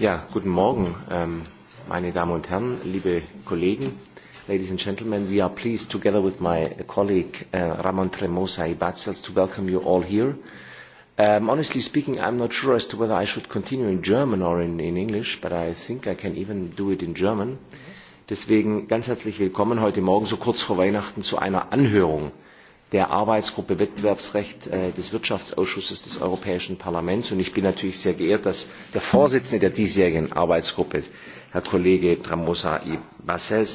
Ja, guten Morgen, meine Damen und Herren, liebe Kollegen. Ladies and gentlemen, we are pleased, together with my colleague Ramon Tremosa Ibatzels, to welcome you all here. Honestly speaking, I'm not sure as to whether I should continue in German or in English, but I think I can even do it in German. Deswegen ganz herzlich willkommen heute Morgen, so kurz vor Weihnachten, zu einer Anhörung der Arbeitsgruppe Wettbewerbsrecht des Wirtschaftsausschusses des Europäischen Parlaments. Und ich bin natürlich sehr geehrt, dass der Vorsitzende der diesjährigen Arbeitsgruppe, Herr Kollege Tramosa I.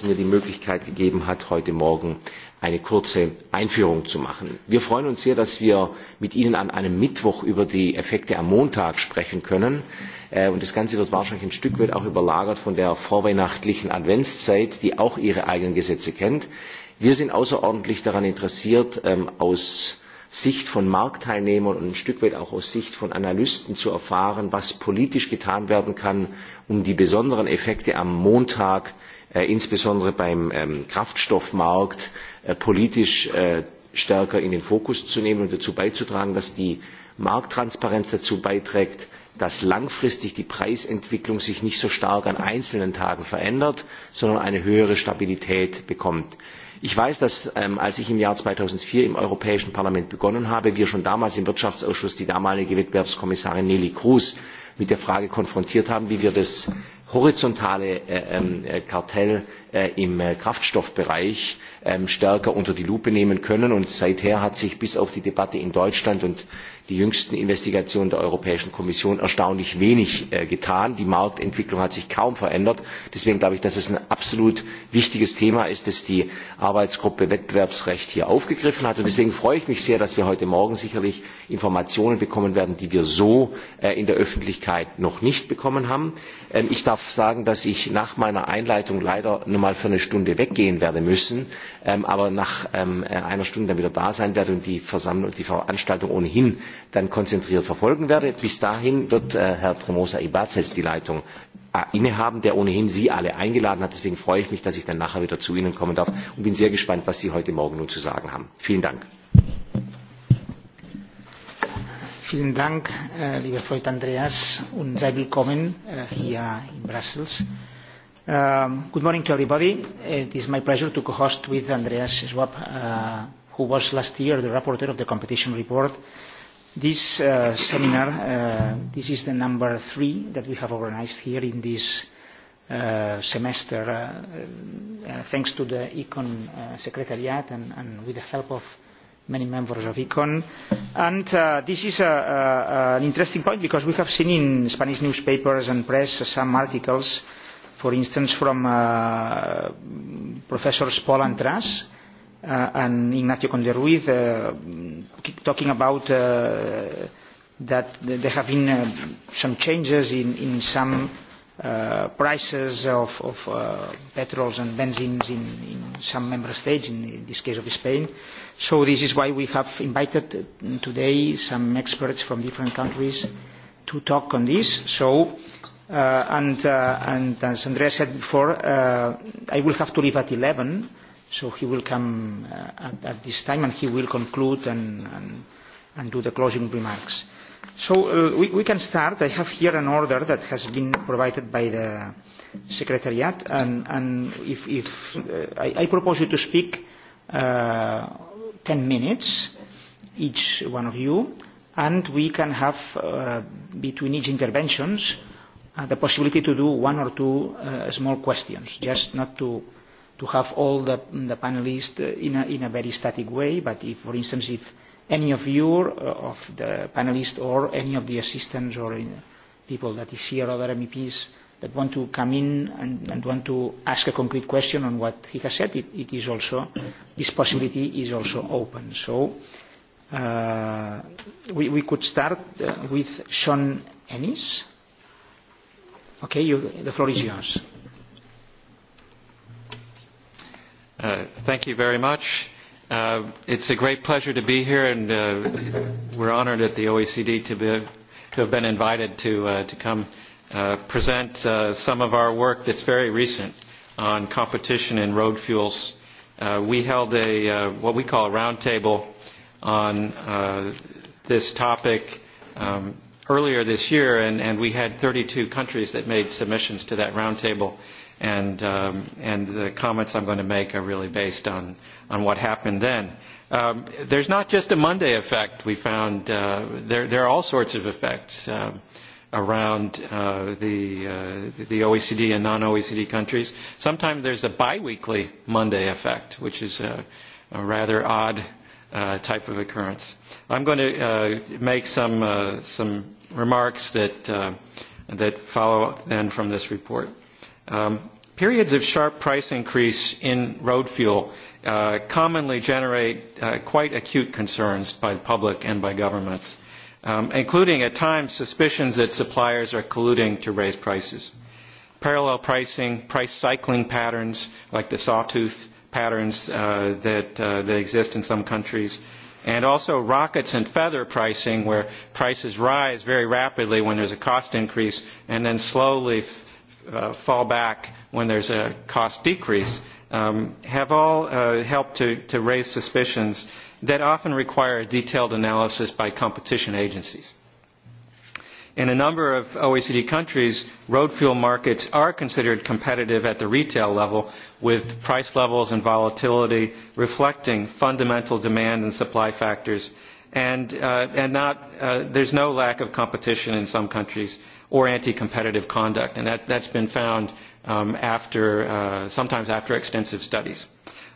mir die Möglichkeit gegeben hat, heute Morgen eine kurze Einführung zu machen. Wir freuen uns sehr, dass wir mit Ihnen an einem Mittwoch über die Effekte am Montag sprechen können. Und das Ganze wird wahrscheinlich ein Stück weit auch überlagert von der vorweihnachtlichen Adventszeit, die auch ihre eigenen Gesetze kennt. Wir sind außerordentlich daran interessiert, aus Sicht von Marktteilnehmern und ein Stück weit auch aus Sicht von Analysten zu erfahren, was politisch getan werden kann, um die besonderen Effekte am Montag, insbesondere beim Kraftstoffmarkt, politisch stärker in den Fokus zu nehmen und dazu beizutragen, dass die Markttransparenz dazu beiträgt, dass langfristig die Preisentwicklung nicht so stark an einzelnen Tagen verändert, sondern eine höhere Stabilität bekommt. Ich weiß, dass als ich im Jahr 2004 im Europäischen Parlament begonnen habe, wir schon damals im Wirtschaftsausschuss die damalige Wettbewerbskommissarin Nelly Kroes mit der Frage konfrontiert haben, wie wir das horizontale Kartell im Kraftstoffbereich stärker unter die Lupe nehmen können. Und seither hat sich bis auf die Debatte in Deutschland und die jüngsten Investigationen der Europäischen Kommission erstaunlich wenig getan. Die Marktentwicklung hat sich kaum verändert. Deswegen glaube ich, dass es ein absolut wichtiges Thema ist, das die Arbeitsgruppe Wettbewerbsrecht hier aufgegriffen hat. Und deswegen freue ich mich sehr, dass wir heute Morgen sicherlich Informationen bekommen werden, die wir so in der Öffentlichkeit noch nicht bekommen haben. Ich darf sagen, dass ich nach meiner Einleitung leider nur mal für eine Stunde weggehen werde müssen, aber nach einer Stunde dann wieder da sein werde und die Versammlung, die Veranstaltung ohnehin dann konzentriert verfolgen werde. Bis dahin wird Herr Tremosa Ibazes die Leitung innehaben, der ohnehin Sie alle eingeladen hat. Deswegen freue ich mich, dass ich dann nachher wieder zu Ihnen kommen darf und bin sehr gespannt, was Sie heute Morgen nun zu sagen haben. Vielen Dank. Vielen Dank, lieber Freund Andreas, und sei willkommen hier in Brussels. Good morning to everybody. It is my pleasure to co-host with Andreas Schwab, who was last year the rapporteur of the competition report This seminar, this is the number three that we have organized here in this semester, thanks to the Econ Secretariat and with the help of many members of Econ. And this is an interesting point because we have seen in Spanish newspapers and press some articles, for instance from Professor Paul Antras and Ignacio Conde Ruiz talking about that there have been some changes in some prices of petrols and benzines in some member states, in this case of Spain. So this is why we have invited today some experts from different countries to talk on this. So, and as Andrea said before, I will have to leave at 11 So he will come at this time and he will conclude and do the closing remarks. So we can start. I have here an order that has been provided by the Secretariat and if I propose you to speak 10 minutes, each one of you, and we can have between each interventions the possibility to do one or two small questions, just not to to have all the panelists in a very static way, but if, for instance, if any of you, of the panelists or any of the assistants or people that is here, other MEPs, that want to come in and want to ask a concrete question on what he has said, it is also, this possibility is also open. So we could start with Sean Ennis. Okay, the floor is yours. Thank you very much. It's a great pleasure to be here, and we're honored at the OECD to be to have been invited to to come present some of our work that's very recent on competition in road fuels. We held a what we call a roundtable on this topic earlier this year, and we had 32 countries that made submissions to that roundtable and and the comments I'm going to make are really based on on what happened then. There's not just a Monday effect. We found there there are all sorts of effects around the the OECD and non-OECD countries. Sometimes there's a biweekly Monday effect, which is a rather odd type of occurrence. I'm going to make some some remarks that that follow then from this report. Periods of sharp price increase in road fuel commonly generate quite acute concerns by the public and by governments, including at times suspicions that suppliers are colluding to raise prices. Parallel pricing, price cycling patterns like the sawtooth patterns that exist in some countries, and also rockets and feather pricing where prices rise very rapidly when there's a cost increase and then slowly fall back when there's a cost decrease have all helped to raise suspicions that often require a detailed analysis by competition agencies. In a number of OECD countries, road fuel markets are considered competitive at the retail level, with price levels and volatility reflecting fundamental demand and supply factors, and there's no lack of competition in some countries or anti-competitive conduct. And that's been found after, sometimes after extensive studies.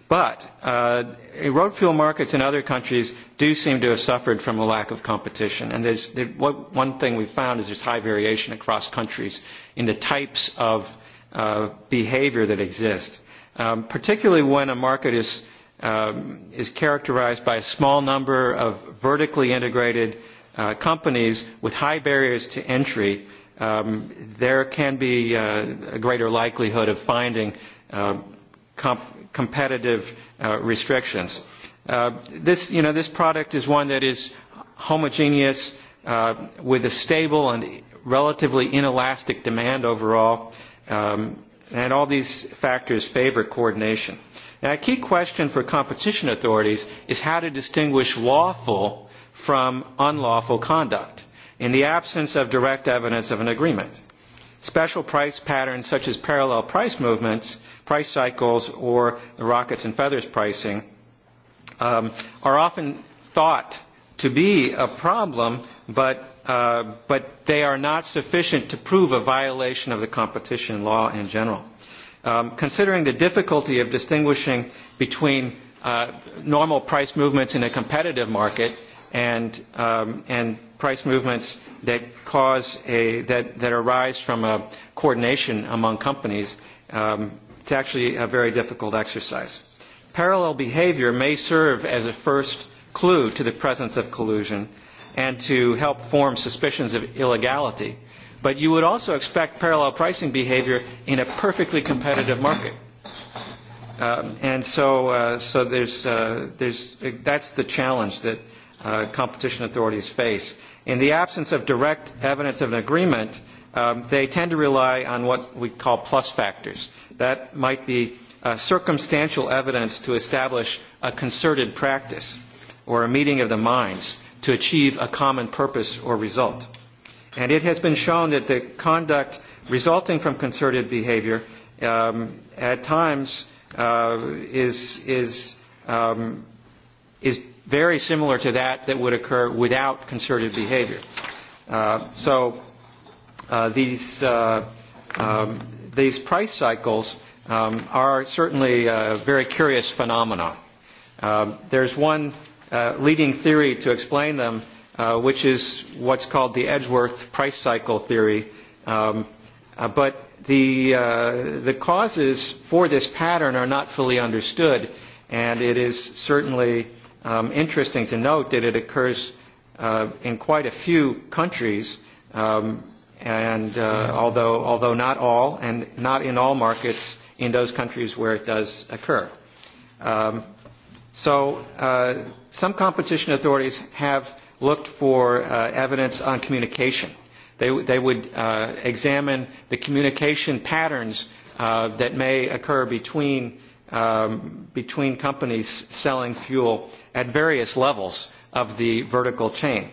But road fuel markets in other countries do seem to have suffered from a lack of competition. And there's, one thing we found is there's high variation across countries in the types of behavior that exist, particularly when a market is, is characterized by a small number of vertically integrated companies with high barriers to entry there can be a greater likelihood of finding competitive restrictions. This, you know, this product is one that is homogeneous with a stable and relatively inelastic demand overall, and all these factors favor coordination. a key question for competition authorities is how to distinguish lawful from unlawful conduct in the absence of direct evidence of an agreement. Special price patterns such as parallel price movements, price cycles, or the rockets and feathers pricing are often thought to be a problem, but they are not sufficient to prove a violation of the competition law in general. Considering the difficulty of distinguishing between normal price movements in a competitive market and and price movements that cause a that that arise from a coordination among companies it's actually a very difficult exercise parallel behavior may serve as a first clue to the presence of collusion and to help form suspicions of illegality but you would also expect parallel pricing behavior in a perfectly competitive market and so so there's there's that's the challenge that competition authorities face in the absence of direct evidence of an agreement they tend to rely on what we call plus factors that might be circumstantial evidence to establish a concerted practice or a meeting of the minds to achieve a common purpose or result and it has been shown that the conduct resulting from concerted behavior at times is is is very similar to that that would occur without concerted behavior. So these these price cycles are certainly a very curious phenomenon. There's one leading theory to explain them, which is what's called the Edgeworth price cycle theory. But the the causes for this pattern are not fully understood, and it is certainly interesting to note that it occurs in quite a few countries and although although not all and not in all markets in those countries where it does occur. So some competition authorities have looked for evidence on communication. They would examine the communication patterns that may occur between companies selling fuel at various levels of the vertical chain.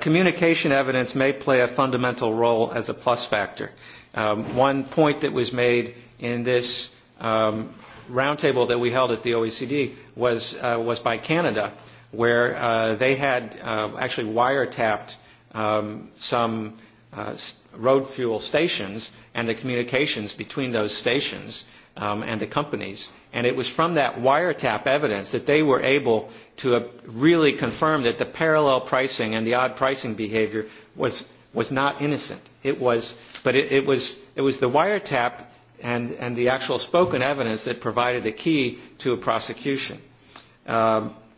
Communication evidence may play a fundamental role as a plus factor. One point that was made in this roundtable that we held at the OECD was was by Canada, where they had actually wiretapped some road fuel stations and the communications between those stations and the companies. And it was from that wiretap evidence that they were able to really confirm that the parallel pricing and the odd pricing behavior was was not innocent. It was, but it was it was the wiretap and and the actual spoken evidence that provided the key to a prosecution,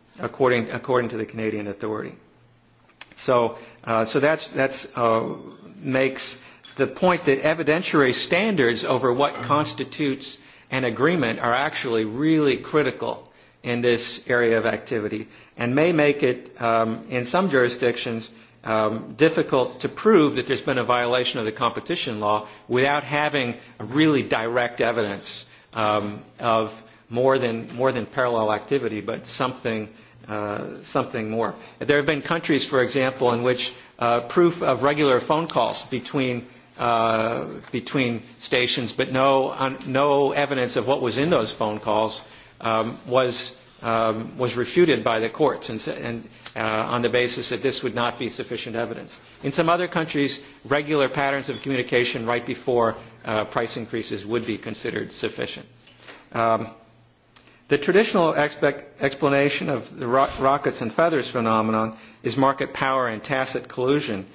according according to the Canadian authority. So so that's makes the point that evidentiary standards over what constitutes and agreement are actually really critical in this area of activity and may make it, in some jurisdictions, difficult to prove that there's been a violation of the competition law without having really direct evidence of more than more than parallel activity, but something something more. There have been countries, for example, in which proof of regular phone calls between between stations, but no no evidence of what was in those phone calls was was refuted by the courts and on the basis that this would not be sufficient evidence. In some other countries, regular patterns of communication right before price increases would be considered sufficient. The traditional explanation of the rockets and feathers phenomenon is market power and tacit collusion.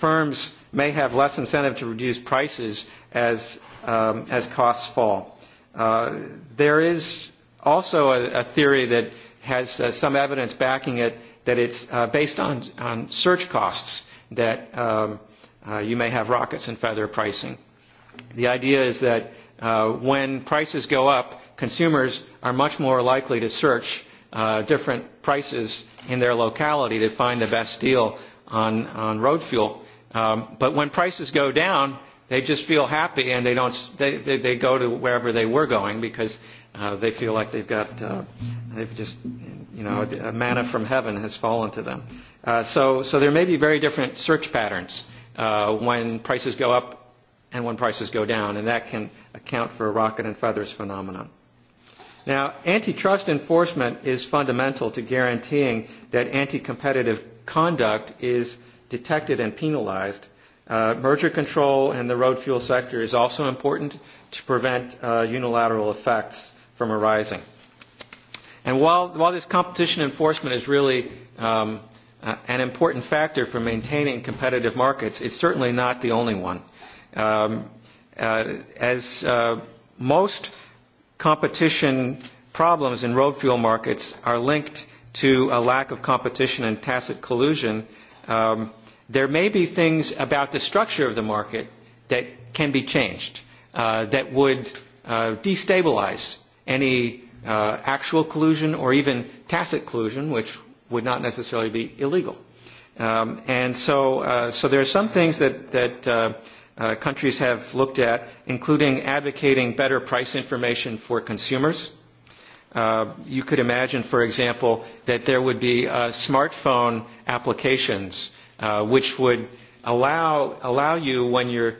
Firms may have less incentive to reduce prices as costs fall. There is also a theory that has some evidence backing it that it's based on search costs that you may have rockets and feather pricing. The idea is that when prices go up, consumers are much more likely to search different prices in their locality to find the best deal on road fuel But when prices go down, they just feel happy and they don't they they go to wherever they were going because they feel like they've got they've just you know a manna from heaven has fallen to them. So so there may be very different search patterns when prices go up and when prices go down, and that can account for a rocket and feathers phenomenon. Now, antitrust enforcement is fundamental to guaranteeing that anti-competitive conduct is detected and penalized. Merger control in the road fuel sector is also important to prevent unilateral effects from arising. And while while this competition enforcement is really an important factor for maintaining competitive markets, it's certainly not the only one. As most competition problems in road fuel markets are linked to a lack of competition and tacit collusion, there may be things about the structure of the market that can be changed that would destabilize any actual collusion or even tacit collusion which would not necessarily be illegal and so so there are some things that that countries have looked at including advocating better price information for consumers you could imagine for example that there would be smartphone applications which would allow allow you when you're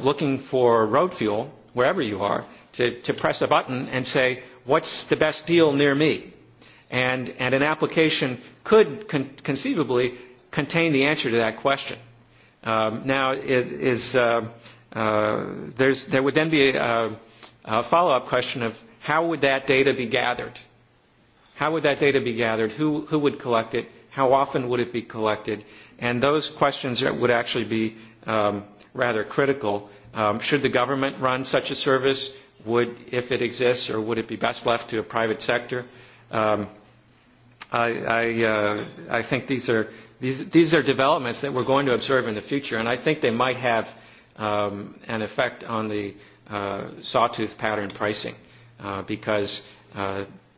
looking for road fuel wherever you are to to press a button and say what's the best deal near me and and an application could conceivably contain the answer to that question now it is there's there would then be a follow up question of how would that data be gathered how would that data be gathered who who would collect it how often would it be collected and those questions would actually be rather critical. Should the government run such a service? Would, if it exists, or would it be best left to a private sector? I think these are these are developments that we're going to observe in the future, and I think they might have an effect on the sawtooth pattern pricing, because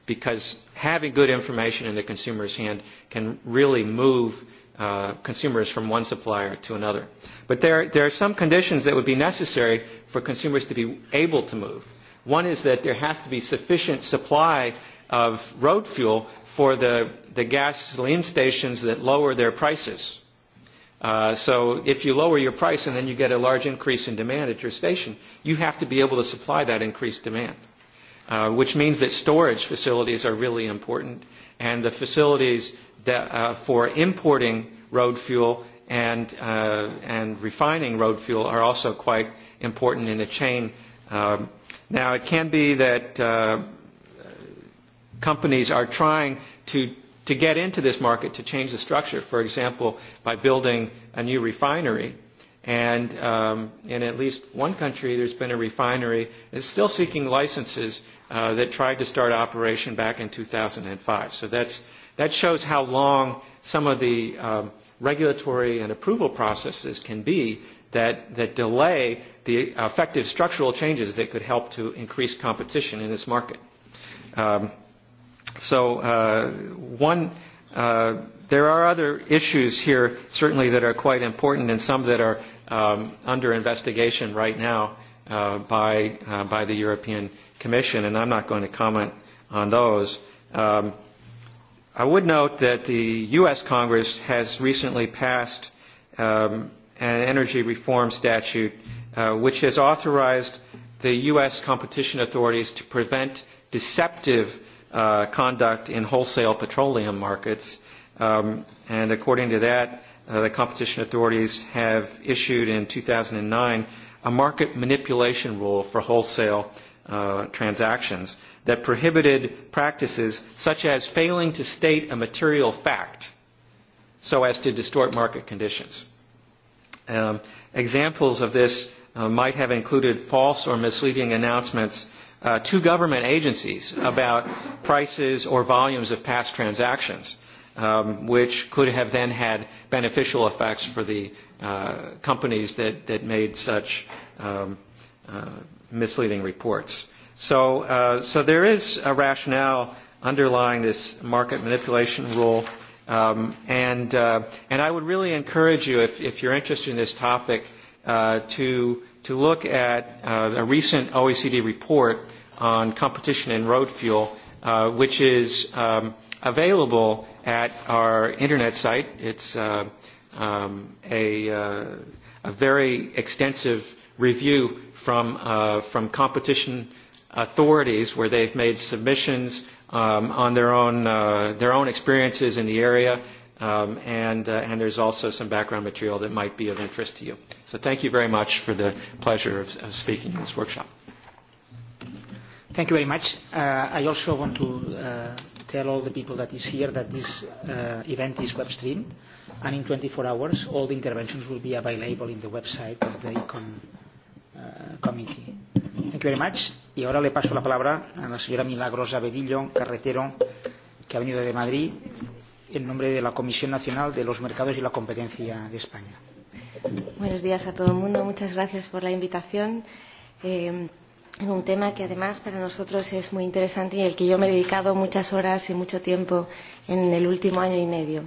because having good information in the consumer's hand can really move consumers from one supplier to another. But there are some conditions that would be necessary for consumers to be able to move. One is that there has to be sufficient supply of road fuel for the gasoline stations that lower their prices. So if you lower your price and then you get a large increase in demand at your station, you have to be able to supply that increased demand, which means that storage facilities are really important. And the facilities for importing road fuel and and refining road fuel are also quite important in the chain. Now it can be that companies are trying to to get into this market to change the structure, for example, by building a new refinery. And in at least one country, there's been a refinery that's still seeking licenses that tried to start operation back in 2005. So that's That shows how long some of the regulatory and approval processes can be that delay the effective structural changes that could help to increase competition in this market. So one, there are other issues here certainly that are quite important and some that are under investigation right now by the European Commission, and I'm not going to comment on those. I would note that the U.S. Congress has recently passed an energy reform statute which has authorized the U.S. competition authorities to prevent deceptive conduct in wholesale petroleum markets. And according to that, the competition authorities have issued in 2009 a market manipulation rule for wholesale transactions that prohibited practices such as failing to state a material fact so as to distort market conditions. Examples of this might have included false or misleading announcements to government agencies about prices or volumes of past transactions, which could have then had beneficial effects for the companies that made such misleading reports. So so there is a rationale underlying this market manipulation rule. And and I would really encourage you, if you're interested in this topic, to look at a recent OECD report on competition in road fuel, which is available at our Internet site. It's a very extensive review from from competition authorities where they've made submissions on their own their own experiences in the area and and there's also some background material that might be of interest to you. So thank you very much for the pleasure of speaking in this workshop. Thank you very much. I also want to tell all the people that is here that this event is web streamed and in 24 hours all the interventions will be available in the website of the Econ Committee. Thank Y ahora le paso la palabra a la señora Milagros Bedillo Carretero, que ha venido de Madrid, en nombre de la Comisión Nacional de los Mercados y la Competencia de España. Buenos días a todo el mundo. Muchas gracias por la invitación. en un tema que además para nosotros es muy interesante y el que yo me he dedicado muchas horas y mucho tiempo en el último año y medio.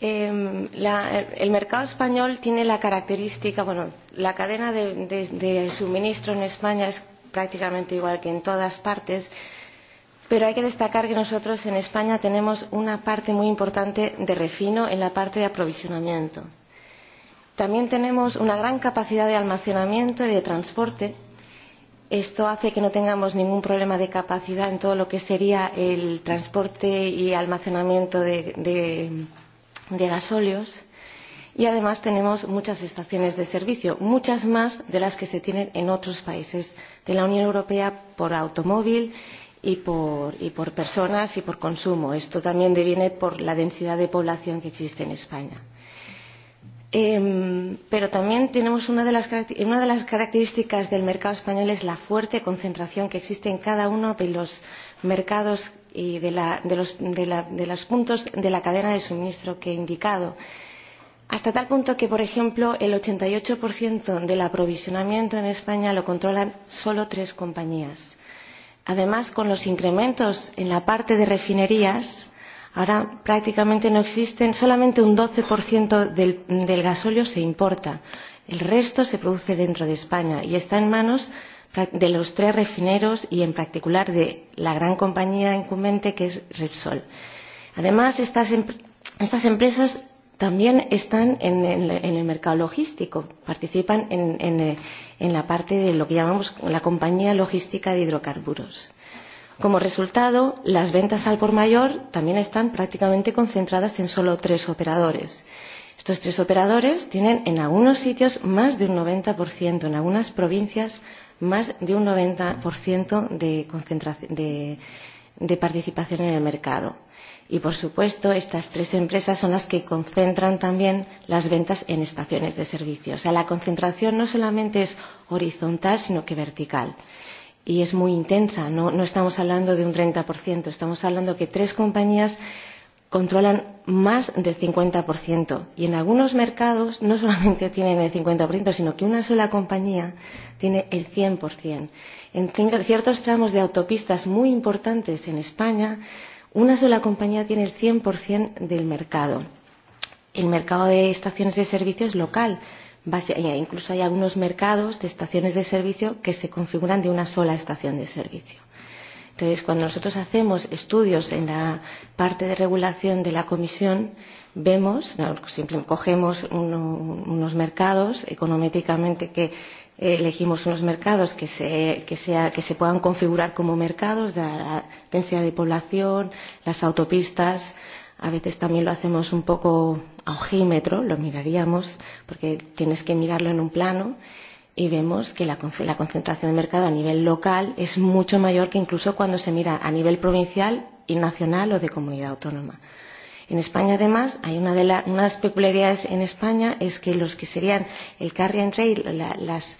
El mercado español tiene la característica, bueno, la cadena de suministro en España es prácticamente igual que en todas partes, pero hay que destacar que nosotros en España tenemos una parte muy importante de refino en la parte de aprovisionamiento. También tenemos una gran capacidad de almacenamiento y de transporte. Esto hace que no tengamos ningún problema de capacidad en todo lo que sería el transporte y almacenamiento de de gasóleos y además tenemos muchas estaciones de servicio muchas más de las que se tienen en otros países de la unión europea por automóvil y por personas y por consumo. esto también deviene por la densidad de población que existe en españa. pero también tenemos una de las características del mercado español es la fuerte concentración que existe en cada uno de los mercados y de, la, de, los, de, la, de los puntos de la cadena de suministro que he indicado. Hasta tal punto que, por ejemplo, el 88% del aprovisionamiento en España lo controlan solo tres compañías. Además, con los incrementos en la parte de refinerías, ahora prácticamente no existen, solamente un 12% del, del gasóleo se importa. El resto se produce dentro de España y está en manos de los tres refineros y en particular de la gran compañía incumbente que es Repsol. Además, estas empresas también están en el mercado logístico, participan en la parte de lo que llamamos la compañía logística de hidrocarburos. Como resultado, las ventas al por mayor también están prácticamente concentradas en solo tres operadores. Estos tres operadores tienen en algunos sitios más de un 90%, en algunas provincias más de un 90% de, concentración, de, de participación en el mercado. Y, por supuesto, estas tres empresas son las que concentran también las ventas en estaciones de servicio. O sea, la concentración no solamente es horizontal, sino que vertical. Y es muy intensa. No, no estamos hablando de un 30%. Estamos hablando que tres compañías controlan más del 50%. Y en algunos mercados no solamente tienen el 50%, sino que una sola compañía tiene el 100%. En ciertos tramos de autopistas muy importantes en España, una sola compañía tiene el 100% del mercado. El mercado de estaciones de servicio es local. Incluso hay algunos mercados de estaciones de servicio que se configuran de una sola estación de servicio. Entonces, cuando nosotros hacemos estudios en la parte de regulación de la Comisión, vemos, simplemente cogemos unos mercados econométricamente que elegimos unos mercados que se, que, sea, que se puedan configurar como mercados, de la densidad de población, las autopistas. A veces también lo hacemos un poco a ojímetro, lo miraríamos, porque tienes que mirarlo en un plano y vemos que la concentración de mercado a nivel local es mucho mayor que incluso cuando se mira a nivel provincial y nacional o de comunidad autónoma. En España, además, hay una de las peculiaridades en España es que los que serían el carry and trail, las,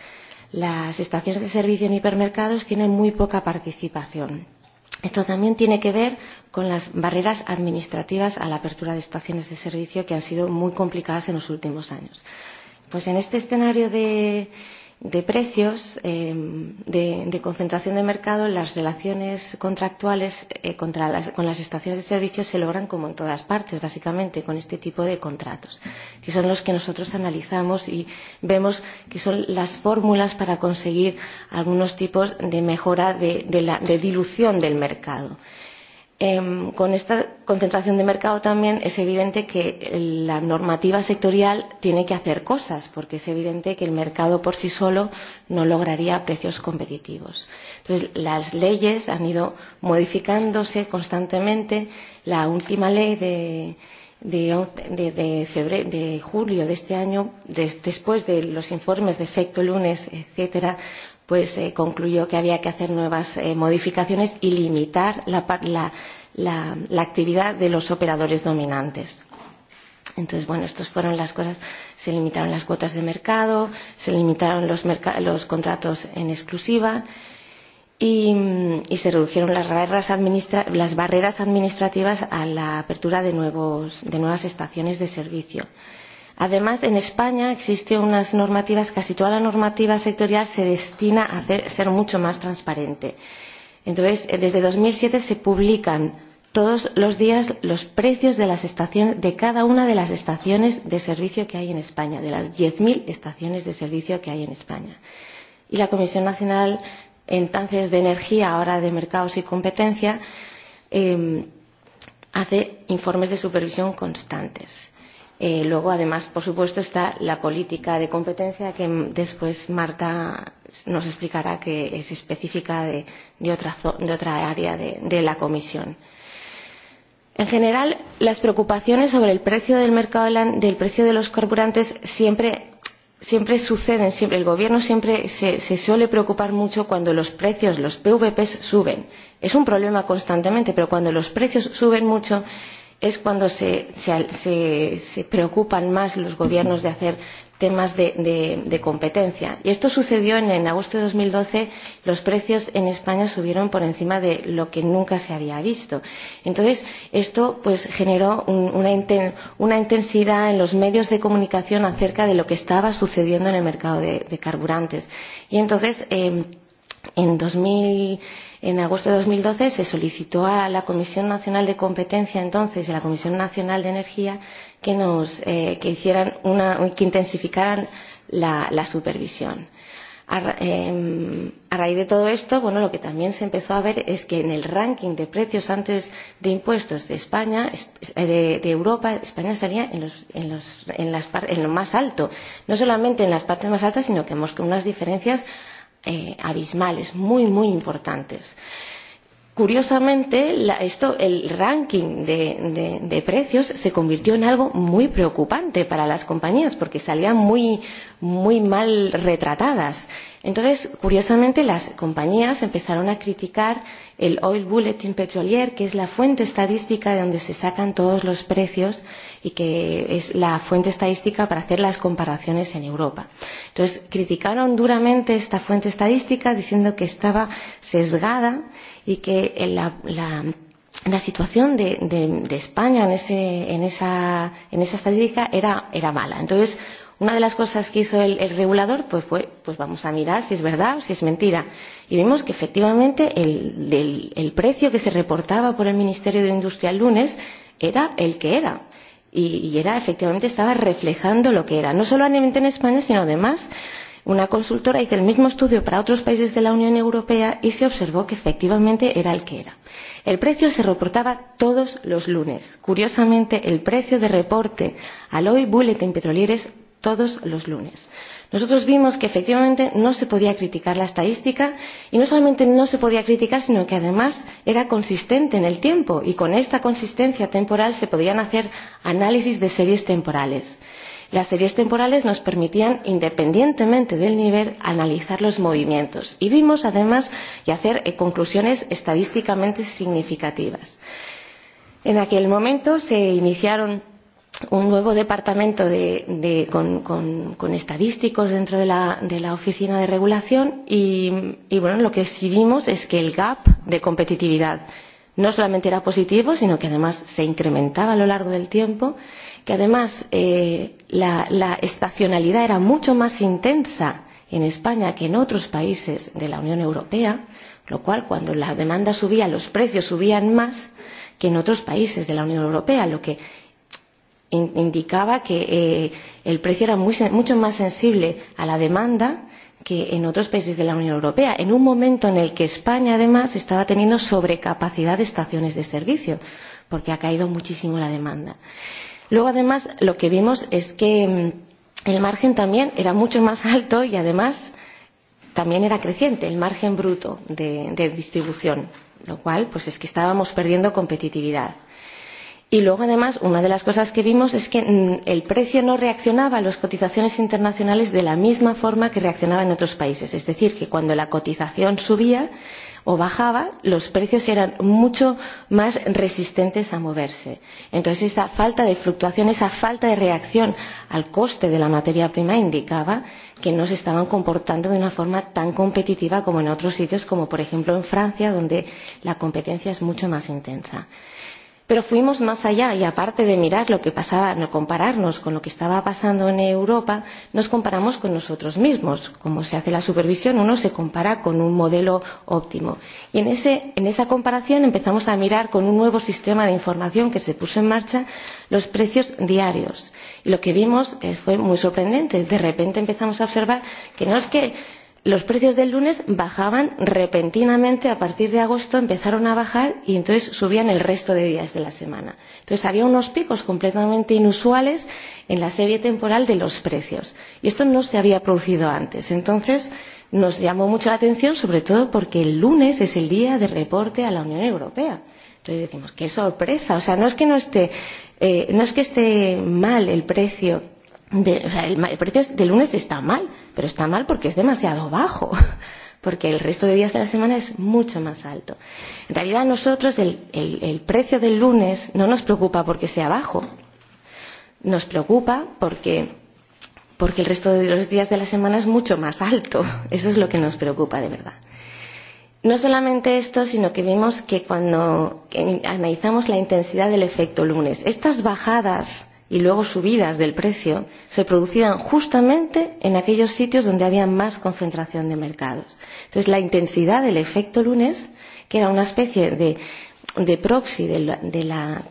las estaciones de servicio en hipermercados, tienen muy poca participación. Esto también tiene que ver con las barreras administrativas a la apertura de estaciones de servicio que han sido muy complicadas en los últimos años. Pues en este escenario de, de precios, de concentración de mercado, las relaciones contractuales con las estaciones de servicios se logran como en todas partes, básicamente, con este tipo de contratos, que son los que nosotros analizamos y vemos que son las fórmulas para conseguir algunos tipos de mejora de dilución del mercado Con esta concentración de mercado también es evidente que la normativa sectorial tiene que hacer cosas, porque es evidente que el mercado por sí solo no lograría precios competitivos. Entonces, las leyes han ido modificándose constantemente. La última ley de julio de este año, después de los informes de efecto lunes, etcétera, pues concluyó que había que hacer nuevas modificaciones y limitar la la actividad de los operadores dominantes. Entonces, bueno, estas fueron las cosas. Se limitaron las cuotas de mercado, se limitaron los, contratos en exclusiva y, y se redujeron las barreras, las barreras administrativas a la apertura de, nuevos, de nuevas estaciones de servicio. Además, en España existen unas normativas, casi toda la normativa sectorial se destina a ser mucho más transparente. Entonces, desde 2007 se publican todos los días los precios de, las estaciones, de cada una de las estaciones de servicio que hay en España, de las 10.000 estaciones de servicio que hay en España. Y la Comisión Nacional entonces de Energía, ahora de Mercados y Competencia, hace informes de supervisión constantes luego, además, por supuesto, está la política de competencia que después Marta nos explicará que es específica de, de, otra, de otra área de, de la Comisión. En general, las preocupaciones sobre el precio del mercado del precio de los carburantes siempre, siempre suceden. Siempre, el Gobierno siempre se, se suele preocupar mucho cuando los precios, los PVP, suben. Es un problema constantemente, pero cuando los precios suben mucho es cuando se, se, se, preocupan más los gobiernos de hacer temas de, de, competencia. Y esto sucedió en, agosto de 2012, los precios en España subieron por encima de lo que nunca se había visto. Entonces, esto generó una, intensidad en los medios de comunicación acerca de lo que estaba sucediendo en el mercado de, carburantes. Y entonces, en 2000 En agosto de 2012 se solicitó a la Comisión Nacional de Competencia entonces y a la Comisión Nacional de Energía que hicieran que intensificaran la supervisión. A raíz de todo esto, bueno, lo que también se empezó a ver es que en el ranking de precios antes de impuestos de España, de Europa, España estaría en lo más alto. No solamente en las partes más altas, sino que hemos con unas diferencias abismales muy muy importantes curiosamente esto el ranking de de precios se convirtió en algo muy preocupante para las compañías porque salían muy muy mal retratadas entonces curiosamente las compañías empezaron a criticar el oil bulletin petrolier que es la fuente estadística de donde se sacan todos los precios y que es la fuente estadística para hacer las comparaciones en Europa. Entonces, criticaron duramente esta fuente estadística diciendo que estaba sesgada y que la, situación de, España en, esa, estadística era, mala. Entonces, una de las cosas que hizo el, regulador fue, pues vamos a mirar si es verdad o si es mentira. Y vimos que efectivamente el, el precio que se reportaba por el Ministerio de Industria el lunes era el que era y era efectivamente estaba reflejando lo que era no solamente en España sino además una consultora hizo el mismo estudio para otros países de la Unión Europea y se observó que efectivamente era el que era el precio se reportaba todos los lunes curiosamente el precio de reporte al hoy bulletin petrolieres todos los lunes Nosotros vimos que efectivamente no se podía criticar la estadística y no solamente no se podía criticar, sino que además era consistente en el tiempo y con esta consistencia temporal se podían hacer análisis de series temporales. Las series temporales nos permitían, independientemente del nivel, analizar los movimientos y vimos, además, y hacer conclusiones estadísticamente significativas. En aquel momento se iniciaron un nuevo departamento de, con, con, estadísticos dentro de la, de la oficina de regulación y, y bueno, lo que sí vimos es que el gap de competitividad no solamente era positivo, sino que además se incrementaba a lo largo del tiempo, que además la, la estacionalidad era mucho más intensa en España que en otros países de la Unión Europea, lo cual cuando la demanda subía los precios subían más que en otros países de la Unión Europea, lo que indicaba que el precio era mucho más sensible a la demanda que en otros países de la Unión Europea, en un momento en el que España, además, estaba teniendo sobrecapacidad de estaciones de servicio, porque ha caído muchísimo la demanda. Luego, además, lo que vimos es que el margen también era mucho más alto y, además, también era creciente el margen bruto de distribución, lo cual, pues es que estábamos perdiendo competitividad y luego además una de las cosas que vimos es que el precio no reaccionaba a las cotizaciones internacionales de la misma forma que reaccionaba en otros países es decir que cuando la cotización subía o bajaba los precios eran mucho más resistentes a moverse. entonces esa falta de fluctuación esa falta de reacción al coste de la materia prima indicaba que no se estaban comportando de una forma tan competitiva como en otros sitios como por ejemplo en francia donde la competencia es mucho más intensa pero fuimos más allá y aparte de mirar lo que pasaba no compararnos con lo que estaba pasando en europa nos comparamos con nosotros mismos como se hace la supervisión uno se compara con un modelo óptimo y en ese en esa comparación empezamos a mirar con un nuevo sistema de información que se puso en marcha los precios diarios y lo que vimos fue muy sorprendente de repente empezamos a observar que no es que los precios del lunes bajaban repentinamente a partir de agosto empezaron a bajar y entonces subían el resto de días de la semana. entonces había unos picos completamente inusuales en la serie temporal de los precios y esto no se había producido antes. entonces nos llamó mucho la atención sobre todo porque el lunes es el día de reporte a la unión europea. entonces decimos qué sorpresa! o sea no es que no esté no es que esté mal el precio el precio de lunes está mal, pero está mal porque es demasiado bajo, porque el resto de días de la semana es mucho más alto. En realidad a nosotros el precio del lunes no nos preocupa porque sea bajo, nos preocupa porque porque el resto de los días de la semana es mucho más alto. Eso es lo que nos preocupa de verdad. No solamente esto, sino que vimos que cuando analizamos la intensidad del efecto lunes, estas bajadas y luego subidas del precio se producían justamente en aquellos sitios donde había más concentración de mercados. Entonces, la intensidad del efecto lunes, que era una especie de, de proxy de la, de, la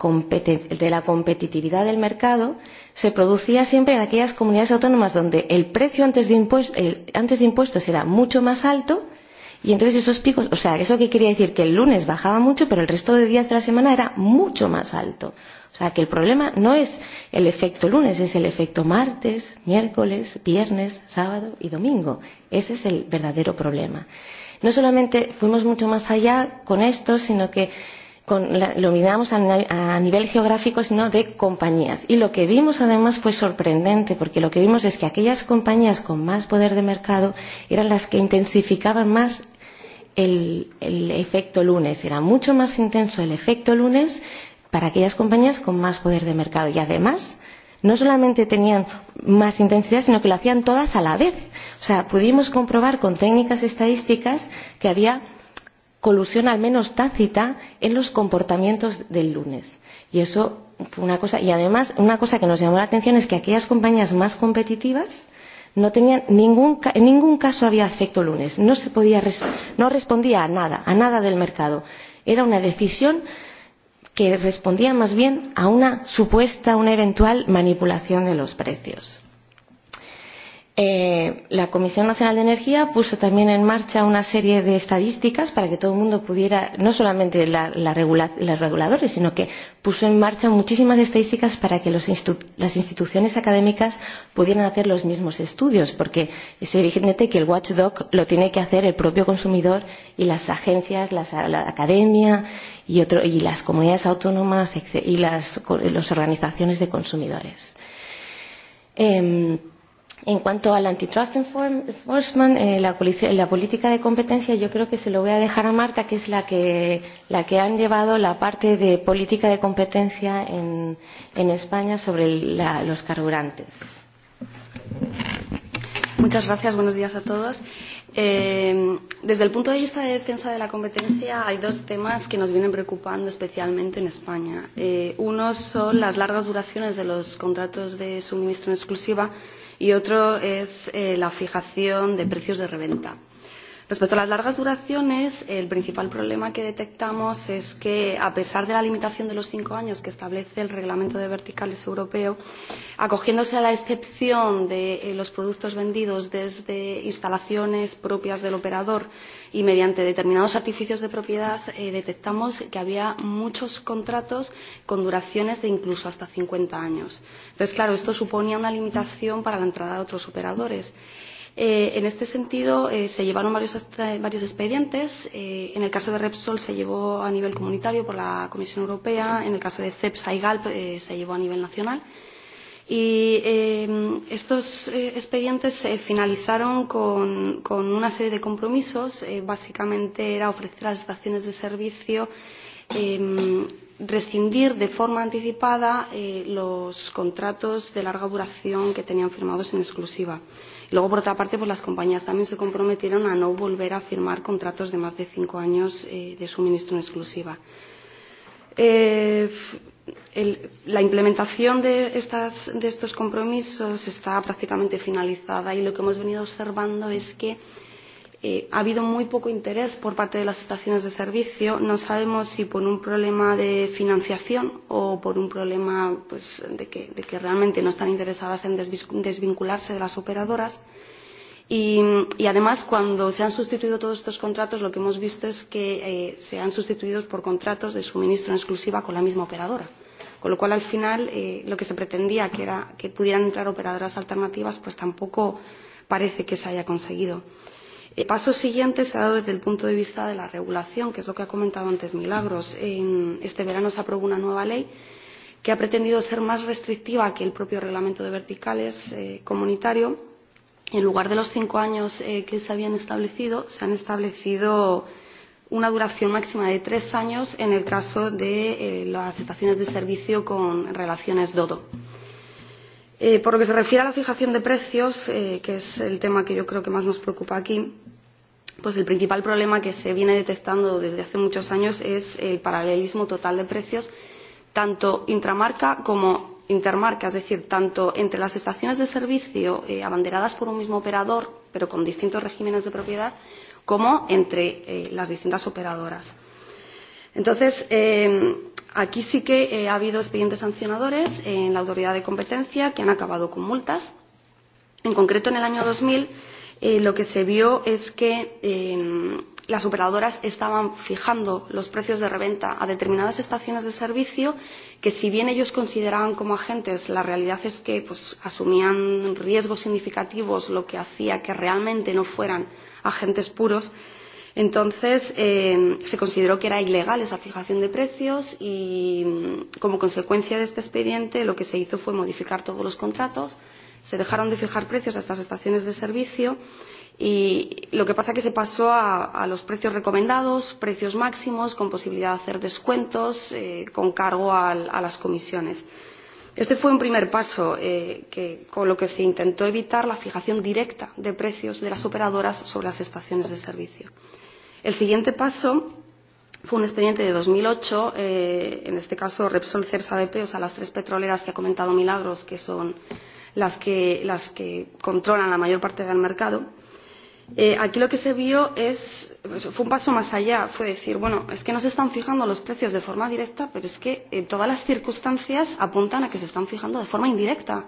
de la competitividad del mercado, se producía siempre en aquellas comunidades autónomas donde el precio antes de, impuestos, antes de impuestos era mucho más alto y entonces esos picos, o sea, eso que quería decir que el lunes bajaba mucho, pero el resto de días de la semana era mucho más alto. O sea, que el problema no es el efecto lunes, es el efecto martes, miércoles, viernes, sábado y domingo. Ese es el verdadero problema. No solamente fuimos mucho más allá con esto, sino que lo miramos a nivel geográfico, sino de compañías. Y lo que vimos, además, fue sorprendente, porque lo que vimos es que aquellas compañías con más poder de mercado eran las que intensificaban más el efecto lunes. Era mucho más intenso el efecto lunes para aquellas compañías con más poder de mercado y además no solamente tenían más intensidad sino que lo hacían todas a la vez o sea pudimos comprobar con técnicas estadísticas que había colusión al menos tácita en los comportamientos del lunes y eso fue una cosa y además una cosa que nos llamó la atención es que aquellas compañías más competitivas no tenían ningún en ningún caso había efecto lunes no se podía no respondía a nada a nada del mercado era una decisión que respondía más bien a una supuesta, una eventual manipulación de los precios. La Comisión Nacional de Energía puso también en marcha una serie de estadísticas para que todo el mundo pudiera, no solamente los reguladores, sino que puso en marcha muchísimas estadísticas para que las instituciones académicas pudieran hacer los mismos estudios, porque es evidente que el watchdog lo tiene que hacer el propio consumidor y las agencias, la academia y las comunidades autónomas y las organizaciones de consumidores. En cuanto al antitrust enforcement, la política de competencia yo creo que se lo voy a dejar a Marta, que es la que han llevado la parte de política de competencia en España sobre los carburantes. Muchas gracias, buenos días a todos. Desde el punto de vista de defensa de la competencia hay dos temas que nos vienen preocupando especialmente en España. Uno son las largas duraciones de los contratos de suministro en exclusiva y otro es la fijación de precios de reventa Respecto a las largas duraciones, el principal problema que detectamos es que, a pesar de la limitación de los cinco años que establece el Reglamento de Verticales Europeo, acogiéndose a la excepción de los productos vendidos desde instalaciones propias del operador y mediante determinados artificios de propiedad, detectamos que había muchos contratos con duraciones de incluso hasta 50 años. Entonces, claro, esto suponía una limitación para la entrada de otros operadores. En este sentido, se llevaron varios expedientes. En el caso de Repsol se llevó a nivel comunitario por la Comisión Europea. En el caso de CEPSA y GALP se llevó a nivel nacional. Y estos expedientes se finalizaron con una serie de compromisos. Básicamente era ofrecer a las estaciones de servicio rescindir de forma anticipada los contratos de larga duración que tenían firmados en exclusiva. Luego, por otra parte, pues las compañías también se comprometieron a no volver a firmar contratos de más de cinco años de suministro en exclusiva. La implementación de estos compromisos está prácticamente finalizada y lo que hemos venido observando es que ha habido muy poco interés por parte de las estaciones de servicio. No sabemos si por un problema de financiación o por un problema pues, de, que, de que realmente no están interesadas en desvincularse de las operadoras. Y, y además, cuando se han sustituido todos estos contratos, lo que hemos visto es que eh, se han sustituido por contratos de suministro en exclusiva con la misma operadora. Con lo cual, al final, lo que se pretendía, que era que pudieran entrar operadoras alternativas, pues tampoco parece que se haya conseguido. El paso siguiente se ha dado desde el punto de vista de la regulación, que es lo que ha comentado antes Milagros. Este verano se aprobó una nueva ley que ha pretendido ser más restrictiva que el propio reglamento de verticales comunitario. En lugar de los cinco años que se habían establecido, se han establecido una duración máxima de tres años en el caso de las estaciones de servicio con relaciones DODO. Por lo que se refiere a la fijación de precios, que es el tema que yo creo que más nos preocupa aquí, pues el principal problema que se viene detectando desde hace muchos años es el paralelismo total de precios, tanto intramarca como intermarca, es decir, tanto entre las estaciones de servicio abanderadas por un mismo operador, pero con distintos regímenes de propiedad, como entre las distintas operadoras. Entonces, Aquí sí que ha habido expedientes sancionadores en la autoridad de competencia que han acabado con multas. En concreto, en el año 2000, lo que se vio es que las operadoras estaban fijando los precios de reventa a determinadas estaciones de servicio que si bien ellos consideraban como agentes la realidad es que pues asumían riesgos significativos lo que hacía que realmente no fueran agentes puros Entonces, se consideró que era ilegal esa fijación de precios y, como consecuencia de este expediente, lo que se hizo fue modificar todos los contratos, se dejaron de fijar precios a estas estaciones de servicio y lo que pasa es que se pasó a los precios recomendados, precios máximos, con posibilidad de hacer descuentos, con cargo a las comisiones. Este fue un primer paso con lo que se intentó evitar la fijación directa de precios de las operadoras sobre las estaciones de servicio. El siguiente paso fue un expediente de 2008, en este caso Repsol, Cepsa, BP, o sea, las tres petroleras que ha comentado Milagros, que son las que, las que controlan la mayor parte del mercado. aquí lo que se vio es, fue un paso más allá, fue decir, bueno, es que no se están fijando los precios de forma directa, pero es que todas las circunstancias apuntan a que se están fijando de forma indirecta,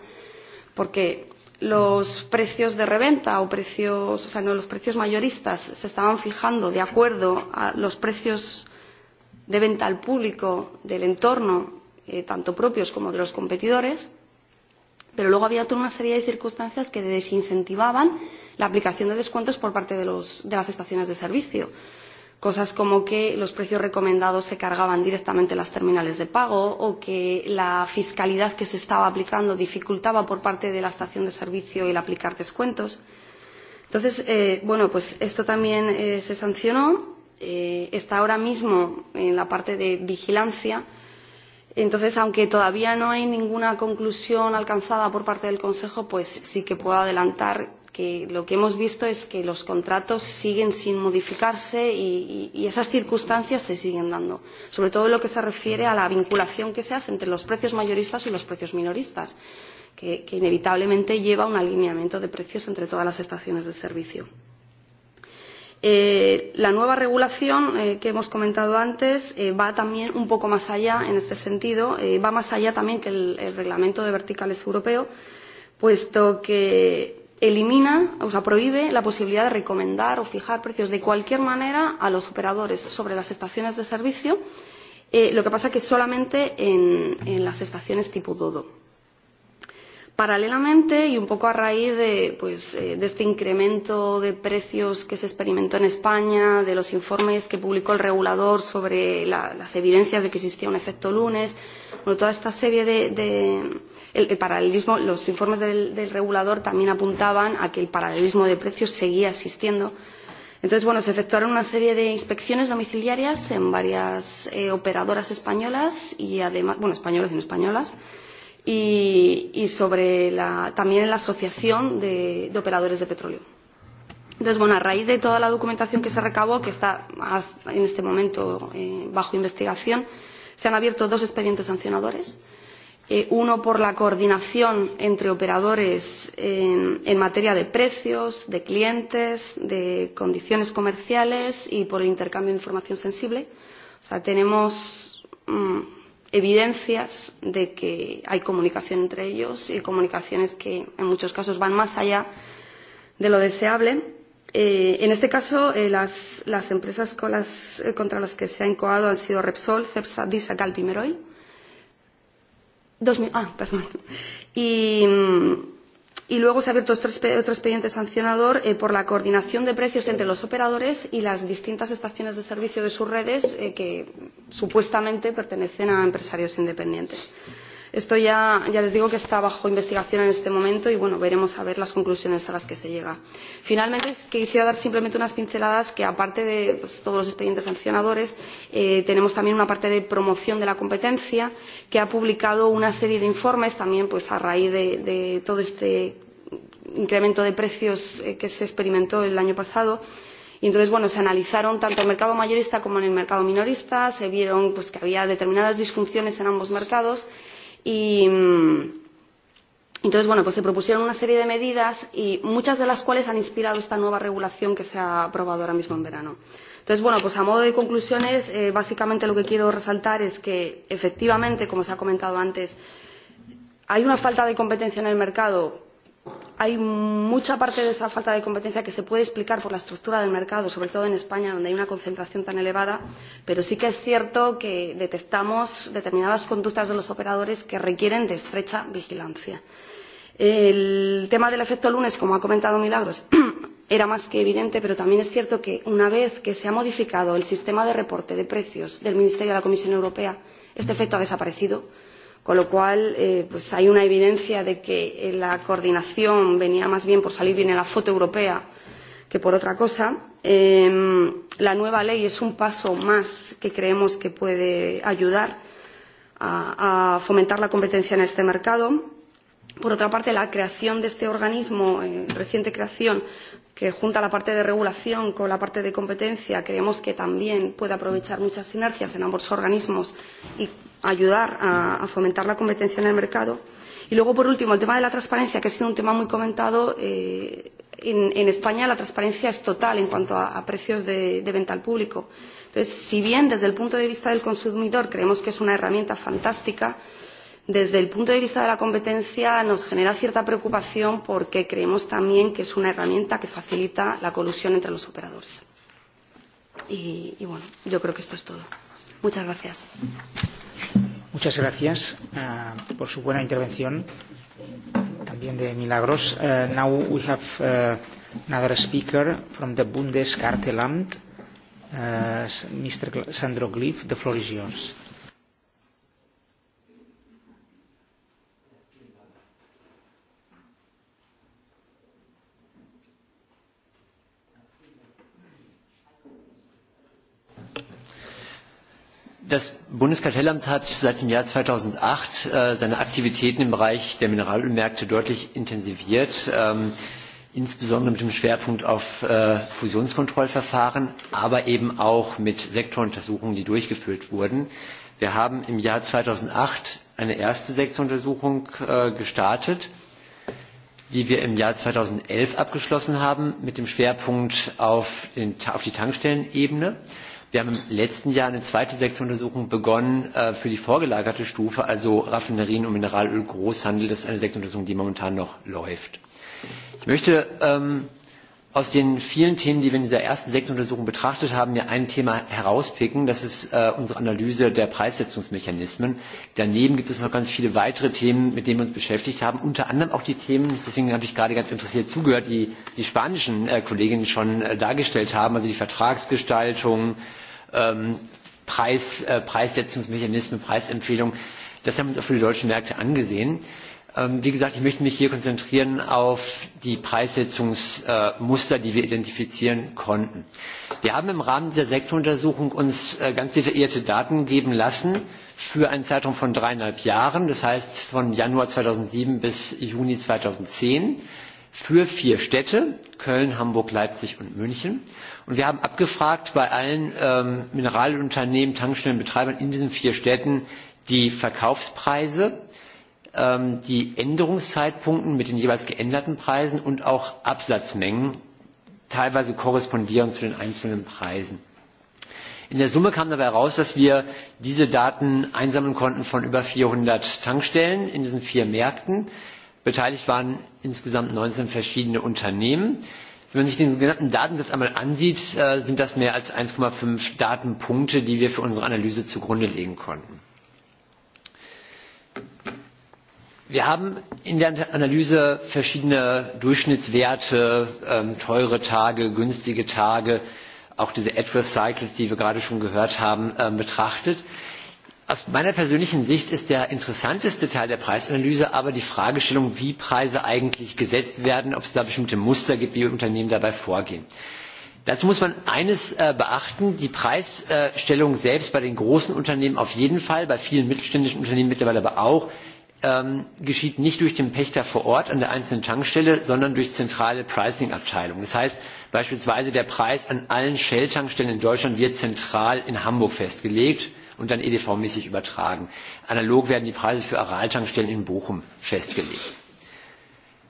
porque los precios de reventa o precios, o sea, no, los precios mayoristas se estaban fijando de acuerdo a los precios de venta al público del entorno, tanto propios como de los competidores, pero luego había toda una serie de circunstancias que desincentivaban la aplicación de descuentos por parte de las estaciones de servicio. Cosas como que los precios recomendados se cargaban directamente las terminales de pago o que la fiscalidad que se estaba aplicando dificultaba por parte de la estación de servicio el aplicar descuentos. Entonces, bueno, pues esto también se sancionó, está ahora mismo en la parte de vigilancia. Entonces, aunque todavía no hay ninguna conclusión alcanzada por parte del Consejo, pues sí que puedo adelantar que lo que hemos visto es que los contratos siguen sin modificarse y esas circunstancias se siguen dando sobre todo en lo que se refiere a la vinculación que se hace entre los precios mayoristas y los precios minoristas que inevitablemente lleva a un alineamiento de precios entre todas las estaciones de servicio. La nueva regulación que hemos comentado antes va también un poco más allá en este sentido, va más allá también que el reglamento de verticales europeo, puesto que elimina, o sea, prohíbe la posibilidad de recomendar o fijar precios de cualquier manera a los operadores sobre las estaciones de servicio, lo que pasa que solamente en las estaciones tipo Dodo. Paralelamente, y un poco a raíz de pues este incremento de precios que se experimentó en España, de los informes que publicó el regulador sobre las evidencias de que existía un efecto lunes, toda esta serie de el paralelismo los informes del regulador también apuntaban a que el paralelismo de precios seguía existiendo. Entonces, bueno, se efectuaron una serie de inspecciones domiciliarias en varias operadoras españolas y además, bueno, españolas y no españolas, y, sobre también en la Asociación de, de Operadores de Petróleo. Entonces, bueno, a raíz de toda la documentación que se recabó, que está en este momento bajo investigación, se han abierto dos expedientes sancionadores uno por la coordinación entre operadores en materia de precios, de clientes, de condiciones comerciales y por el intercambio de información sensible. O sea, tenemos evidencias de que hay comunicación entre ellos y comunicaciones que en muchos casos van más allá de lo deseable. En este caso, las empresas contra las que se ha incoado han sido Repsol, Cepsa, Disa, Calpimeroy Ah, perdón. Y, y luego se ha abierto otro expediente sancionador por la coordinación de precios entre los operadores y las distintas estaciones de servicio de sus redes que supuestamente pertenecen a empresarios independientes. Esto ya, ya les digo que está bajo investigación en este momento y bueno, veremos a ver las conclusiones a las que se llega. Finalmente, quisiera dar simplemente unas pinceladas que aparte de todos los expedientes sancionadores, tenemos también una parte de promoción de la competencia que ha publicado una serie de informes también pues, a raíz de, de todo este incremento de precios que se experimentó el año pasado y entonces bueno se analizaron tanto en el mercado mayorista como en el mercado minorista se vieron pues que había determinadas disfunciones en ambos mercados Y entonces, bueno, pues se propusieron una serie de medidas y muchas de las cuales han inspirado esta nueva regulación que se ha aprobado ahora mismo en verano. Entonces, bueno, pues a modo de conclusiones, básicamente lo que quiero resaltar es que efectivamente, como se ha comentado antes, hay una falta de competencia en el mercado hay mucha parte de esa falta de competencia que se puede explicar por la estructura del mercado, sobre todo en España, donde hay una concentración tan elevada, pero sí que es cierto que detectamos determinadas conductas de los operadores que requieren de estrecha vigilancia. El tema del efecto lunes, como ha comentado Milagros, era más que evidente, pero también es cierto que una vez que se ha modificado el sistema de reporte de precios del Ministerio de la Comisión Europea, este efecto ha desaparecido con lo cual pues hay una evidencia de que la coordinación venía más bien por salir bien en la foto europea que por otra cosa. la nueva ley es un paso más que creemos que puede ayudar a fomentar la competencia en este mercado. por otra parte la creación de este organismo reciente creación que junta la parte de regulación con la parte de competencia creemos que también puede aprovechar muchas sinergias en ambos organismos ayudar a fomentar la competencia en el mercado. Y luego, por último, el tema de la transparencia, que ha sido un tema muy comentado. En España la transparencia es total en cuanto a precios de venta al público. Entonces, si bien desde el punto de vista del consumidor creemos que es una herramienta fantástica, desde el punto de vista de la competencia nos genera cierta preocupación porque creemos también que es una herramienta que facilita la colusión entre los operadores. Y bueno, yo creo que esto es todo. Muchas gracias. Muchas gracias por su buena intervención, también de Milagros. Now we have another speaker from the Bundeskartelamt, Mr. Sandro Glyph. The floor is yours. Das Bundeskartellamt hat seit dem Jahr 2008 seine Aktivitäten im Bereich der Mineralölmärkte deutlich intensiviert, insbesondere mit dem Schwerpunkt auf Fusionskontrollverfahren, aber eben auch mit Sektoruntersuchungen, die durchgeführt wurden. Wir haben im Jahr 2008 eine erste Sektoruntersuchung gestartet, die wir im Jahr 2011 abgeschlossen haben, mit dem Schwerpunkt auf die Tankstellenebene. Wir haben im letzten Jahr eine zweite Sektoruntersuchung begonnen für die vorgelagerte Stufe, also Raffinerien und Mineralöl Großhandel. Das ist eine Sektoruntersuchung, die momentan noch läuft. Ich möchte aus den vielen Themen, die wir in dieser ersten Sektoruntersuchung betrachtet haben, wir ein Thema herauspicken. Das ist unsere Analyse der Preissetzungsmechanismen. Daneben gibt es noch ganz viele weitere Themen, mit denen wir uns beschäftigt haben. Unter anderem auch die Themen, deswegen habe ich gerade ganz interessiert zugehört, die die spanischen Kolleginnen schon dargestellt haben, also die Vertragsgestaltung, Preissetzungsmechanismen, Preisempfehlungen. Das haben wir uns auch für die deutschen Märkte angesehen. Wie gesagt, ich möchte mich hier konzentrieren auf die Preissetzungsmuster, die wir identifizieren konnten. Wir haben im Rahmen dieser Sektoruntersuchung uns ganz detaillierte Daten geben lassen für einen Zeitraum von dreieinhalb Jahren, das heißt von Januar 2007 bis Juni 2010, für vier Städte, Köln, Hamburg, Leipzig und München. Und wir haben abgefragt bei allen Mineralunternehmen, Tankstellenbetreibern in diesen vier Städten die Verkaufspreise die Änderungszeitpunkte mit den jeweils geänderten Preisen und auch Absatzmengen teilweise korrespondieren zu den einzelnen Preisen. In der Summe kam dabei heraus, dass wir diese Daten einsammeln konnten von über 400 Tankstellen in diesen vier Märkten. Beteiligt waren insgesamt 19 verschiedene Unternehmen. Wenn man sich den genannten Datensatz einmal ansieht, sind das mehr als 1,5 Datenpunkte, die wir für unsere Analyse zugrunde legen konnten. wir haben in der analyse verschiedene durchschnittswerte teure tage günstige tage auch diese address cycles die wir gerade schon gehört haben betrachtet. aus meiner persönlichen sicht ist der interessanteste teil der preisanalyse aber die fragestellung wie preise eigentlich gesetzt werden ob es da bestimmte muster gibt wie unternehmen dabei vorgehen. dazu muss man eines beachten die preisstellung selbst bei den großen unternehmen auf jeden fall bei vielen mittelständischen unternehmen mittlerweile aber auch geschieht nicht durch den Pächter vor Ort an der einzelnen Tankstelle, sondern durch zentrale Pricing-Abteilungen. Das heißt beispielsweise, der Preis an allen Shell-Tankstellen in Deutschland wird zentral in Hamburg festgelegt und dann EDV-mäßig übertragen. Analog werden die Preise für Aral-Tankstellen in Bochum festgelegt.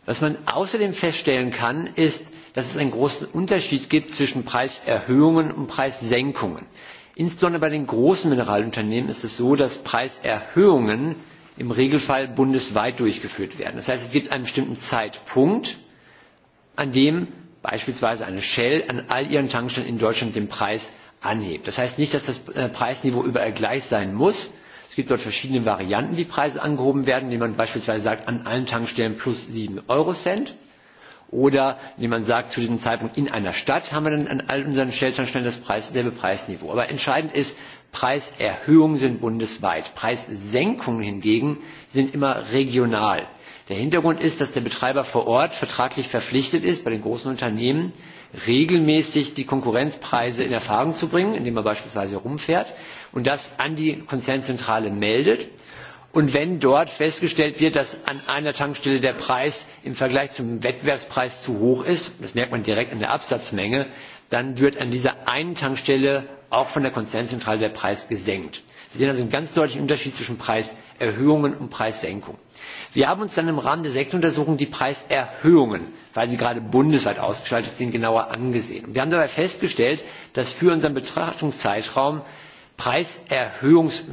Was man außerdem feststellen kann, ist, dass es einen großen Unterschied gibt zwischen Preiserhöhungen und Preissenkungen. Insbesondere bei den großen Mineralunternehmen ist es so, dass Preiserhöhungen im Regelfall bundesweit durchgeführt werden. Das heißt, es gibt einen bestimmten Zeitpunkt, an dem beispielsweise eine Shell an all ihren Tankstellen in Deutschland den Preis anhebt. Das heißt nicht, dass das Preisniveau überall gleich sein muss. Es gibt dort verschiedene Varianten, wie Preise angehoben werden, indem man beispielsweise sagt, an allen Tankstellen plus 7 Cent Oder indem man sagt, zu diesem Zeitpunkt in einer Stadt haben wir dann an all unseren Shell-Tankstellen dasselbe Preisniveau. Aber entscheidend ist, Preiserhöhungen sind bundesweit. Preissenkungen hingegen sind immer regional. Der Hintergrund ist, dass der Betreiber vor Ort vertraglich verpflichtet ist, bei den großen Unternehmen regelmäßig die Konkurrenzpreise in Erfahrung zu bringen, indem er beispielsweise rumfährt und das an die Konzernzentrale meldet. Und wenn dort festgestellt wird, dass an einer Tankstelle der Preis im Vergleich zum Wettbewerbspreis zu hoch ist, das merkt man direkt an der Absatzmenge, dann wird an dieser einen Tankstelle auch von der Konzernzentrale der Preis gesenkt. Sie sehen also einen ganz deutlichen Unterschied zwischen Preiserhöhungen und Preissenkungen. Wir haben uns dann im Rahmen der Sektoruntersuchung die Preiserhöhungen, weil sie gerade bundesweit ausgeschaltet sind, genauer angesehen. Wir haben dabei festgestellt, dass für unseren Betrachtungszeitraum Preiserhöhungs,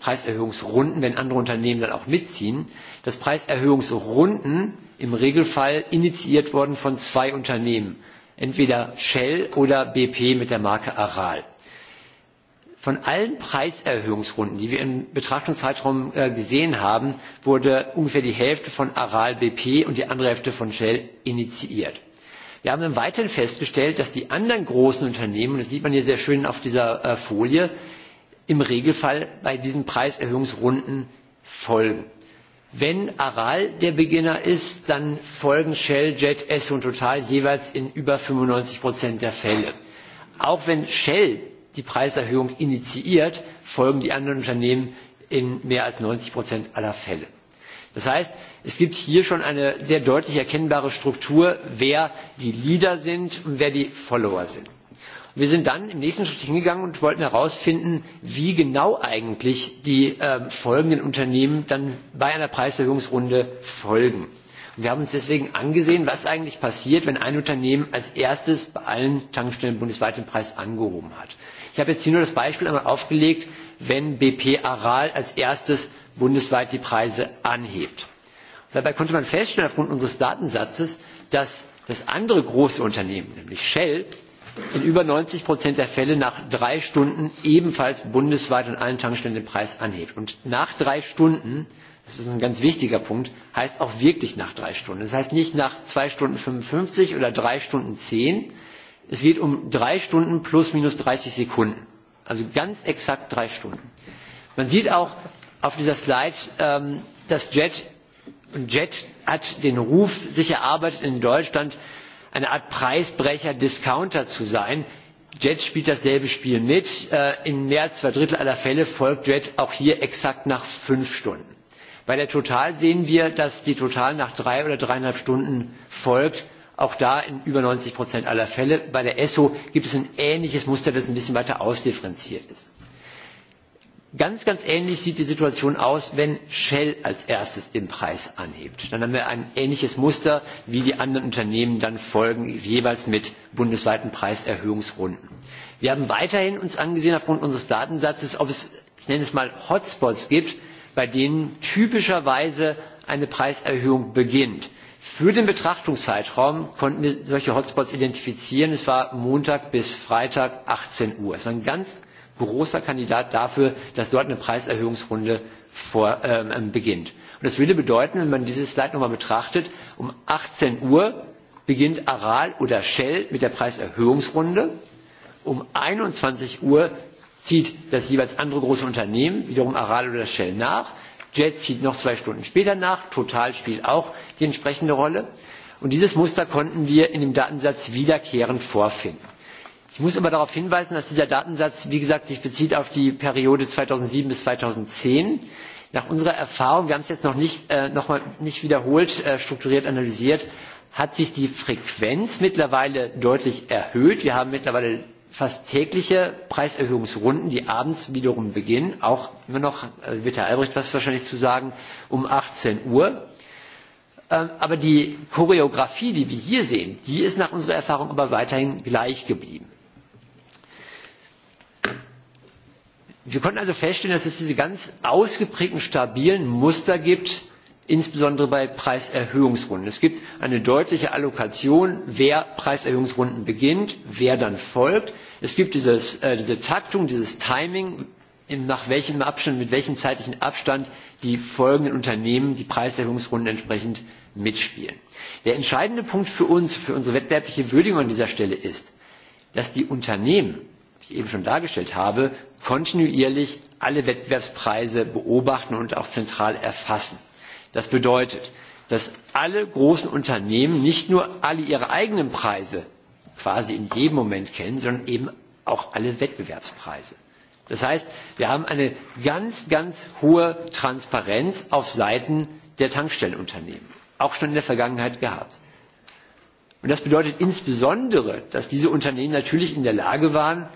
Preiserhöhungsrunden, wenn andere Unternehmen dann auch mitziehen, dass Preiserhöhungsrunden im Regelfall initiiert wurden von zwei Unternehmen, entweder Shell oder BP mit der Marke Aral. Von allen Preiserhöhungsrunden, die wir im Betrachtungszeitraum gesehen haben, wurde ungefähr die Hälfte von Aral BP und die andere Hälfte von Shell initiiert. Wir haben im weiterhin festgestellt, dass die anderen großen Unternehmen, das sieht man hier sehr schön auf dieser Folie, im Regelfall bei diesen Preiserhöhungsrunden folgen. Wenn Aral der Beginner ist, dann folgen Shell, Jet, S und Total jeweils in über 95 der Fälle. Auch wenn Shell die Preiserhöhung initiiert, folgen die anderen Unternehmen in mehr als 90 aller Fälle. Das heißt, es gibt hier schon eine sehr deutlich erkennbare Struktur, wer die Leader sind und wer die Follower sind. Wir sind dann im nächsten Schritt hingegangen und wollten herausfinden, wie genau eigentlich die folgenden Unternehmen dann bei einer Preiserhöhungsrunde folgen. Wir haben uns deswegen angesehen, was eigentlich passiert, wenn ein Unternehmen als erstes bei allen Tankstellen bundesweit den Preis angehoben hat. Ich habe jetzt hier nur das Beispiel einmal aufgelegt, wenn BP Aral als erstes bundesweit die Preise anhebt. Dabei konnte man feststellen, aufgrund unseres Datensatzes, dass das andere große Unternehmen, nämlich Shell, in über 90 der Fälle nach drei Stunden ebenfalls bundesweit an allen Tankstellen den Preis anhebt. Und nach drei Stunden, das ist ein ganz wichtiger Punkt, heißt auch wirklich nach drei Stunden. Das heißt nicht nach zwei Stunden 55 oder drei Stunden zehn, Es geht um drei Stunden plus minus 30 Sekunden. Also ganz exakt drei Stunden. Man sieht auch auf dieser Slide, dass JET, JET hat den Ruf sich erarbeitet, in Deutschland eine Art Preisbrecher, Discounter zu sein. JET spielt dasselbe Spiel mit. In mehr als zwei Drittel aller Fälle folgt JET auch hier exakt nach fünf Stunden. Bei der Total sehen wir, dass die Total nach drei oder dreieinhalb Stunden folgt auch da in über 90 aller Fälle. Bei der ESSO gibt es ein ähnliches Muster, das ein bisschen weiter ausdifferenziert ist. Ganz, ganz ähnlich sieht die Situation aus, wenn Shell als erstes den Preis anhebt. Dann haben wir ein ähnliches Muster, wie die anderen Unternehmen dann folgen, jeweils mit bundesweiten Preiserhöhungsrunden. Wir haben weiterhin uns angesehen aufgrund unseres Datensatzes, ob es, ich nenne es mal, Hotspots gibt, bei denen typischerweise eine Preiserhöhung beginnt. Für den Betrachtungszeitraum konnten wir solche Hotspots identifizieren. Es war Montag bis Freitag 18 Uhr. Es war ein ganz großer Kandidat dafür, dass dort eine Preiserhöhungsrunde beginnt. Und das würde bedeuten, wenn man dieses Slide nochmal betrachtet, um 18 Uhr beginnt Aral oder Shell mit der Preiserhöhungsrunde. Um 21 Uhr zieht das jeweils andere große Unternehmen, wiederum Aral oder Shell, nach. Jet zieht noch zwei Stunden später nach. Total spielt auch die entsprechende Rolle. Und dieses Muster konnten wir in dem Datensatz wiederkehrend vorfinden. Ich muss aber darauf hinweisen, dass dieser Datensatz, wie gesagt, sich bezieht auf die Periode 2007 bis 2010. Nach unserer Erfahrung, wir haben es jetzt noch nicht, noch mal nicht wiederholt strukturiert analysiert, hat sich die Frequenz mittlerweile deutlich erhöht. Wir haben mittlerweile fast tägliche Preiserhöhungsrunden, die abends wiederum beginnen, auch immer noch Herr Albrecht was wahrscheinlich zu sagen, um 18 Uhr aber die choreografie die wir hier sehen die ist nach unserer erfahrung aber weiterhin gleich geblieben. wir konnten also feststellen dass es diese ganz ausgeprägten stabilen muster gibt insbesondere bei preiserhöhungsrunden. es gibt eine deutliche allokation wer preiserhöhungsrunden beginnt wer dann folgt. es gibt diese taktung dieses timing nach welchem Abstand, mit welchem zeitlichen Abstand die folgenden Unternehmen die Preiserhöhungsrunden entsprechend mitspielen. Der entscheidende Punkt für uns, für unsere wettbewerbliche Würdigung an dieser Stelle ist, dass die Unternehmen, wie ich eben schon dargestellt habe, kontinuierlich alle Wettbewerbspreise beobachten und auch zentral erfassen. Das bedeutet, dass alle großen Unternehmen nicht nur alle ihre eigenen Preise quasi in jedem Moment kennen, sondern eben auch alle Wettbewerbspreise. Das heißt, wir haben eine ganz, ganz hohe Transparenz auf Seiten der Tankstellenunternehmen, auch schon in der Vergangenheit gehabt. das bedeutet insbesondere, dass diese Unternehmen natürlich in der Lage waren,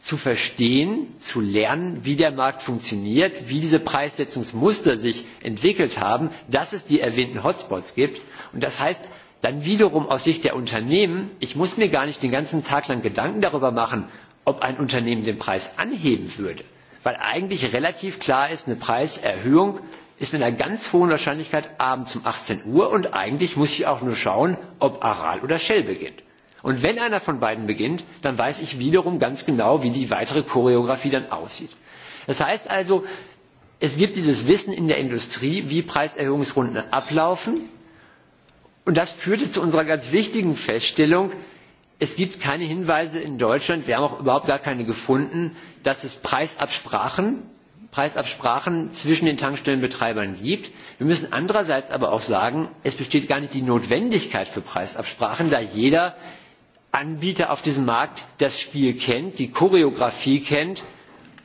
zu verstehen, zu lernen, wie der Markt funktioniert, wie diese Preissetzungsmuster sich entwickelt haben, dass es die erwähnten Hotspots gibt. Und das heißt dann wiederum aus Sicht der Unternehmen, ich muss mir gar nicht den ganzen Tag lang Gedanken darüber machen, ob ein Unternehmen den Preis anheben würde, weil eigentlich relativ klar ist, eine Preiserhöhung ist mit einer ganz hohen Wahrscheinlichkeit abends um 18 Uhr und eigentlich muss ich auch nur schauen, ob Aral oder Shell beginnt. Und wenn einer von beiden beginnt, dann weiß ich wiederum ganz genau, wie die weitere Choreografie dann aussieht. Das heißt also, es gibt dieses Wissen in der Industrie, wie Preiserhöhungsrunden ablaufen. Und das führte zu unserer ganz wichtigen Feststellung, es gibt keine hinweise in deutschland wir haben auch überhaupt gar keine gefunden dass es preisabsprachen zwischen den tankstellenbetreibern gibt. wir müssen andererseits aber auch sagen es besteht gar nicht die notwendigkeit für preisabsprachen da jeder anbieter auf diesem markt das spiel kennt die choreografie kennt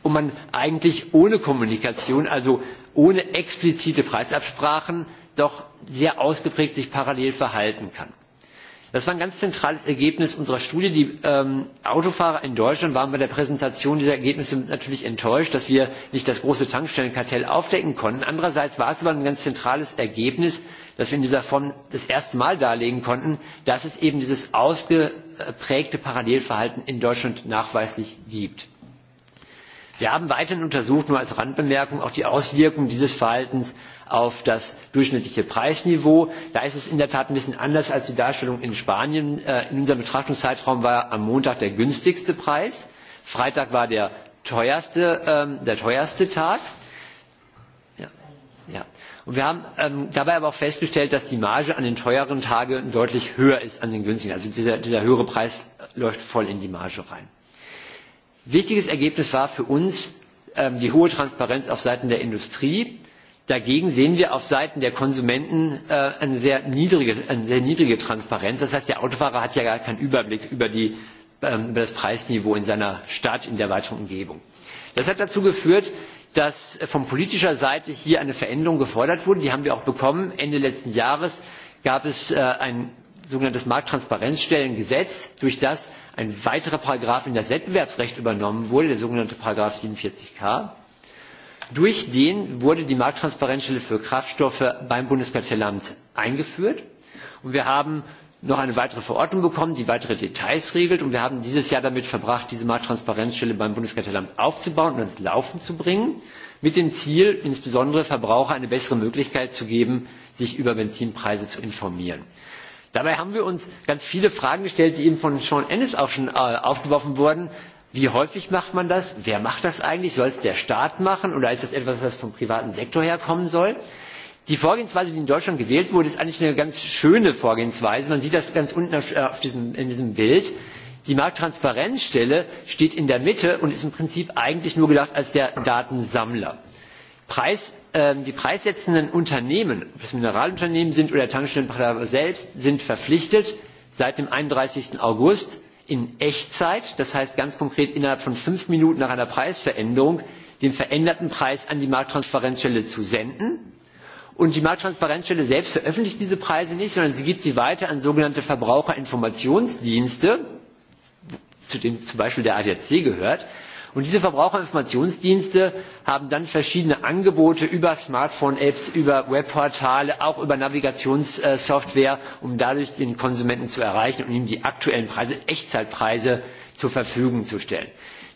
und man eigentlich ohne kommunikation also ohne explizite preisabsprachen doch sehr ausgeprägt sich parallel verhalten kann das war ein ganz zentrales ergebnis unserer studie. die autofahrer in deutschland waren bei der präsentation dieser ergebnisse natürlich enttäuscht dass wir nicht das große tankstellenkartell aufdecken konnten. andererseits war es aber ein ganz zentrales ergebnis dass wir in dieser form das erste mal darlegen konnten dass es eben dieses ausgeprägte parallelverhalten in deutschland nachweislich gibt wir haben weiterhin untersucht nur als randbemerkung auch die auswirkungen dieses verhaltens auf das durchschnittliche preisniveau. da ist es in der tat ein bisschen anders als die darstellung in spanien. in unserem betrachtungszeitraum war am montag der günstigste preis freitag war der teuerste tag wir haben dabei aber auch festgestellt dass die marge an den teureren tagen deutlich höher ist als an den günstigen. also dieser höhere preis läuft voll in die marge rein. Wichtiges Ergebnis war für uns die hohe Transparenz auf Seiten der Industrie. Dagegen sehen wir auf Seiten der Konsumenten eine sehr niedrige Transparenz. Das heißt, der Autofahrer hat ja gar keinen Überblick über das Preisniveau in seiner Stadt, in der weiteren Umgebung. Das hat dazu geführt, dass von politischer Seite hier eine Veränderung gefordert wurde. Die haben wir auch bekommen. Ende letzten Jahres gab es ein sogenanntes Markttransparenzstellengesetz, durch das ein weiterer Paragraph in das Wettbewerbsrecht übernommen wurde, der sogenannte Paragraph 47k. Durch den wurde die Markttransparenzstelle für Kraftstoffe beim Bundeskartellamt eingeführt. Und wir haben noch eine weitere Verordnung bekommen, die weitere Details regelt. Und wir haben dieses Jahr damit verbracht, diese Markttransparenzstelle beim Bundeskartellamt aufzubauen und ins Laufen zu bringen, mit dem Ziel, insbesondere Verbraucher eine bessere Möglichkeit zu geben, sich über Benzinpreise zu informieren dabei haben wir uns ganz viele fragen gestellt die eben von sean ennis auch schon aufgeworfen wurden wie häufig macht man das wer macht das eigentlich soll es der staat machen oder ist das etwas was vom privaten sektor herkommen soll? die vorgehensweise die in deutschland gewählt wurde ist eigentlich eine ganz schöne vorgehensweise man sieht das ganz unten in diesem bild die markttransparenzstelle steht in der mitte und ist im prinzip eigentlich nur gedacht als der datensammler. preis die preissetzenden unternehmen ob das mineralunternehmen sind oder tankstellenbetreiber selbst sind verpflichtet seit dem. 31. august in echtzeit das heißt ganz konkret innerhalb von fünf minuten nach einer preisveränderung den veränderten preis an die markttransparenzstelle zu senden und die markttransparenzstelle selbst veröffentlicht diese preise nicht sondern sie gibt sie weiter an sogenannte verbraucherinformationsdienste zu denen zum beispiel der adac gehört und diese verbraucherinformationsdienste haben dann verschiedene angebote über smartphone apps über webportale auch über navigationssoftware um dadurch den konsumenten zu erreichen und ihm die aktuellen preise echtzeitpreise zur verfügung zu stellen.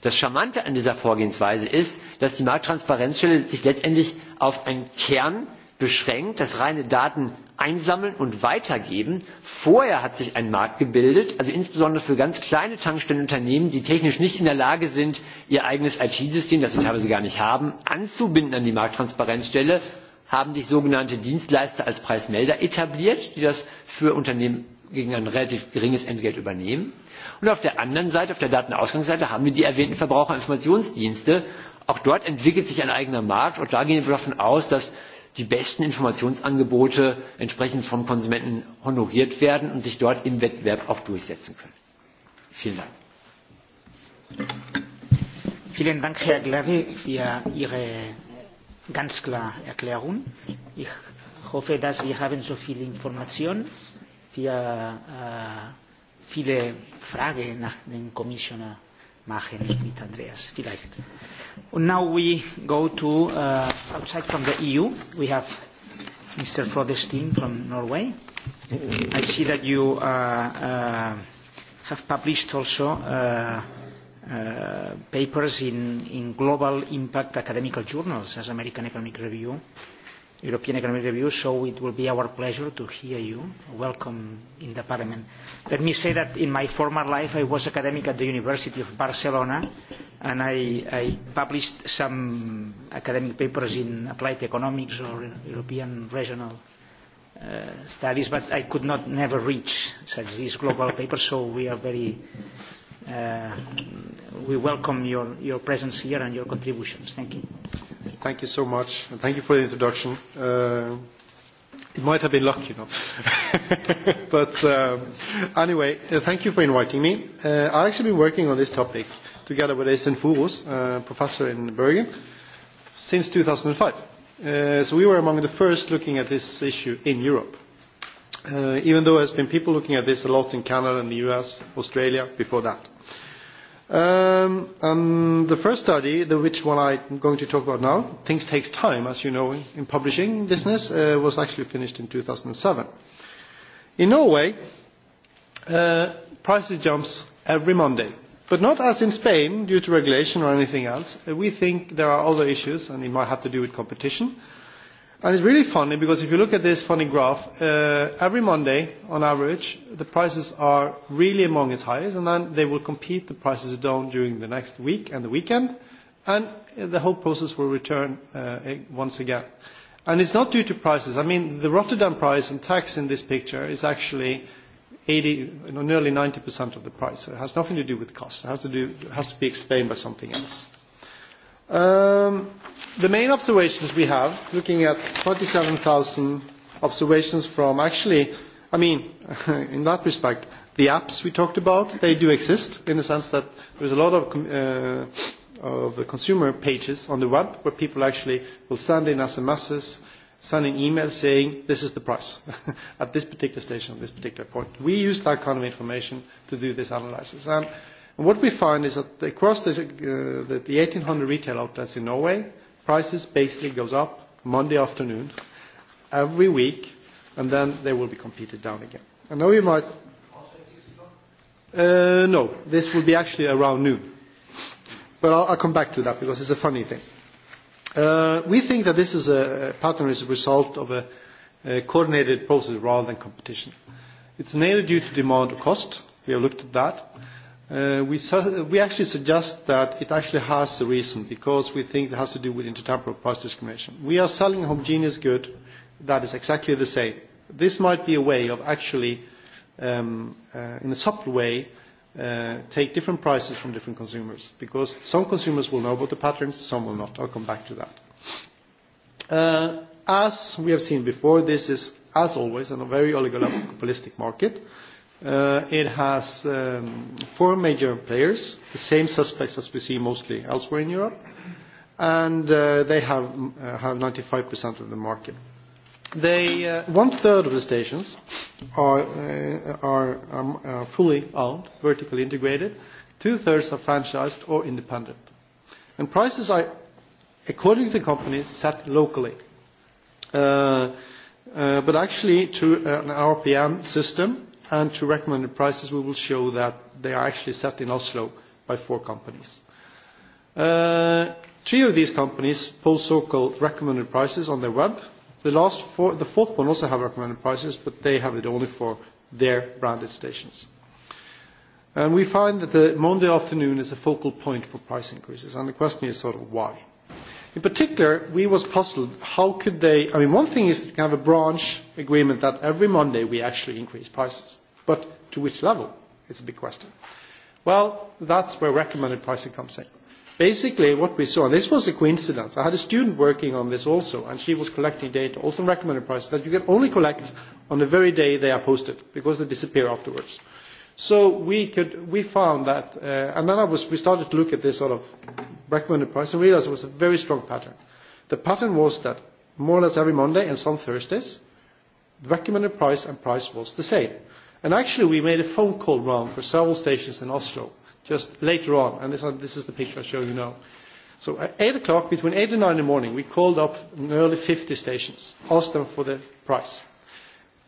das charmante an dieser vorgehensweise ist dass die markttransparenzstelle sich letztendlich auf einen kern beschränkt, das reine Daten einsammeln und weitergeben. Vorher hat sich ein Markt gebildet, also insbesondere für ganz kleine Tankstellenunternehmen, die technisch nicht in der Lage sind, ihr eigenes IT-System, das sie teilweise gar nicht haben, anzubinden an die Markttransparenzstelle, haben sich sogenannte Dienstleister als Preismelder etabliert, die das für Unternehmen gegen ein relativ geringes Entgelt übernehmen. Und auf der anderen Seite, auf der Datenausgangsseite, haben wir die erwähnten Verbraucherinformationsdienste. Auch dort entwickelt sich ein eigener Markt und da gehen wir davon aus, dass die besten Informationsangebote entsprechend vom Konsumenten honoriert werden und sich dort im Wettbewerb auch durchsetzen können. Vielen Dank. Vielen Dank, Herr Glave, für Ihre ganz klare Erklärung. Ich hoffe, dass wir haben so viel Informationen für viele Fragen nach dem Commissioner machen mit Andreas, vielleicht. And now we go to outside from the EU. We have Mr. Flodestin from Norway. I see that you have published also papers in, in global impact academical journals as American Economic Review European Economic Review, so it will be our pleasure to hear you. Welcome in the Parliament. Let me say that in my former life I was academic at the University of Barcelona and I published some academic papers in applied economics or European regional studies, but I could not never reach such these global papers, so we are very we welcome your your presence here and your contributions. Thank you. Thank you so much. and Thank you for the introduction. It might have been luck, you know. But anyway, thank you for inviting me. I've actually been working on this topic together with Eisen Furus, professor in Bergen, since 2005. So we were among the first looking at this issue in Europe. Even though there's been people looking at this a lot in Canada and the US, Australia, before that. The first study, which one I'm going to talk about now, Things Takes Time, as you know, in publishing business, was actually finished in 2007. In Norway, prices jumps every Monday, but not as in Spain due to regulation or anything else. We think there are other issues, and it might have to do with competition And it's really funny because if you look at this funny graph, every Monday, on average, the prices are really among its highest, and then they will compete the prices down during the next week and the weekend, and the whole process will return once again. And it's not due to prices. I mean, the Rotterdam price and tax in this picture is actually 80, nearly 90% of the price. So it has nothing to do with cost. It has to, do, has to be explained by something else. The main observations we have, looking at 27,000 observations from actually, I mean, in that respect, the apps we talked about, they do exist in the sense that there's a lot of consumer pages on the web where people actually will send in SMSs, send in emails saying this is the price at this particular station, at this particular point. We use that kind of information to do this analysis. And What we find is that across the 1,800 retail outlets in Norway, prices basically goes up Monday afternoon every week, and then they will be competed down again. I know you might. No, this will be actually around noon. But I'll come back to that because it's a funny thing. We think that this is a pattern is a result of a coordinated process rather than competition. It's neither due to demand or cost. We have looked at that. We actually suggest that it actually has a reason because we think it has to do with intertemporal price discrimination. We are selling a homogeneous good that is exactly the same. This might be a way of actually, in a subtle way, take different prices from different consumers because some consumers will know about the patterns, some will not. I'll come back to that. As we have seen before, this is, as always, a very oligopolistic market It has four major players, the same suspects as we see mostly elsewhere in Europe, and they have have 95% of the market. One-third of the stations are are fully owned, vertically integrated. Two-thirds are franchised or independent. And prices are, according to the company, set locally. But actually, through an RPM system, and to recommended prices we will show that they are actually set in Oslo by four companies. Three of these companies post so-called recommended prices on their web. The last fourth one also have recommended prices, but they have it only for their branded stations. And we find that the Monday afternoon is a focal point for price increases, and the question is sort of why. In particular, we were puzzled how could they, I mean, one thing is to have a branch agreement that every Monday we actually increase prices, but to which level is a big question. Well, that's where recommended pricing comes in. Basically, what we saw, and this was a coincidence, I had a student working on this also, and she was collecting data, also on recommended prices, that you can only collect on the very day they are posted, because they disappear afterwards. So we could we found that, and then I was we started to look at this sort of recommended price and realized it was a very strong pattern. The pattern was that more or less every Monday and some Thursdays, the recommended price and price was the same. And actually we made a phone call round for several stations in Oslo just later on, and this, this is the picture I show you now. So at 8 o'clock, between 8 and 9 in the morning, we called up nearly 50 stations, asked them for the price.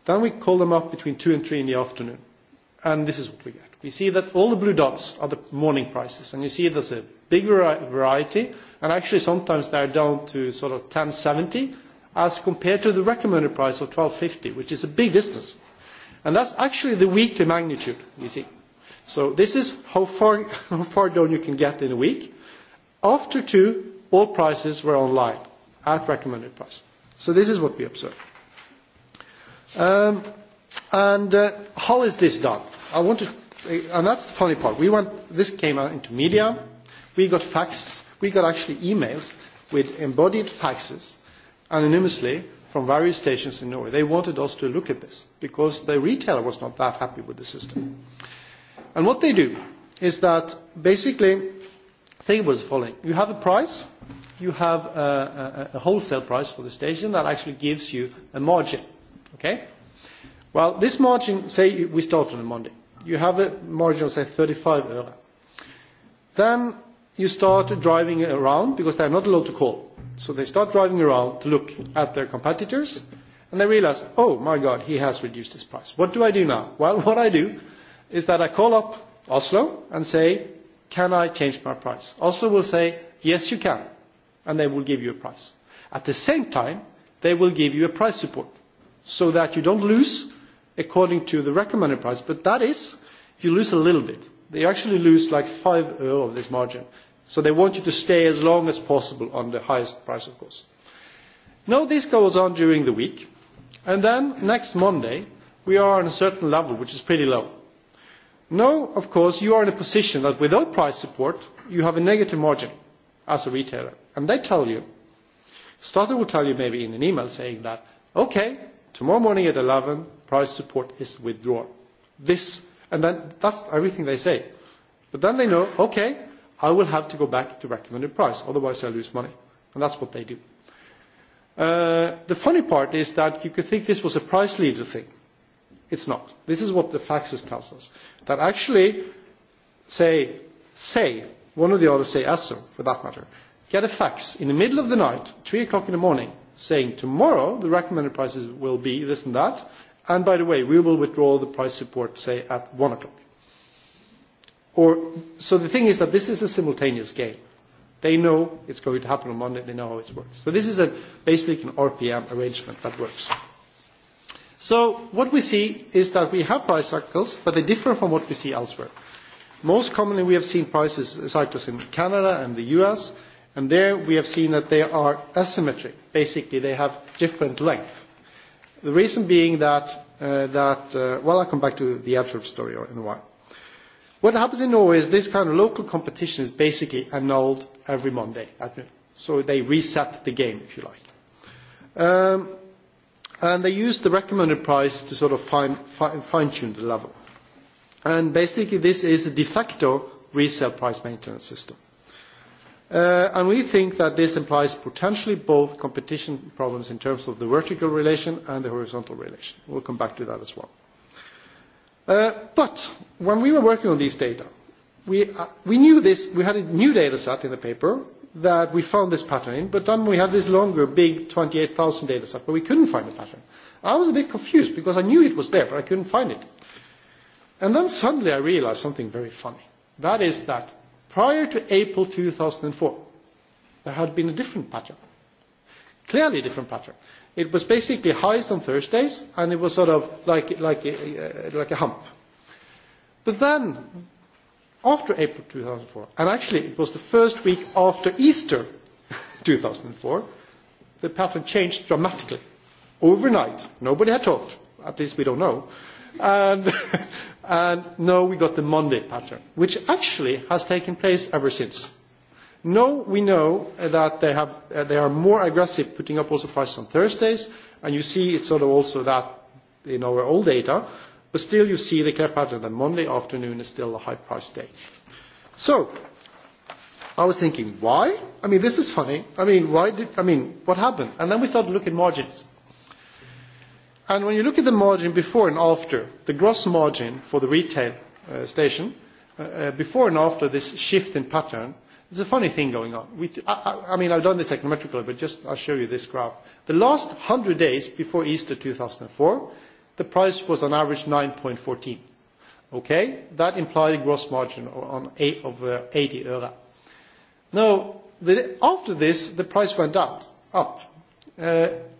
Then we called them up between 2 and 3 in the afternoon And this is what we get. We see that all the blue dots are the morning prices, and you see there's a big variety, and actually sometimes they're down to sort of 1070 as compared to the recommended price of 1250, which is a big distance. And that's actually the weekly magnitude you see. So this is how far, how far down you can get in a week. After two, all prices were online at recommended price. So this is what we observe. and how is this done? I and that's the funny part. We this came out into media. We got faxes. We got actually emails with embodied faxes, anonymously from various stations in Norway. They wanted us to look at this because the retailer was not that happy with the system. And what they do is that basically, think was the following: you have a price, you have a wholesale price for the station that actually gives you a margin. Okay? Well, this margin, say we start on a Monday you have a margin of say 35 euro. Then you start driving around because they are not allowed to call. So they start driving around to look at their competitors and they realize, oh my god, he has reduced his price. What do I do now? Well, what I do is that I call up Oslo and say, can I change my price? Oslo will say, yes you can, and they will give you a price. At the same time, they will give you a price support so that you don't lose according to the recommended price, but that is, you lose a little bit. They actually lose like 5 euro of this margin. So they want you to stay as long as possible on the highest price, of course. Now this goes on during the week, and then next Monday we are on a certain level, which is pretty low. Now, of course, you are in a position that without price support you have a negative margin as a retailer, and they tell you, starter will tell you maybe in an email saying that, okay, tomorrow morning at 11 price support is withdrawn. This, and then that's everything they say. But then they know, okay, I will have to go back to recommended price, otherwise I lose money. And that's what they do. The funny part is that you could think this was a price leader thing. It's not. This is what the faxes tells us. That actually, say, say, one of the others, say ESSO, for that matter, get a fax in the middle of the night, 3 o'clock in the morning, saying tomorrow the recommended prices will be this and that, And by the way, we will withdraw the price support, say, at one o'clock. So the thing is that this is a simultaneous game. They know it's going to happen on Monday. They know how it works. So this is basically an RPM arrangement that works. So what we see is that we have price cycles, but they differ from what we see elsewhere. Most commonly, we have seen price cycles in Canada and the U.S., and there we have seen that they are asymmetric. Basically, they have different length. The reason being that, that well, I'll come back to the absurd story in a while. What happens in Norway is this kind of local competition is basically annulled every Monday So they reset the game, if you like. And they use the recommended price to sort of fine-tune the level. And basically this is a de facto resale price maintenance system and we think that this implies potentially both competition problems in terms of the vertical relation and the horizontal relation. We'll come back to that as well. But when we were working on these data, we knew this. We had a new data set in the paper that we found this pattern in, but then we had this longer, big 28,000 data set where we couldn't find the pattern. I was a bit confused because I knew it was there, but I couldn't find it. And then suddenly I realized something very funny. That is that Prior to April 2004, there had been a different pattern, clearly different pattern. It was basically highest on Thursdays, and it was sort of like like a hump. But then, after April 2004, and actually it was the first week after Easter 2004, the pattern changed dramatically. Overnight, nobody had talked. At least we don't know and no, we got the Monday pattern, which actually has taken place ever since. No, we know that they have they are more aggressive putting up also prices on Thursdays, and you see it's sort of also that in our old data, but still you see the clear pattern that Monday afternoon is still a high price day. So I was thinking, why? I mean, this is funny. I mean, why did I mean, what happened? And then we started looking at margins. And when you look at the margin before and after, the gross margin for the retail station, before and after this shift in pattern, there's a funny thing going on. I mean, I've done this econometrically, but just I'll show you this graph. The last 100 days before Easter 2004, the price was on average 9.14. Okay? That implied a gross margin on eight of 80 euro. Now, after this, the price went up, up.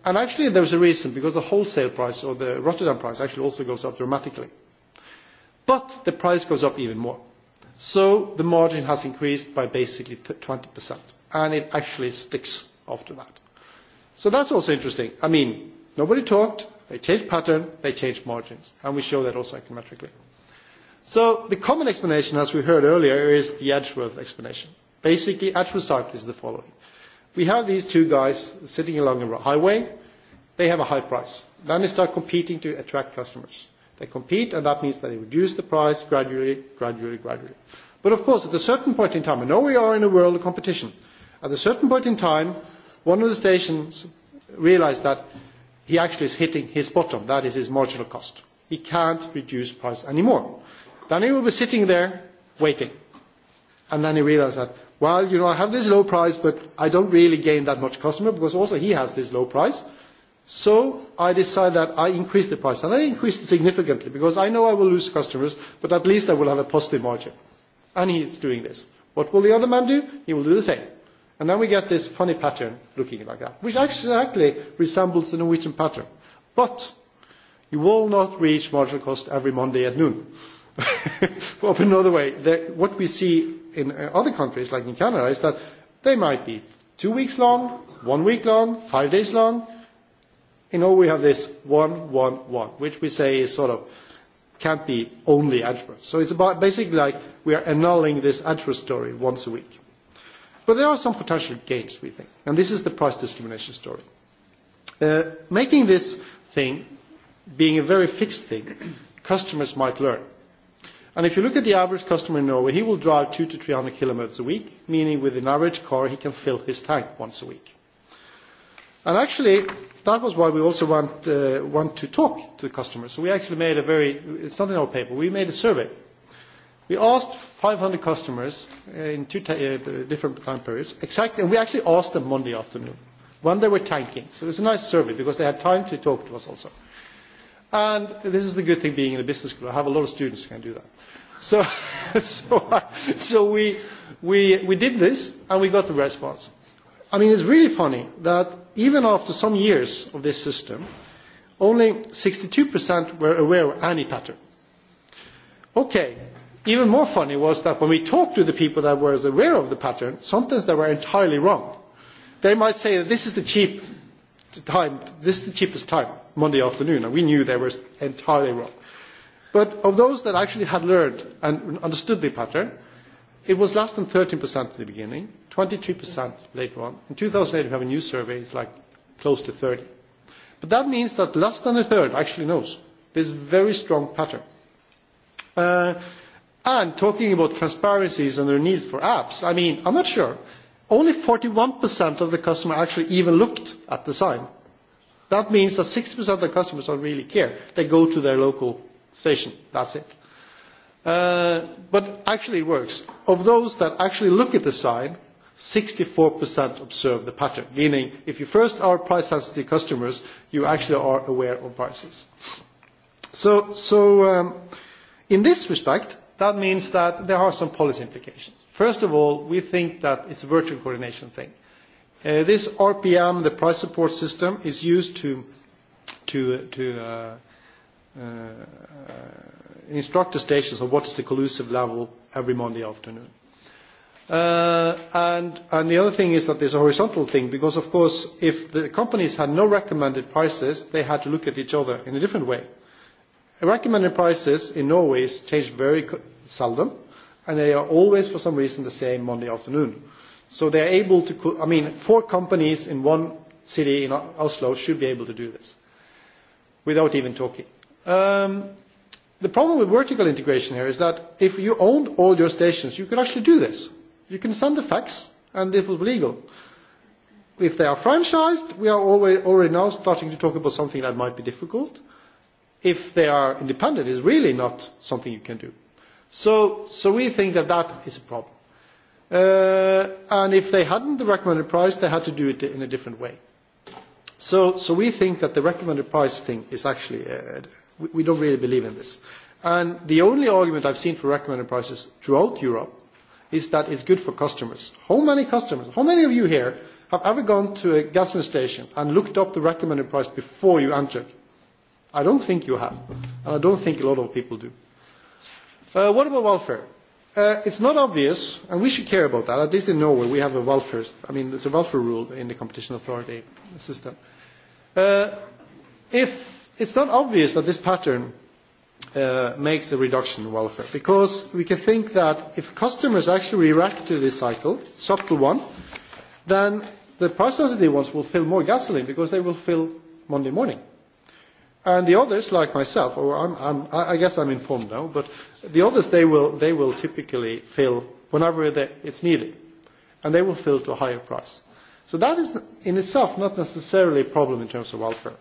And actually there there's a reason, because the wholesale price or the Rotterdam price actually also goes up dramatically. But the price goes up even more. So the margin has increased by basically 20%, and it actually sticks after that. So that's also interesting. I mean, nobody talked, they changed pattern, they changed margins, and we show that also econometrically. So the common explanation, as we heard earlier, is the Edgeworth explanation. Basically, Edgeworth cycle is the following. We have these two guys sitting along a highway. They have a high price. Then they start competing to attract customers. They compete, and that means that they reduce the price gradually, gradually, gradually. But of course, at a certain point in time, I know we are in a world of competition. At a certain point in time, one of the stations realized that he actually is hitting his bottom. That is his marginal cost. He can't reduce price anymore. Then he will be sitting there waiting. And then he realized that well, you know, I have this low price, but I don't really gain that much customer because also he has this low price. So I decide that I increase the price. And I increase it significantly because I know I will lose customers, but at least I will have a positive margin. And he is doing this. What will the other man do? He will do the same. And then we get this funny pattern looking like that, which actually resembles the Norwegian pattern. But you will not reach marginal cost every Monday at noon. another way, what we see in other countries, like in Canada, is that they might be two weeks long, one week long, five days long. In all, we have this one, one, one, which we say is sort of can't be only adverse. So it's about basically like we are annulling this adverse story once a week. But there are some potential gains, we think, and this is the price discrimination story. Making this thing being a very fixed thing, customers might learn And if you look at the average customer in Norway, he will drive two to 300 kilometres a week, meaning with an average car he can fill his tank once a week. And actually, that was why we also want to talk to the customers. So we actually made a very, it's not in our paper, we made a survey. We asked 500 customers in two different time periods, exactly, and we actually asked them Monday afternoon when they were tanking. So it was a nice survey because they had time to talk to us also. And this is the good thing being in a business school. I have a lot of students who can do that. So so we we we did this and we got the response. I mean it's really funny that even after some years of this system, only 62% were aware of any pattern. Okay, even more funny was that when we talked to the people that were aware of the pattern, sometimes they were entirely wrong. They might say that this is the cheap time, this is the cheapest time, Monday afternoon, and we knew they were entirely wrong. But of those that actually had learned and understood the pattern, it was less than 13% at the beginning, 23% later on. In 2008, we have a new survey, it's like close to 30. But that means that less than a third actually knows this very strong pattern. And talking about transparencies and their needs for apps, I mean, I'm not sure. Only 41% of the customer actually even looked at the sign. That means that 60% of the customers don't really care. They go to their local station. That's it. But actually it works. Of those that actually look at the sign, 64% observe the pattern, meaning if you first are price-sensitive customers, you actually are aware of prices. So so in this respect, that means that there are some policy implications. First of all, we think that it's a virtual coordination thing. This RPM, the price support system, is used to instructor stations of what is the collusive level every Monday afternoon. And the other thing is that there's a horizontal thing because, of course, if the companies had no recommended prices, they had to look at each other in a different way. Recommended prices in Norway change very seldom, and they are always, for some reason, the same Monday afternoon. So they are able to, I mean, four companies in one city in Oslo should be able to do this without even talking. The problem with vertical integration here is that if you owned all your stations, you could actually do this. You can send the fax, and it be legal. If they are franchised, we are already now starting to talk about something that might be difficult. If they are independent, it's really not something you can do. So we think that that is a problem. And if they hadn't the recommended price, they had to do it in a different way. So we think that the recommended price thing is actually a We don't really believe in this. And the only argument I've seen for recommended prices throughout Europe is that it's good for customers. How many customers, how many of you here have ever gone to a gas station and looked up the recommended price before you entered? I don't think you have, and I don't think a lot of people do. What about welfare? It's not obvious, and we should care about that. At least in Norway, we have a welfare. I mean, there's a welfare rule in the competition authority system. If It's not obvious that this pattern makes a reduction in welfare because we can think that if customers actually react to this cycle, subtle one, then the price sensitive ones will fill more gasoline because they will fill Monday morning. And the others, like myself, or I'm, I guess I'm informed now, but the others, they will, they will typically fill whenever it's needed. And they will fill to a higher price. So that is in itself not necessarily a problem in terms of welfare.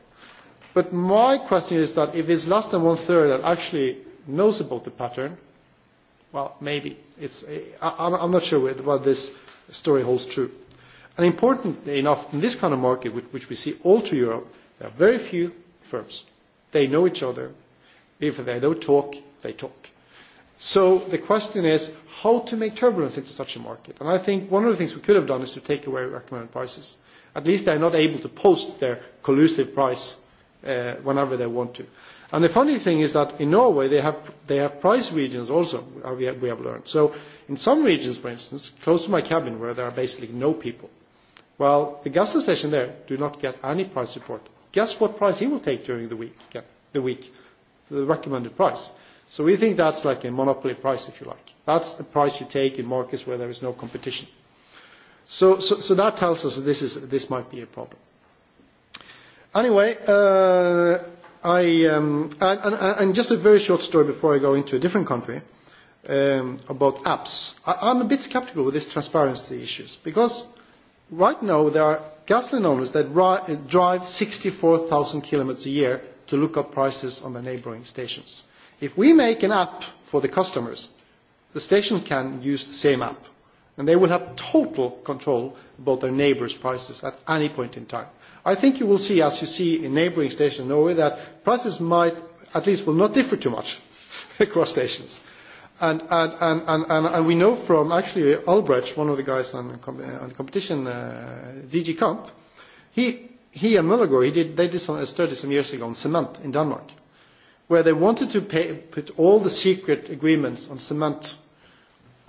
But my question is that if it's less than one third that actually knows about the pattern, well, maybe it's. I'm not sure whether this story holds true. And importantly enough, in this kind of market, which we see all through Europe, there are very few firms. They know each other. If they don't talk, they talk. So the question is how to make turbulence into such a market. And I think one of the things we could have done is to take away recommended prices. At least they are not able to post their collusive price whenever they want to. And the funny thing is that in Norway they have they have price regions also we have learned. So in some regions, for instance, close to my cabin where there are basically no people, well the gas station there do not get any price support. Guess what price he will take during the week the week the recommended price. So we think that's like a monopoly price if you like. That's the price you take in markets where there is no competition. So so that tells us that this is this might be a problem. Anyway, I and just a very short story before I go into a different country about apps. I'm a bit skeptical with these transparency issues because right now there are gasoline owners that drive 64,000 kilometers a year to look up prices on the neighbouring stations. If we make an app for the customers, the station can use the same app, and they will have total control about their neighbours' prices at any point in time. I think you will see, as you see in neighbouring stations in Norway, that prices might, at least, will not differ too much across stations. And we know from actually Albrecht, one of the guys on competition, DG Comp, he and Mulligor, they did a study some years ago on cement in Denmark, where they wanted to put all the secret agreements on cement,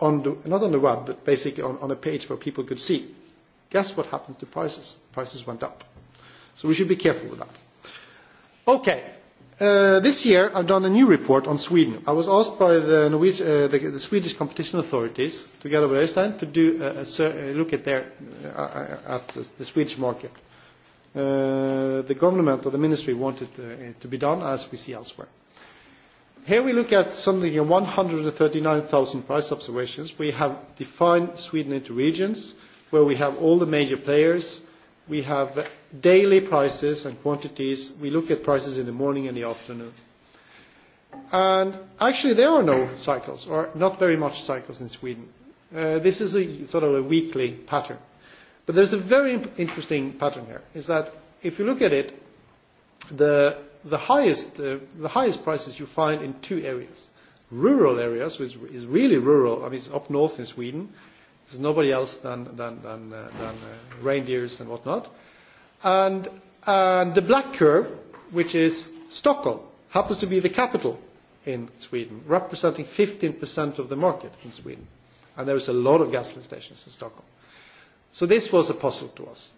not on the web, but basically on a page where people could see. Guess what happened to prices? Prices went up. So we should be careful with that. Okay. This year I've done a new report on Sweden. I was asked by the Swedish competition authorities, together with Øystein, to do a look at the Swedish market. The government or the ministry wanted it to be done, as we see elsewhere. Here we look at something like 139,000 price observations. We have defined Sweden into regions where we have all the major players We have daily prices and quantities. We look at prices in the morning and the afternoon. And actually there are no cycles, or not very much cycles in Sweden. This is a sort of a weekly pattern. But there's a very interesting pattern here, is that if you look at it, the highest prices you find in two areas. Rural areas, which is really rural, I mean it's up north in Sweden, There's nobody else than than than than reindeers and whatnot. And and the black curve, which is Stockholm, happens to be the capital in Sweden, representing 15% of the market in Sweden. And there is a lot of gasoline stations in Stockholm. So this was a puzzle to us.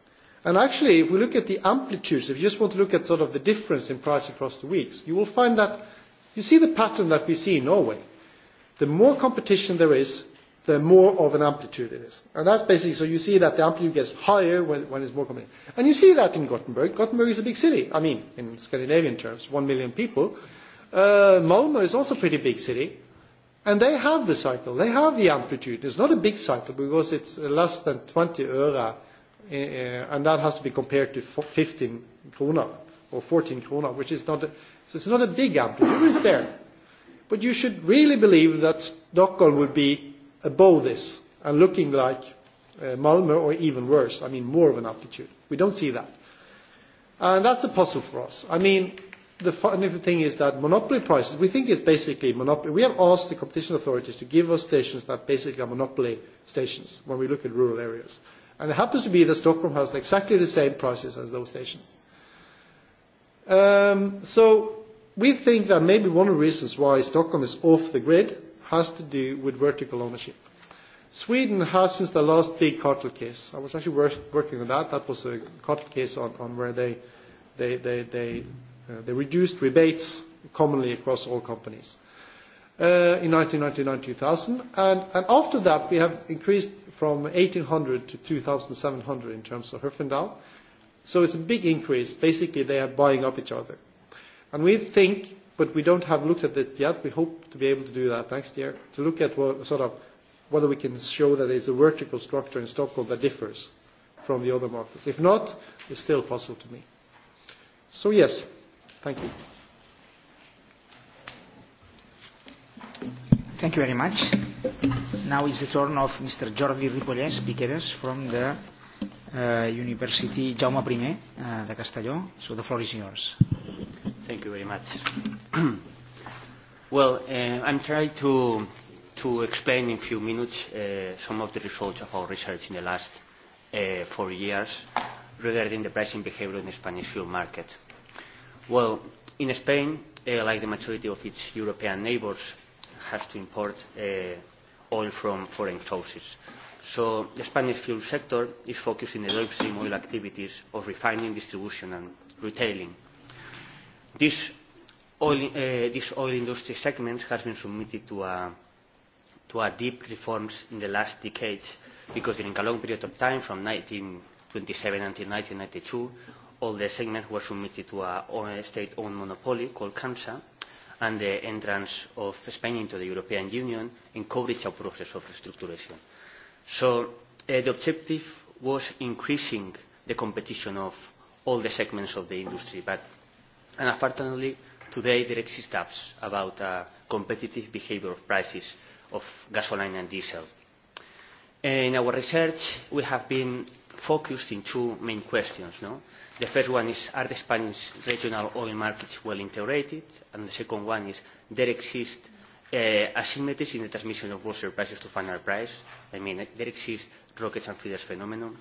And actually, if we look at the amplitudes, if you just want to look at sort of the difference in price across the weeks, you will find that you see the pattern that we see in Norway. The more competition there is, the more of an amplitude it is. And that's basically, so you see that the amplitude gets higher when, when it's more common. And you see that in Gothenburg. Gothenburg is a big city. I mean, in Scandinavian terms, one million people. Uh, Malmö is also a pretty big city. And they have the cycle. They have the amplitude. It's not a big cycle because it's less than 20 euro. and that has to be compared to 15 krona or 14 krona, which is not a, so it's not a big amplitude. It's there. But you should really believe that Stockholm would be above this and looking like Malmö or even worse, I mean more of an altitude. We don't see that. And that's a puzzle for us. I mean, the funny thing is that monopoly prices, we think it's basically monopoly. We have asked the competition authorities to give us stations that basically are monopoly stations when we look at rural areas. And it happens to be that Stockholm has exactly the same prices as those stations. So we think that maybe one of the reasons why Stockholm is off the grid has to do with vertical ownership. Sweden has, since the last big cartel case, I was actually working on that. That was a cartel case on where they they they they they reduced rebates commonly across all companies in 1999-2000. And after that, we have increased from 1,800 to 2,700 in terms of Herfindahl. So it's a big increase. Basically, they are buying up each other. And we think But we don't have looked at it yet. We hope to be able to do that next year, to look at sort of whether we can show that there is a vertical structure in Stockholm that differs from the other markets. If not, it's still possible to me. So yes, thank you. Thank you very much. Now is the turn of Mr. Jordi Ripollet, speakers from the University Jaume I de Castelló. So the floor is yours. Thank you very much. Well, I'm trying to to explain in a few minutes some of the results of our research in the last four years regarding the pricing behavior in the Spanish fuel market. Well, in Spain, like the majority of its European neighbours, has to import oil from foreign sources. So the Spanish fuel sector is focused on the oil activities of refining, distribution and retailing This oil industry segment has been submitted to a to a deep reforms in the last decades because during a long period of time from 1927 until 1992 all the segments were submitted to a state-owned monopoly called CAMSA and the entrance of Spain into the European Union encouraged a process of restructuration. So the objective was increasing the competition of all the segments of the industry but And unfortunately, today there exist doubts about the competitive behavior of prices of gasoline and diesel. In our research, we have been focused in two main questions. The first one is, are the Spanish regional oil markets well integrated? And the second one is, there exist asymmetries in the transmission of wholesale prices to final price? I mean, there exist rockets and feeders phenomenon.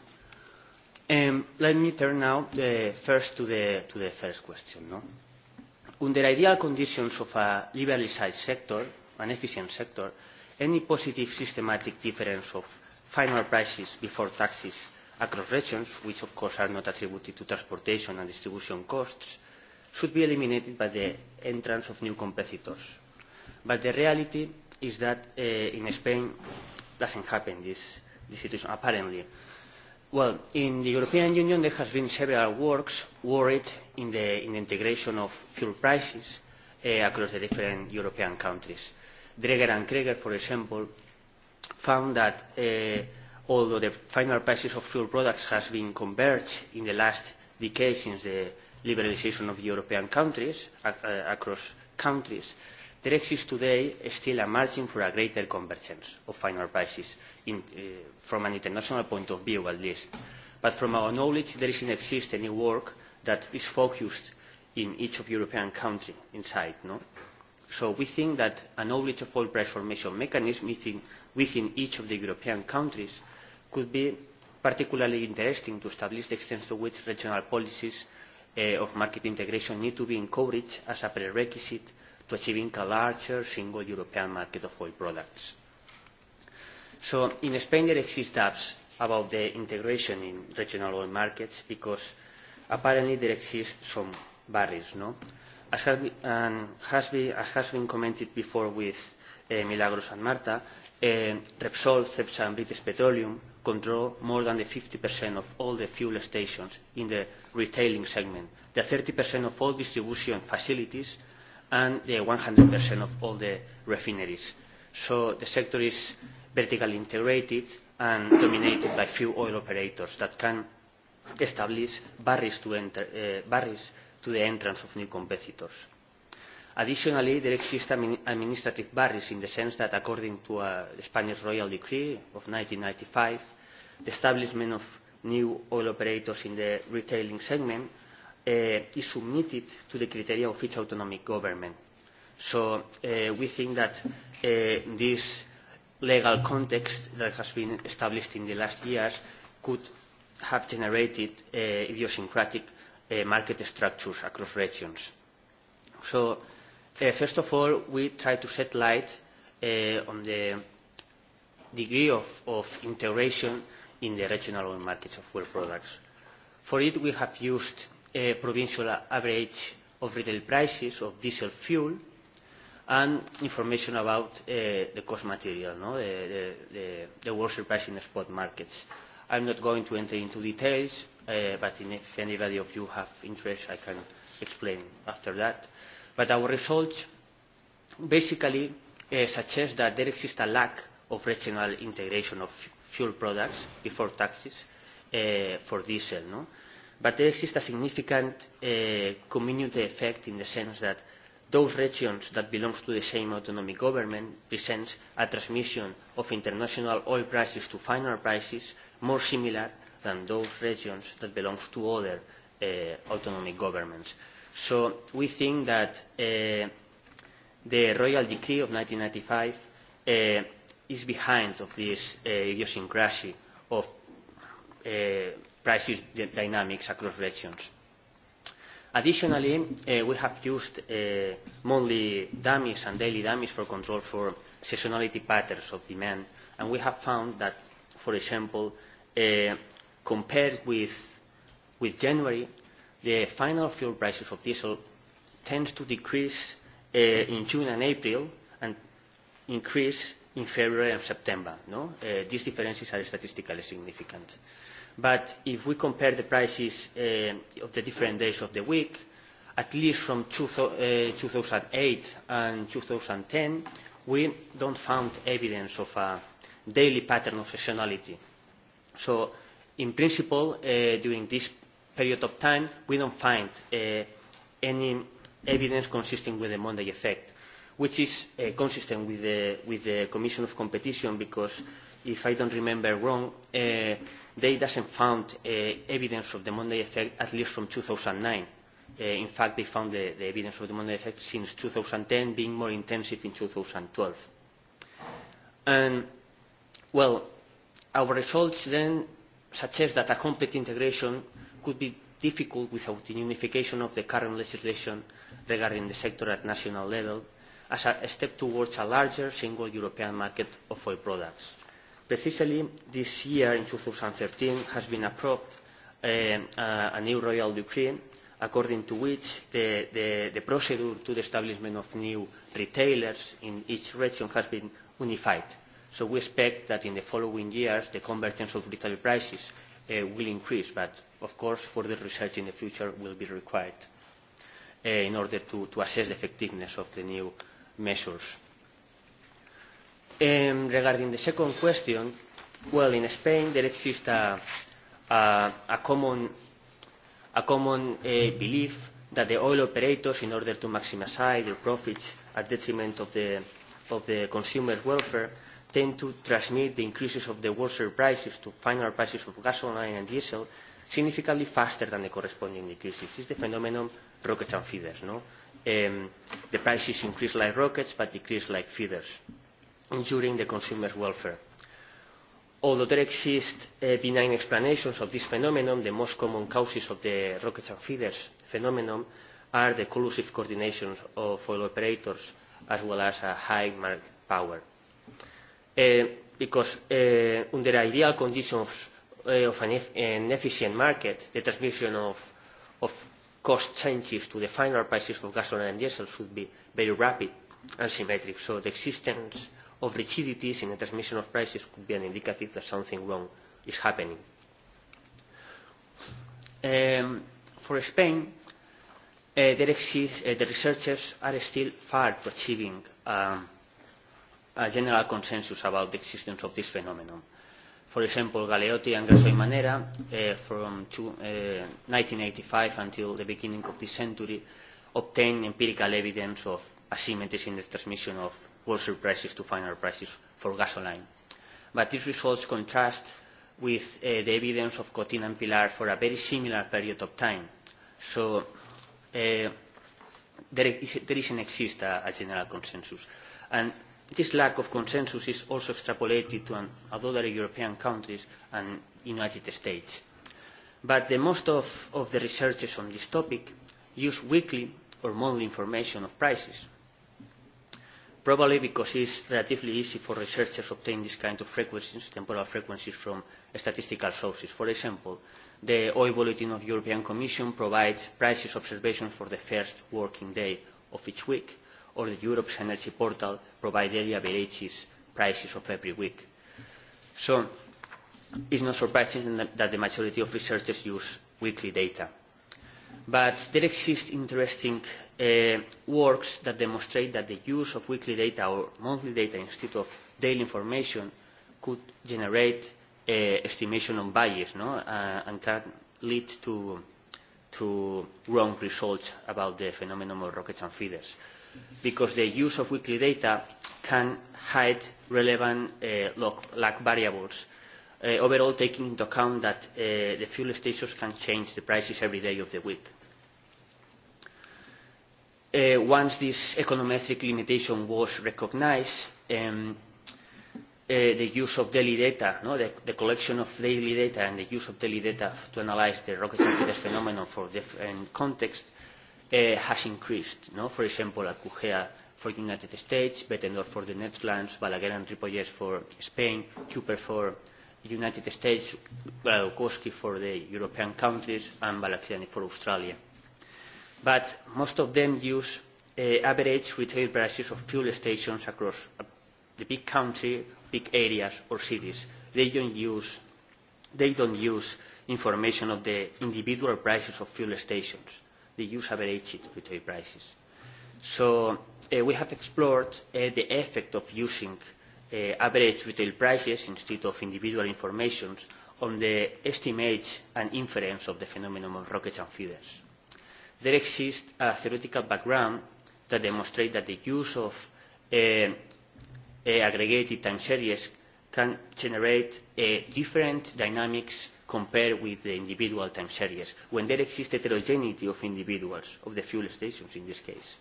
Let me turn now first to the to the first question. Under ideal conditions of a liberalised sector, an efficient sector, any positive systematic difference of final prices before taxes across regions, which of course are not attributed to transportation and distribution costs, should be eliminated by the entrance of new competitors. But the reality is that in Spain doesn't happen this situation apparently. Well, in the European Union there has been several works worried in the integration of fuel prices across the different European countries. Dreger and Kreger, for example, found that although the final prices of fuel products has been converged in the last decade since the liberalisation of European countries across countries, there exists today still a margin for a greater convergence of final prices, from an international point of view at least. But from our knowledge, there doesn't exist any work that is focused in each of European countries inside. No? So we think that a knowledge of all price formation mechanisms within each of the European countries could be particularly interesting to establish the extent to which regional policies of market integration need to be encouraged as a prerequisite achieving a larger single European market of oil products. So in Spain there exist apps about the integration in regional oil markets because apparently there exist some barriers. No? As has been commented before with Milagros and Marta, Repsol, Cepsa and British Petroleum control more than the 50% of all the fuel stations in the retailing segment, the 30% of all distribution facilities and the 100% of all the refineries. So the sector is vertically integrated and dominated by few oil operators that can establish barriers to to the entrance of new competitors. Additionally, there exist administrative barriers in the sense that according to a Spanish Royal Decree of 1995, the establishment of new oil operators in the retailing segment is submitted to the criteria of each autonomic government. So we think that this legal context that has been established in the last years could have generated idiosyncratic market structures across regions. So first of all, we try to shed light on the degree of integration in the regional markets of food products. For it, we have used provincial average of retail prices of diesel fuel and information about the cost material, the worst price in the spot markets. I'm not going to enter into details, but if anybody of you have interest, I can explain after that. But our results basically suggest that there exists a lack of regional integration of fuel products before taxes for diesel but there exists a significant community effect in the sense that those regions that belong to the same autonomic government present a transmission of international oil prices to final prices more similar than those regions that belong to other autonomic governments. So we think that the Royal Decree of 1995 is behind of this idiosyncrasy of prices dynamics across regions. Additionally, we have used monthly dummies and daily dummies for control for seasonality patterns of demand, and we have found that, for example, compared with January, the final fuel prices of diesel tend to decrease in June and April and increase in February and September. These differences are statistically significant but if we compare the prices of the different days of the week, at least from 2008 and 2010, we don't found evidence of a daily pattern of seasonality. So, in principle, during this period of time, we don't find any evidence consistent with the Monday effect, which is consistent with the Commission of Competition because if I don't remember wrong, they doesn't found evidence of the Monday effect, at least from 2009. In fact, they found the evidence of the Monday effect since 2010, being more intensive in 2012. And, well, our results then suggest that a complete integration could be difficult without the unification of the current legislation regarding the sector at national level as a step towards a larger single European market of oil products. Precisely this year, in 2013, has been approved a new royal decree according to which the procedure to the establishment of new retailers in each region has been unified. So we expect that in the following years the convergence of retail prices will increase, but of course further research in the future will be required in order to assess the effectiveness of the new measures. Regarding the second question, well, in Spain there exists a common belief that the oil operators, in order to maximize their profits at detriment of the consumer welfare, tend to transmit the increases of the water prices to final prices of gasoline and diesel significantly faster than the corresponding decreases. This is the phenomenon rockets and feeders. The prices increase like rockets but decrease like feeders during the consumer's welfare. Although there exist benign explanations of this phenomenon, the most common causes of the rockets and feeders phenomenon are the collusive coordination of oil operators as well as a high market power. Because under ideal conditions of an efficient market, the transmission of cost changes to the final prices of gasoline and diesel should be very rapid and symmetric. So the existence of rigidities in the transmission of prices could be an indicative that something wrong is happening. For Spain, the researchers are still far from achieving a general consensus about the existence of this phenomenon. For example, Galeotti and Grasso Manera, from 1985 until the beginning of this century, obtained empirical evidence of asymmetries in the transmission of Wholesale prices to final prices for gasoline. But these results contrast with the evidence of Cotin and Pilar for a very similar period of time. So there isn't exist a general consensus. And this lack of consensus is also extrapolated to other European countries and United States. But the most of the researchers on this topic use weekly or monthly information of prices probably because it is relatively easy for researchers to obtain these kinds of frequencies, temporal frequencies from statistical sources. For example, the oil bulletin of the European Commission provides prices observations for the first working day of each week, or the Europe's Energy Portal provides daily prices of every week. So it is not surprising that the majority of researchers use weekly data. But there exist interesting works that demonstrate that the use of weekly data or monthly data instead of daily information could generate estimation on bias and can lead to to wrong results about the phenomenon of rockets and feeders because the use of weekly data can hide relevant lag variables overall taking into account that the fuel stations can change the prices every day of the week. Once this econometric limitation was recognised, the use of daily data, the collection of daily data and the use of daily data to analyze the rocket scientist phenomenon for different contexts has increased. For example, at Cugea for the United States, Betendorf for the Netherlands, Balaguer and Ripollet for Spain, Cooper for United States, Gladokowski for the European countries, and Balakiani for Australia. But most of them use average retail prices of fuel stations across the big country, big areas or cities. They don't use, they don't use information of the individual prices of fuel stations. They use average retail prices. So we have explored the effect of using average retail prices instead of individual information on the estimates and inference of the phenomenon of rockets and feeders. There exists a theoretical background that demonstrates that the use of aggregated time series can generate different dynamics compared with the individual time series, when there exists heterogeneity of individuals, of the fuel stations in this case.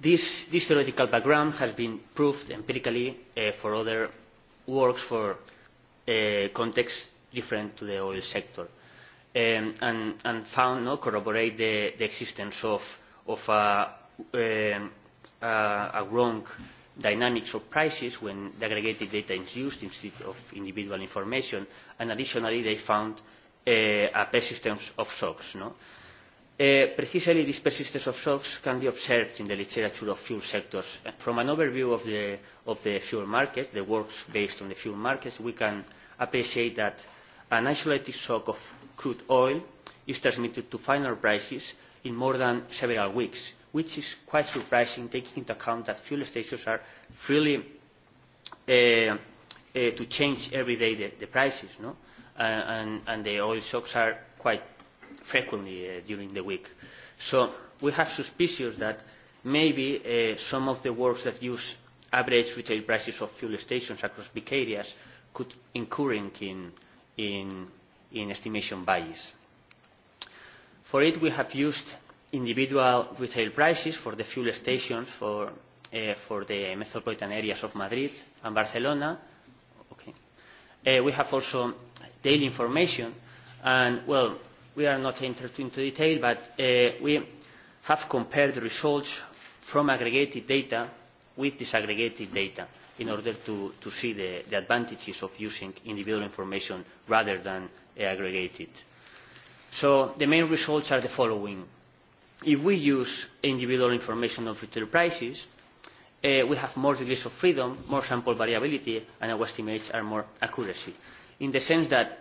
This theoretical background has been proved empirically for other works for contexts different to the oil sector and found no corroborate the existence of of a wrong dynamics of prices when the aggregated data is used instead of individual information and additionally they found a persistence of shocks. Precisely this persistence of shocks can be observed in the literature of fuel sectors. From an overview of the of the fuel markets, the works based on the fuel markets, we can appreciate that an isolated shock of crude oil is transmitted to final prices in more than several weeks, which is quite surprising taking into account that fuel stations are freely to change every day the prices, no and and the oil shocks are quite frequently during the week. So we have suspicions that maybe some of the works that use average retail prices of fuel stations across big areas could incur in, in, in estimation bias. For it, we have used individual retail prices for the fuel stations for, for the metropolitan areas of Madrid and Barcelona. Okay. we have also daily information, and, well, we are not entered into detail, but we have compared results from aggregated data with disaggregated data in order to see the advantages of using individual information rather than aggregated. So the main results are the following. If we use individual information on retail prices, we have more degrees of freedom, more sample variability, and our estimates are more accuracy in the sense that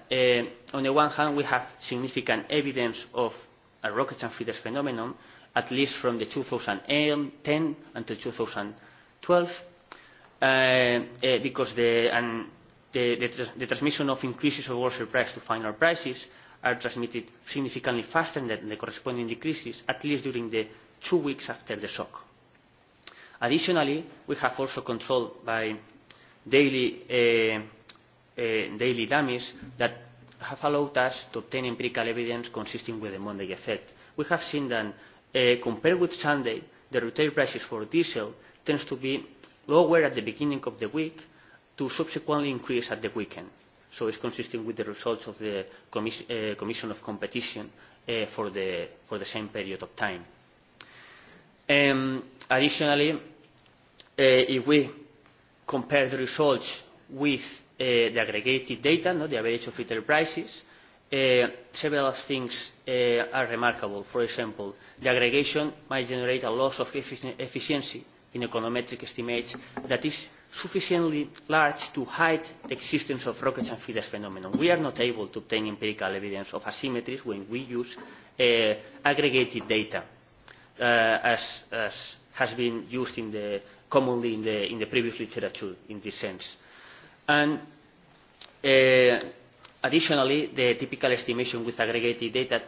on the one hand we have significant evidence of a rocket and feeders phenomenon, at least from the 2010 until 2012, because the the transmission of increases of wholesale price to final prices are transmitted significantly faster than the corresponding decreases, at least during the two weeks after the shock. Additionally, we have also controlled by daily daily dummies that have allowed us to obtain empirical evidence consistent with the Monday effect. We have seen that compared with Sunday, the retail prices for diesel tends to be lower at the beginning of the week to subsequently increase at the weekend. So it's consistent with the results of the Commission of Competition for the for the same period of time. Additionally, if we compare the results with the aggregated data, the average of filter prices. Several things are remarkable. For example, the aggregation might generate a loss of efficiency in econometric estimates that is sufficiently large to hide the existence of rockets and feeders phenomenon. We are not able to obtain empirical evidence of asymmetries when we use aggregated data, as has been used commonly in the previous literature in this sense. And additionally, the typical estimation with aggregated data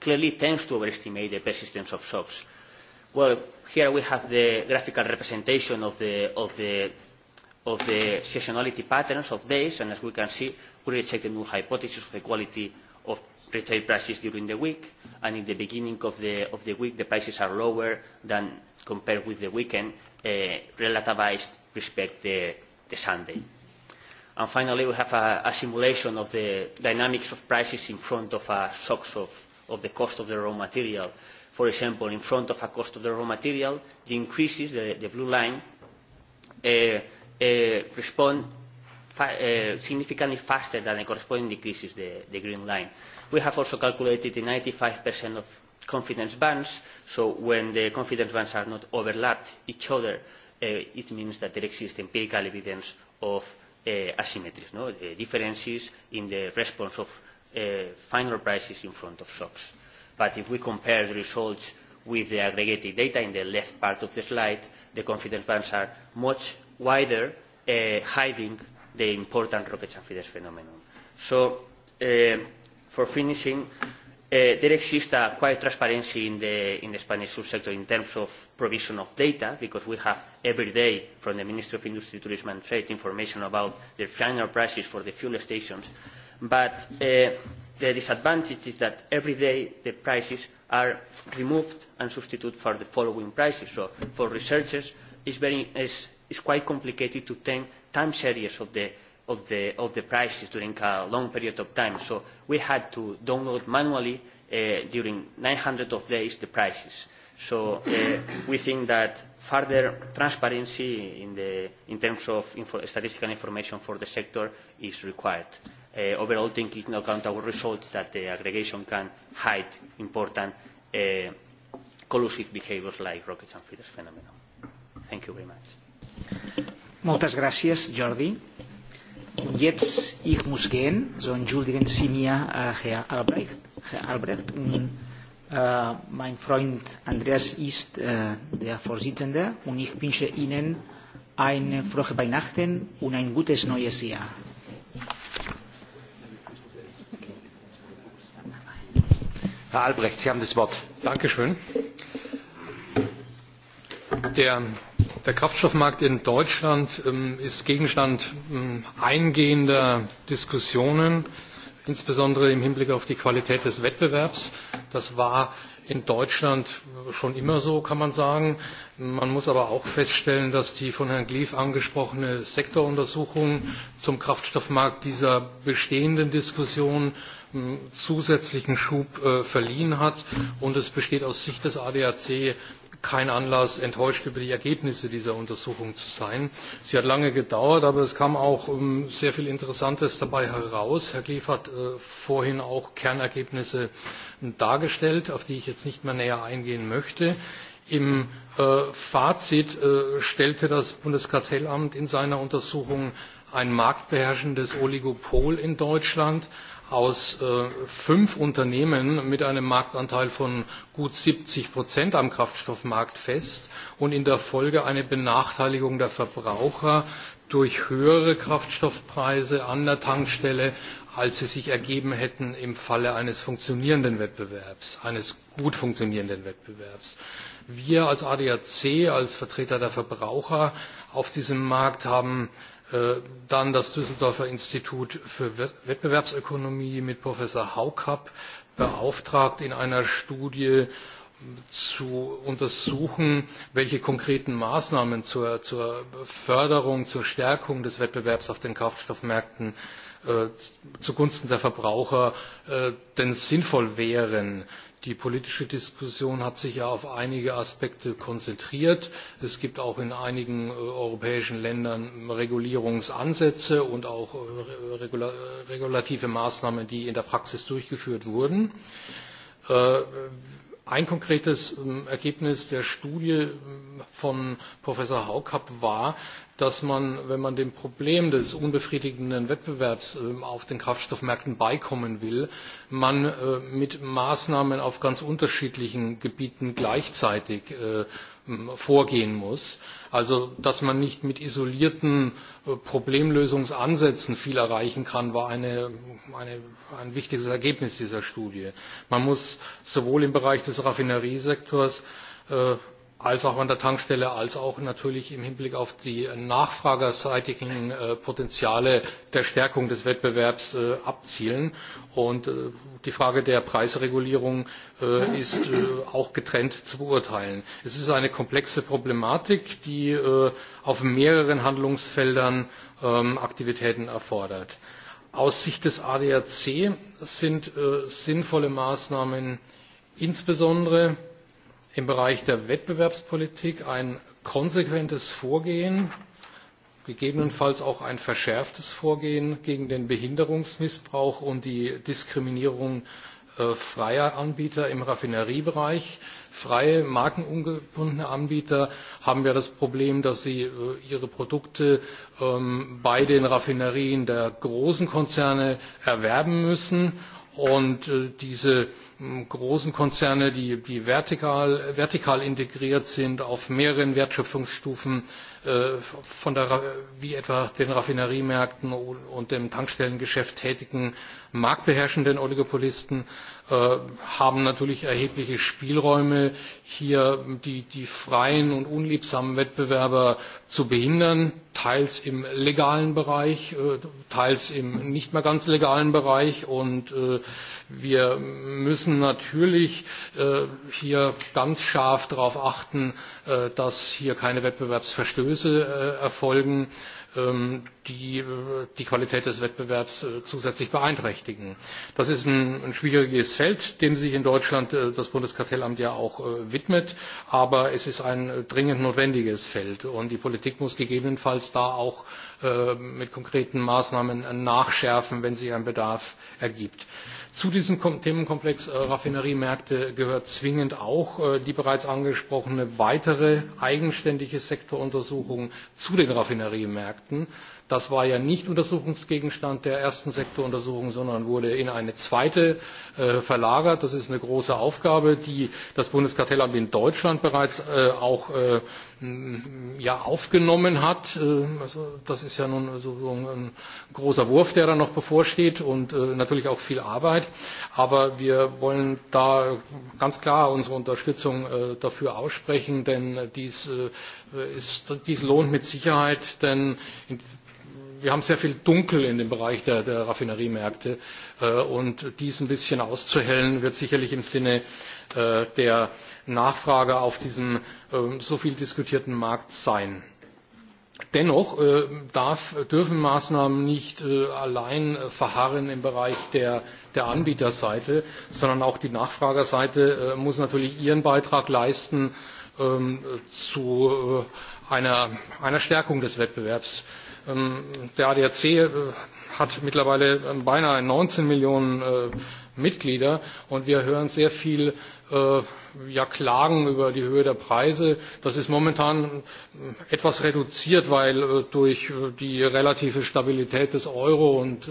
clearly tends to overestimate the persistence of shocks. Well, here we have the graphical representation of the, of the, of the seasonality patterns of days, and as we can see, we reject the new hypothesis of equality of retail prices during the week, and in the beginning of the, of the week, the prices are lower than compared with the weekend, relativized respect the, the Sunday. And finally, we have a simulation of the dynamics of prices in front of a shocks of the cost of the raw material. For example, in front of a cost of the raw material, the increases, the blue line, respond significantly faster than the corresponding decreases, the green line. We have also calculated the 95% of confidence bands, so when the confidence bands are not overlapped each other, it means that there exists empirical evidence of asymmetries, no? differences in the response of final prices in front of shocks. But if we compare the results with the aggregated data in the left part of the slide, the confidence bands are much wider, hiding the important rocket and phenomenon. So, for finishing, There exists quite transparency in the in Spanish subsector in terms of provision of data, because we have every day from the Ministry of Industry, Tourism and Trade information about the final prices for the fuel stations. But the disadvantage is that every day the prices are removed and substituted for the following prices. So for researchers, it's quite complicated to take time series of the of the prices during a long period of time. So we had to download manually during 900 of days the prices. So we think that further transparency in terms of statistical information for the sector is required. Overall, taking into account our results that the aggregation can hide important collusive behaviors like rockets and feeders phenomenon. Thank you very much. Muchas gracias, Jordi. Jetzt, ich muss gehen, so entschuldigen Sie mir, Herr Albrecht, Herr Albrecht und mein Freund Andreas ist der Vorsitzende und ich wünsche Ihnen eine frohe Weihnachten und ein gutes neues Jahr. Herr Albrecht, Sie haben das Wort. Dankeschön. Der Der Kraftstoffmarkt in Deutschland ist Gegenstand eingehender Diskussionen, insbesondere im Hinblick auf die Qualität des Wettbewerbs. Das war in Deutschland schon immer so, kann man sagen. Man muss aber auch feststellen, dass die von Herrn Glief angesprochene Sektoruntersuchung zum Kraftstoffmarkt dieser bestehenden Diskussion zusätzlichen Schub verliehen hat. Und es besteht aus Sicht des ADAC kein Anlass, enttäuscht über die Ergebnisse dieser Untersuchung zu sein. Sie hat lange gedauert, aber es kam auch sehr viel Interessantes dabei heraus. Herr Kleef hat vorhin auch Kernergebnisse dargestellt, auf die ich jetzt nicht mehr näher eingehen möchte. Im Fazit stellte das Bundeskartellamt in seiner Untersuchung ein marktbeherrschendes Oligopol in Deutschland aus fünf Unternehmen mit einem Marktanteil von gut 70 am Kraftstoffmarkt fest und in der Folge eine Benachteiligung der Verbraucher durch höhere Kraftstoffpreise an der Tankstelle, als sie sich ergeben hätten im Falle eines funktionierenden Wettbewerbs, eines gut funktionierenden Wettbewerbs. Wir als ADAC, als Vertreter der Verbraucher auf diesem Markt haben Dann das Düsseldorfer Institut für Wettbewerbsökonomie mit Professor Haukapp beauftragt, in einer Studie zu untersuchen, welche konkreten Maßnahmen zur Förderung, zur Stärkung des Wettbewerbs auf den Kraftstoffmärkten zugunsten der Verbraucher denn sinnvoll wären. Die politische Diskussion hat sich ja auf einige Aspekte konzentriert. Es gibt auch in einigen europäischen Ländern Regulierungsansätze und auch regulative Maßnahmen, die in der Praxis durchgeführt wurden. Ein konkretes Ergebnis der Studie von Professor Haukap war, dass man, wenn man dem Problem des unbefriedigenden Wettbewerbs auf den Kraftstoffmärkten beikommen will, man mit Maßnahmen auf ganz unterschiedlichen Gebieten gleichzeitig vorgehen muss. Also dass man nicht mit isolierten Problemlösungsansätzen viel erreichen kann, war ein wichtiges Ergebnis dieser Studie. Man muss sowohl im Bereich des Raffineriesektors als auch an der Tankstelle, als auch natürlich im Hinblick auf die nachfragerseitigen Potenziale der Stärkung des Wettbewerbs abzielen. Und die Frage der Preisregulierung ist auch getrennt zu beurteilen. Es ist eine komplexe Problematik, die auf mehreren Handlungsfeldern Aktivitäten erfordert. Aus Sicht des ADAC sind sinnvolle Maßnahmen insbesondere im Bereich der Wettbewerbspolitik ein konsequentes Vorgehen, gegebenenfalls auch ein verschärftes Vorgehen gegen den Behinderungsmissbrauch und die Diskriminierung freier Anbieter im Raffineriebereich. Freie, markenungebundene Anbieter haben ja das Problem, dass sie ihre Produkte bei den Raffinerien der großen Konzerne erwerben müssen Und diese großen Konzerne, die vertikal integriert sind, auf mehreren Wertschöpfungsstufen, wie etwa den Raffineriemärkten und dem Tankstellengeschäft tätigen, marktbeherrschenden Oligopolisten, haben natürlich erhebliche Spielräume, hier die freien und unliebsamen Wettbewerber zu behindern, teils im legalen Bereich, teils im nicht mehr ganz legalen Bereich. Und wir müssen natürlich hier ganz scharf darauf achten, dass hier keine Wettbewerbsverstöße erfolgen die die Qualität des Wettbewerbs zusätzlich beeinträchtigen. Das ist ein schwieriges Feld, dem sich in Deutschland das Bundeskartellamt ja auch widmet, aber es ist ein dringend notwendiges Feld, und die Politik muss gegebenenfalls da auch mit konkreten Maßnahmen nachschärfen, wenn sich ein Bedarf ergibt. Zu diesem Themenkomplex Raffineriemärkte gehört zwingend auch die bereits angesprochene weitere eigenständige Sektoruntersuchung zu den Raffineriemärkten Das war ja nicht Untersuchungsgegenstand der ersten Sektoruntersuchung, sondern wurde in eine zweite verlagert. Das ist eine große Aufgabe, die das Bundeskartellamt in Deutschland bereits auch aufgenommen hat. Das ist ja nun ein großer Wurf, der da noch bevorsteht und natürlich auch viel Arbeit. Aber wir wollen da ganz klar unsere Unterstützung dafür aussprechen, denn dies lohnt mit Sicherheit, denn wir haben sehr viel Dunkel in dem Bereich der Raffineriemärkte, und dies ein bisschen auszuhellen, wird sicherlich im Sinne der Nachfrage auf diesem so viel diskutierten Markt sein. Dennoch dürfen Maßnahmen nicht allein verharren im Bereich der Anbieterseite, sondern auch die Nachfragerseite muss natürlich ihren Beitrag leisten zu einer Stärkung des Wettbewerbs. Der ADAC hat mittlerweile beinahe 19 Millionen Mitglieder und wir hören sehr viel Klagen über die Höhe der Preise. Das ist momentan etwas reduziert, weil durch die relative Stabilität des Euro und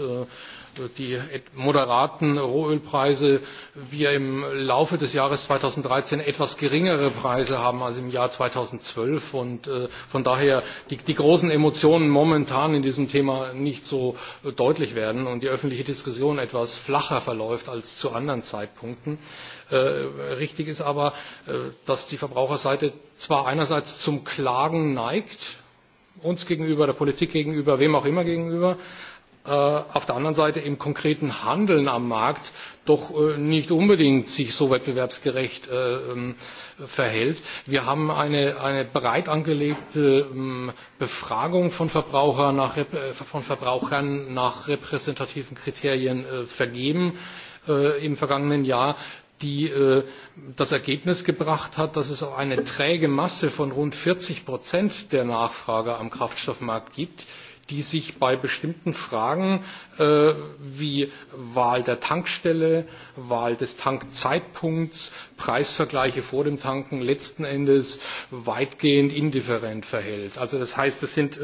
die moderaten Rohölpreise, wir im Laufe des Jahres 2013 etwas geringere Preise haben als im Jahr 2012 und von daher die großen Emotionen momentan in diesem Thema nicht so deutlich werden und die öffentliche Diskussion etwas flacher verläuft als zu anderen Zeitpunkten. Richtig ist aber, dass die Verbraucherseite zwar einerseits zum Klagen neigt, uns gegenüber, der Politik gegenüber, wem auch immer gegenüber, auf der anderen Seite im konkreten Handeln am Markt doch nicht unbedingt sich so wettbewerbsgerecht verhält. Wir haben eine breit angelegte Befragung von Verbrauchern nach repräsentativen Kriterien vergeben im vergangenen Jahr, die das Ergebnis gebracht hat, dass es auch eine träge Masse von rund 40 der Nachfrage am Kraftstoffmarkt gibt die sich bei bestimmten Fragen wie Wahl der Tankstelle, Wahl des Tankzeitpunkts, Preisvergleiche vor dem Tanken letzten Endes weitgehend indifferent verhält. Also das heißt, es sind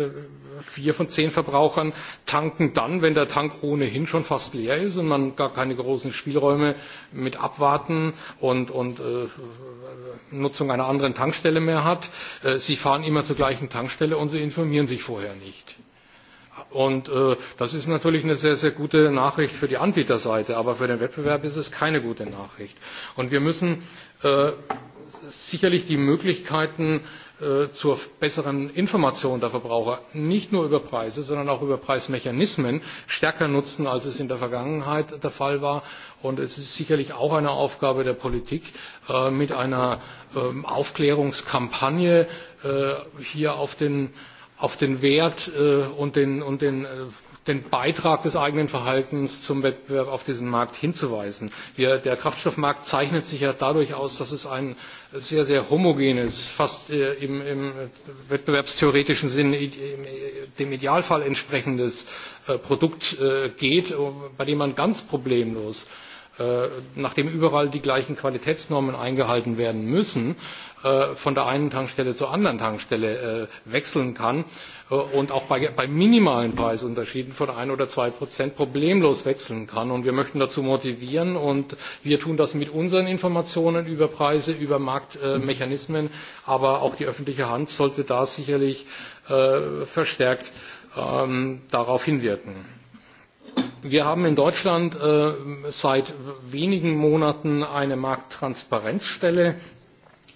vier von zehn Verbrauchern tanken dann, wenn der Tank ohnehin schon fast leer ist und man gar keine großen Spielräume mit Abwarten und Nutzung einer anderen Tankstelle mehr hat. Sie fahren immer zur gleichen Tankstelle und sie informieren sich vorher nicht. Und das ist natürlich eine sehr, sehr gute Nachricht für die Anbieterseite, aber für den Wettbewerb ist es keine gute Nachricht. Und wir müssen sicherlich die Möglichkeiten zur besseren Information der Verbraucher nicht nur über Preise, sondern auch über Preismechanismen stärker nutzen, als es in der Vergangenheit der Fall war. Und es ist sicherlich auch eine Aufgabe der Politik, mit einer Aufklärungskampagne hier auf den auf den Wert und den Beitrag des eigenen Verhaltens zum Wettbewerb auf diesem Markt hinzuweisen. Der Kraftstoffmarkt zeichnet sich ja dadurch aus, dass es ein sehr, sehr homogenes, fast im wettbewerbstheoretischen Sinne dem Idealfall entsprechendes Produkt geht, bei dem man ganz problemlos nachdem überall die gleichen Qualitätsnormen eingehalten werden müssen, von der einen Tankstelle zur anderen Tankstelle wechseln kann und auch bei minimalen Preisunterschieden von ein oder zwei Prozent problemlos wechseln kann. Und wir möchten dazu motivieren und wir tun das mit unseren Informationen über Preise, über Marktmechanismen, aber auch die öffentliche Hand sollte da sicherlich verstärkt darauf hinwirken. Wir haben in Deutschland seit wenigen Monaten eine Markttransparenzstelle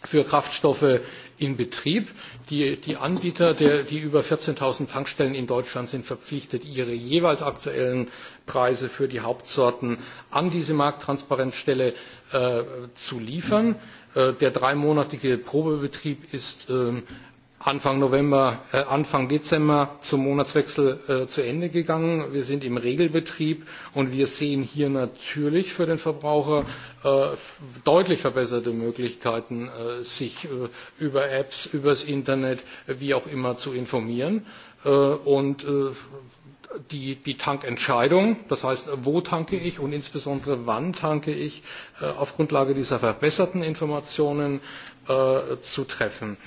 für Kraftstoffe in Betrieb. Die Anbieter, die über 14.000 Tankstellen in Deutschland sind, verpflichtet, ihre jeweils aktuellen Preise für die Hauptsorten an diese Markttransparenzstelle zu liefern. Der dreimonatige Probebetrieb ist Anfang November, Anfang Dezember zum Monatswechsel zu Ende gegangen. Wir sind im Regelbetrieb und wir sehen hier natürlich für den Verbraucher deutlich verbesserte Möglichkeiten, sich über Apps, übers Internet, wie auch immer zu informieren. Und die die Tankentscheidung, das heißt, wo tanke ich und insbesondere wann tanke ich, auf Grundlage dieser verbesserten Informationen zu treffen.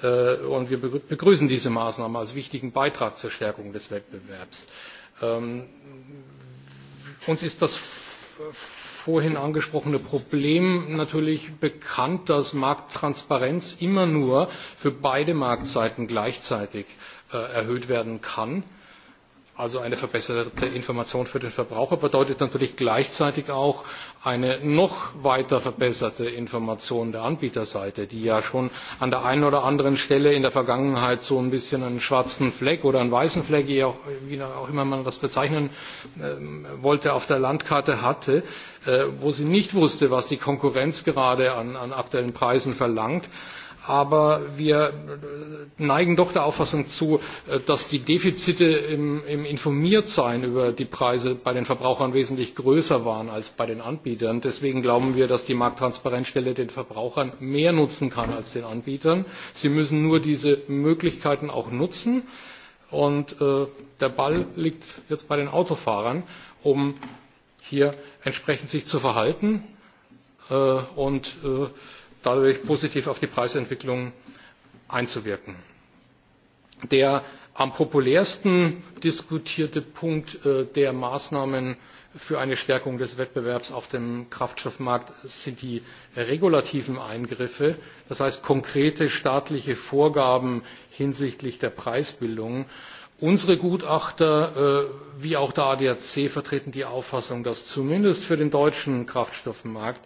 Und wir begrüßen diese Maßnahme als wichtigen Beitrag zur Stärkung des Wettbewerbs. Uns ist das vorhin angesprochene Problem natürlich bekannt, dass Markttransparenz immer nur für beide Marktseiten gleichzeitig erhöht werden kann Also eine verbesserte Information für den Verbraucher bedeutet natürlich gleichzeitig auch eine noch weiter verbesserte Information der Anbieterseite, die ja schon an der einen oder anderen Stelle in der Vergangenheit so ein bisschen einen schwarzen Fleck oder einen weißen Fleck, wie auch immer man das bezeichnen wollte, auf der Landkarte hatte, wo sie nicht wusste, was die Konkurrenz gerade an aktuellen Preisen verlangt aber wir neigen doch der Auffassung zu, dass die Defizite im Informiertsein über die Preise bei den Verbrauchern wesentlich größer waren als bei den Anbietern. Deswegen glauben wir, dass die Markttransparenzstelle den Verbrauchern mehr nutzen kann als den Anbietern. Sie müssen nur diese Möglichkeiten auch nutzen. Und der Ball liegt jetzt bei den Autofahrern, um hier entsprechend zu verhalten. Und dadurch positiv auf die Preisentwicklung einzuwirken. Der am populärsten diskutierte Punkt der Maßnahmen für eine Stärkung des Wettbewerbs auf dem Kraftstoffmarkt sind die regulativen Eingriffe, das heißt konkrete staatliche Vorgaben hinsichtlich der Preisbildung. Unsere Gutachter wie auch der ADAC vertreten die Auffassung, dass zumindest für den deutschen Kraftstoffmarkt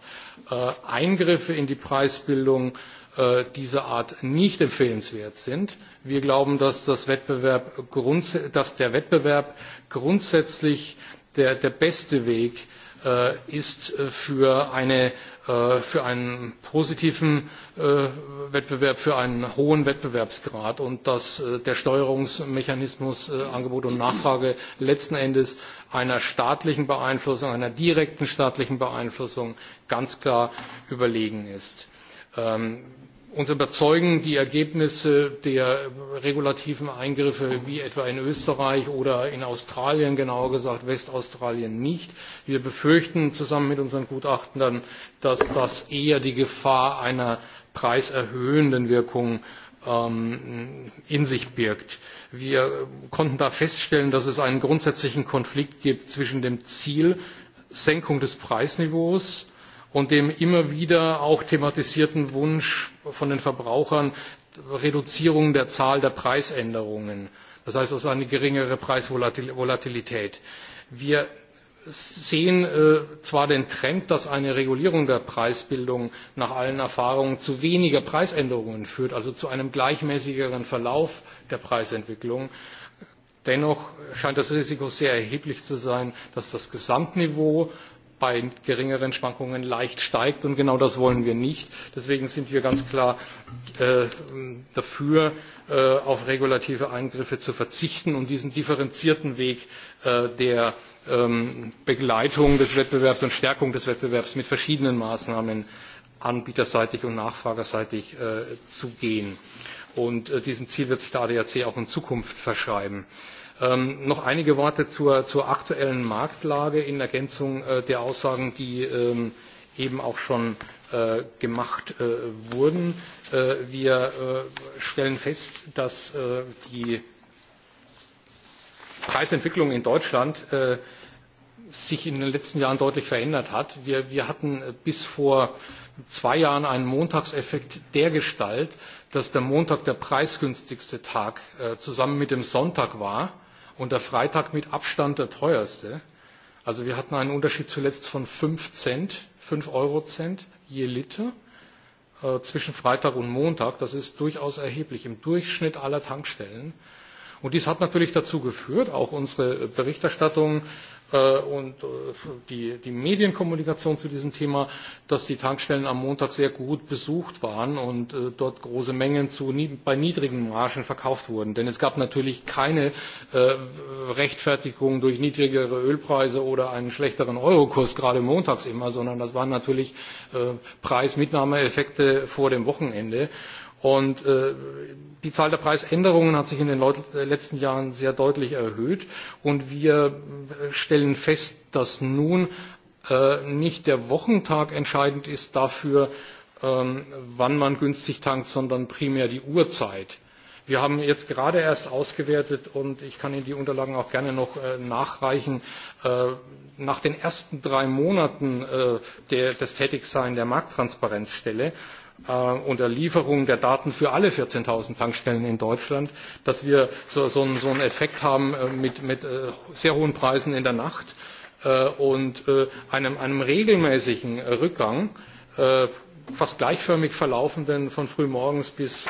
Eingriffe in die Preisbildung dieser Art nicht empfehlenswert sind. Wir glauben, dass der Wettbewerb grundsätzlich der beste Weg ist für einen positiven Wettbewerb, für einen hohen Wettbewerbsgrad und dass der Steuerungsmechanismus Angebot und Nachfrage letzten Endes einer staatlichen Beeinflussung, einer direkten staatlichen Beeinflussung ganz klar überlegen ist. Uns überzeugen die Ergebnisse der regulativen Eingriffe wie etwa in Österreich oder in Australien, genauer gesagt Westaustralien, nicht. Wir befürchten zusammen mit unseren Gutachtern, dass das eher die Gefahr einer preiserhöhenden Wirkung in sich birgt. Wir konnten da feststellen, dass es einen grundsätzlichen Konflikt gibt zwischen dem Ziel Senkung des Preisniveaus und dem immer wieder auch thematisierten Wunsch von den Verbrauchern Reduzierung der Zahl der Preisänderungen, das heißt also eine geringere Preisvolatilität. Wir sehen zwar den Trend, dass eine Regulierung der Preisbildung nach allen Erfahrungen zu weniger Preisänderungen führt, also zu einem gleichmäßigeren Verlauf der Preisentwicklung. Dennoch scheint das Risiko sehr erheblich zu sein, dass das Gesamtniveau bei geringeren Schwankungen leicht steigt. Und genau das wollen wir nicht. Deswegen sind wir ganz klar dafür, auf regulative Eingriffe zu verzichten und diesen differenzierten Weg der Begleitung des Wettbewerbs und Stärkung des Wettbewerbs mit verschiedenen Maßnahmen anbieterseitig und nachfragerseitig zu gehen. diesem Ziel wird sich der ADAC auch in Zukunft verschreiben. Noch einige Worte zur aktuellen Marktlage in Ergänzung der Aussagen, die eben auch schon gemacht wurden. Wir stellen fest, dass die Preisentwicklung in Deutschland sich in den letzten Jahren deutlich verändert hat. Wir hatten bis vor zwei Jahren einen Montagseffekt Gestalt, dass der Montag der preisgünstigste Tag zusammen mit dem Sonntag war und der Freitag mit Abstand der teuerste. Also wir hatten einen Unterschied zuletzt von 5 Cent, 5 Cent je Liter zwischen Freitag und Montag. Das ist durchaus erheblich im Durchschnitt aller Tankstellen. Und dies hat natürlich dazu geführt, auch unsere Berichterstattung und die Medienkommunikation zu diesem Thema, dass die Tankstellen am Montag sehr gut besucht waren und dort große Mengen bei niedrigen Margen verkauft wurden. Denn es gab natürlich keine Rechtfertigung durch niedrigere Ölpreise oder einen schlechteren Eurokurs, gerade montags immer, sondern das waren natürlich Preismitnahmeeffekte vor dem Wochenende. Und die Zahl der Preisänderungen hat sich in den letzten Jahren sehr deutlich erhöht. Und wir stellen fest, dass nun nicht der Wochentag entscheidend ist dafür, wann man günstig tankt, sondern primär die Uhrzeit. Wir haben jetzt gerade erst ausgewertet und ich kann Ihnen die Unterlagen auch gerne noch nachreichen. Nach den ersten drei Monaten des Tätigseins der Markttransparenzstelle und der Lieferung der Daten für alle 14.000 Tankstellen in Deutschland, dass wir so einen Effekt haben mit sehr hohen Preisen in der Nacht und einem regelmäßigen Rückgang, fast gleichförmig verlaufenden von frühmorgens bis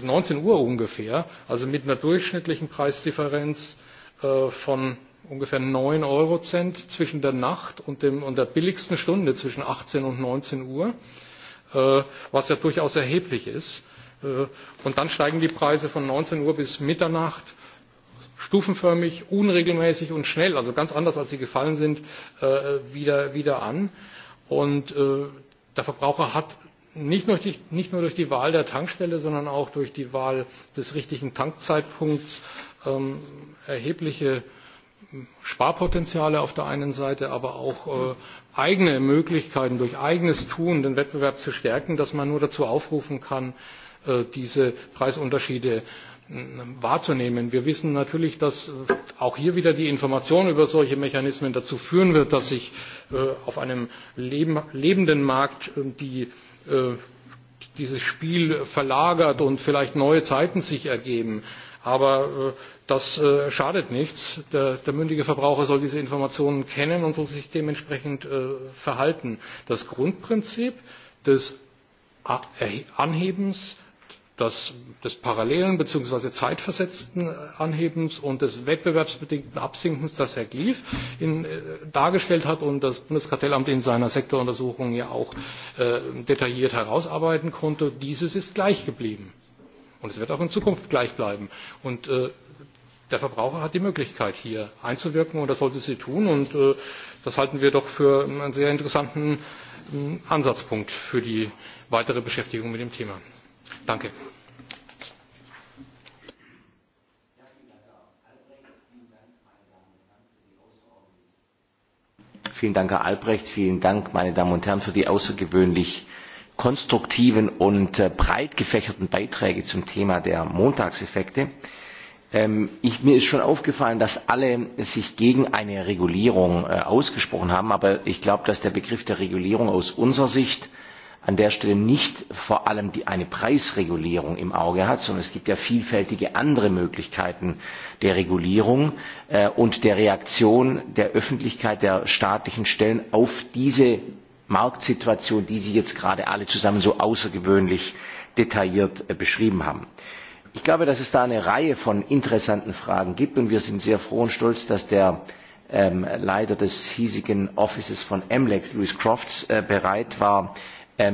19 Uhr ungefähr, also mit einer durchschnittlichen Preisdifferenz von ungefähr 9 Euro Cent zwischen der Nacht und der billigsten Stunde zwischen 18 und 19 Uhr was ja durchaus erheblich ist. Und dann steigen die Preise von 19 Uhr bis Mitternacht stufenförmig, unregelmäßig und schnell, also ganz anders, als sie gefallen sind, wieder an. Und der Verbraucher hat nicht nur durch die Wahl der Tankstelle, sondern auch durch die Wahl des richtigen Tankzeitpunkts erhebliche Sparpotenziale auf der einen Seite, aber auch eigene Möglichkeiten durch eigenes Tun den Wettbewerb zu stärken, dass man nur dazu aufrufen kann, diese Preisunterschiede wahrzunehmen. Wir wissen natürlich, dass auch hier wieder die Information über solche Mechanismen dazu führen wird, dass sich auf einem lebenden Markt dieses Spiel verlagert und vielleicht neue Zeiten sich ergeben. Aber Das schadet nichts. Der mündige Verbraucher soll diese Informationen kennen und soll sich dementsprechend verhalten. Das Grundprinzip des Anhebens, des parallelen bzw. zeitversetzten Anhebens und des wettbewerbsbedingten Absinkens, das Herr Glief dargestellt hat und das Bundeskartellamt in seiner Sektoruntersuchung ja auch detailliert herausarbeiten konnte, dieses ist gleich geblieben. Und es wird auch in Zukunft gleich bleiben der Verbraucher hat die Möglichkeit, hier einzuwirken, und das sollte sie tun. Und das halten wir doch für einen sehr interessanten Ansatzpunkt für die weitere Beschäftigung mit dem Thema. Danke. Vielen Dank, Herr Albrecht. Vielen Dank, meine Damen und Herren, für die außergewöhnlich konstruktiven und breit gefächerten Beiträge zum Thema der Montagseffekte. Mir ist schon aufgefallen, dass alle sich gegen eine Regulierung ausgesprochen haben, aber ich glaube, dass der Begriff der Regulierung aus unserer Sicht an der Stelle nicht vor allem eine Preisregulierung im Auge hat, sondern es gibt ja vielfältige andere Möglichkeiten der Regulierung und der Reaktion der Öffentlichkeit der staatlichen Stellen auf diese Marktsituation, die Sie jetzt gerade alle zusammen so außergewöhnlich detailliert beschrieben haben ich glaube dass es da eine reihe von interessanten fragen gibt und wir sind sehr froh und stolz dass der leiter des hiesigen offices von emlex louis crofts bereit war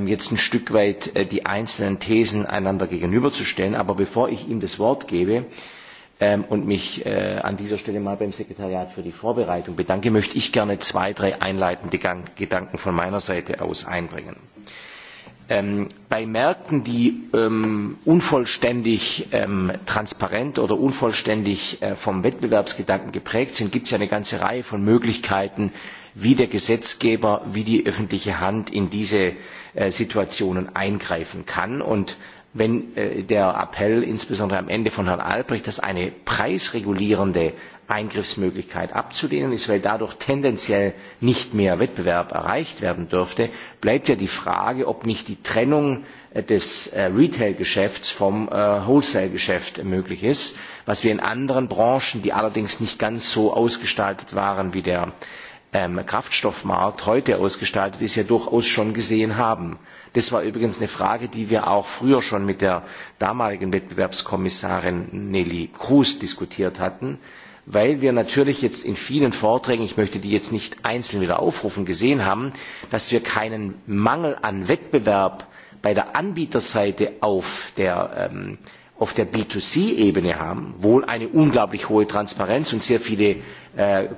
jetzt ein stück weit die einzelnen thesen einander gegenüberzustellen. aber bevor ich ihm das wort gebe und mich an dieser stelle mal beim sekretariat für die vorbereitung bedanke möchte ich gerne zwei drei einleitende gedanken von meiner seite aus einbringen bei Märkten, die unvollständig transparent oder unvollständig vom Wettbewerbsgedanken geprägt sind, gibt es eine ganze Reihe von Möglichkeiten, wie der Gesetzgeber, wie die öffentliche Hand in diese Situationen eingreifen kann. Und wenn der Appell insbesondere am Ende von Herrn Albrecht, dass eine preisregulierende Eingriffsmöglichkeit abzulehnen ist, weil dadurch tendenziell nicht mehr Wettbewerb erreicht werden dürfte, bleibt ja die Frage, ob nicht die Trennung des Retail-Geschäfts vom Wholesale-Geschäft möglich ist, was wir in anderen Branchen, die allerdings nicht ganz so ausgestaltet waren wie der Kraftstoffmarkt heute ausgestaltet ist, ja durchaus schon gesehen haben Das war übrigens eine Frage, die wir auch früher schon mit der damaligen Wettbewerbskommissarin Nelly Cruz diskutiert hatten, weil wir natürlich jetzt in vielen Vorträgen, ich möchte die jetzt nicht einzeln wieder aufrufen, gesehen haben, dass wir keinen Mangel an Wettbewerb bei der Anbieterseite auf der auf der B2C-Ebene haben, wohl eine unglaublich hohe Transparenz und sehr viele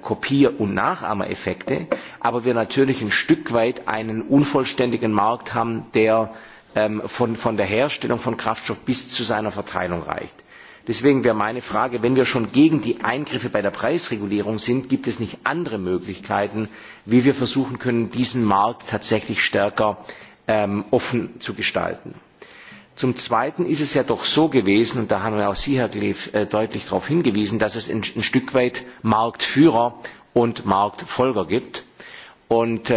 Kopier- und Nachahmereffekte, aber wir natürlich ein Stück weit einen unvollständigen Markt haben, der von der Herstellung von Kraftstoff bis zu seiner Verteilung reicht. Deswegen wäre meine Frage, wenn wir schon gegen die Eingriffe bei der Preisregulierung sind, gibt es nicht andere Möglichkeiten, wie wir versuchen können, diesen Markt tatsächlich stärker offen zu gestalten. Zum Zweiten ist es ja doch so gewesen, und da haben wir auch Sie, Herr Kleef, deutlich darauf hingewiesen, dass es ein Stück weit Marktführer und Marktfolger gibt. Und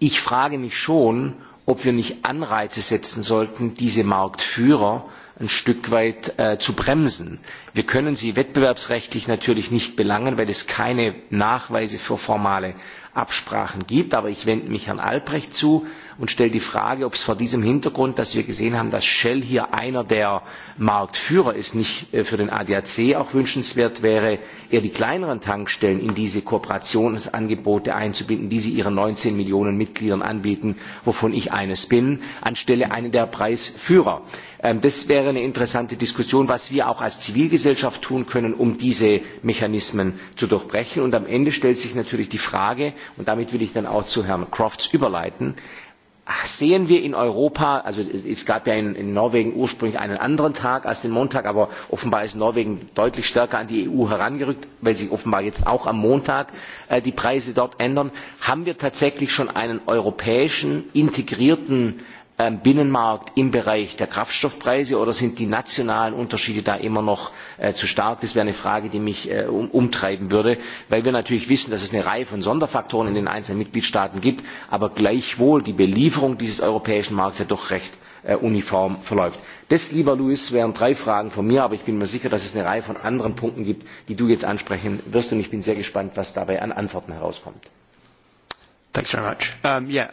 ich frage mich schon, ob wir nicht Anreize setzen sollten, diese Marktführer ein Stück weit zu bremsen. Wir können sie wettbewerbsrechtlich natürlich nicht belangen, weil es keine Nachweise für formale Absprachen gibt. Aber ich wende mich Herrn Albrecht zu und stelle die Frage, ob es vor diesem Hintergrund, dass wir gesehen haben, dass Shell hier einer der Marktführer ist, nicht für den ADAC auch wünschenswert wäre, eher die kleineren Tankstellen in diese Kooperationsangebote einzubinden, die sie ihren 19 Millionen Mitgliedern anbieten, wovon ich eines bin, anstelle einen der Preisführer. Das wäre eine interessante Diskussion, was wir auch als Zivilgesellschaft tun können, um diese Mechanismen zu durchbrechen. Und am Ende stellt sich natürlich die Frage, und damit will ich dann auch zu Herrn Crofts überleiten, sehen wir in Europa, also es gab ja in Norwegen ursprünglich einen anderen Tag als den Montag, aber offenbar ist Norwegen deutlich stärker an die EU herangerückt, weil sich offenbar jetzt auch am Montag die Preise dort ändern. Haben wir tatsächlich schon einen europäischen integrierten Binnenmarkt im Bereich der Kraftstoffpreise oder sind die nationalen Unterschiede da immer noch zu stark? Das wäre eine Frage, die mich umtreiben würde, weil wir natürlich wissen, dass es eine Reihe von Sonderfaktoren in den einzelnen Mitgliedstaaten gibt, aber gleichwohl die Belieferung dieses europäischen Marktes ja doch recht uniform verläuft. Das, lieber Luis, wären drei Fragen von mir, aber ich bin mir sicher, dass es eine Reihe von anderen Punkten gibt, die du jetzt ansprechen wirst, und ich bin sehr gespannt, was dabei an Antworten herauskommt. Thanks very much. Um Yeah,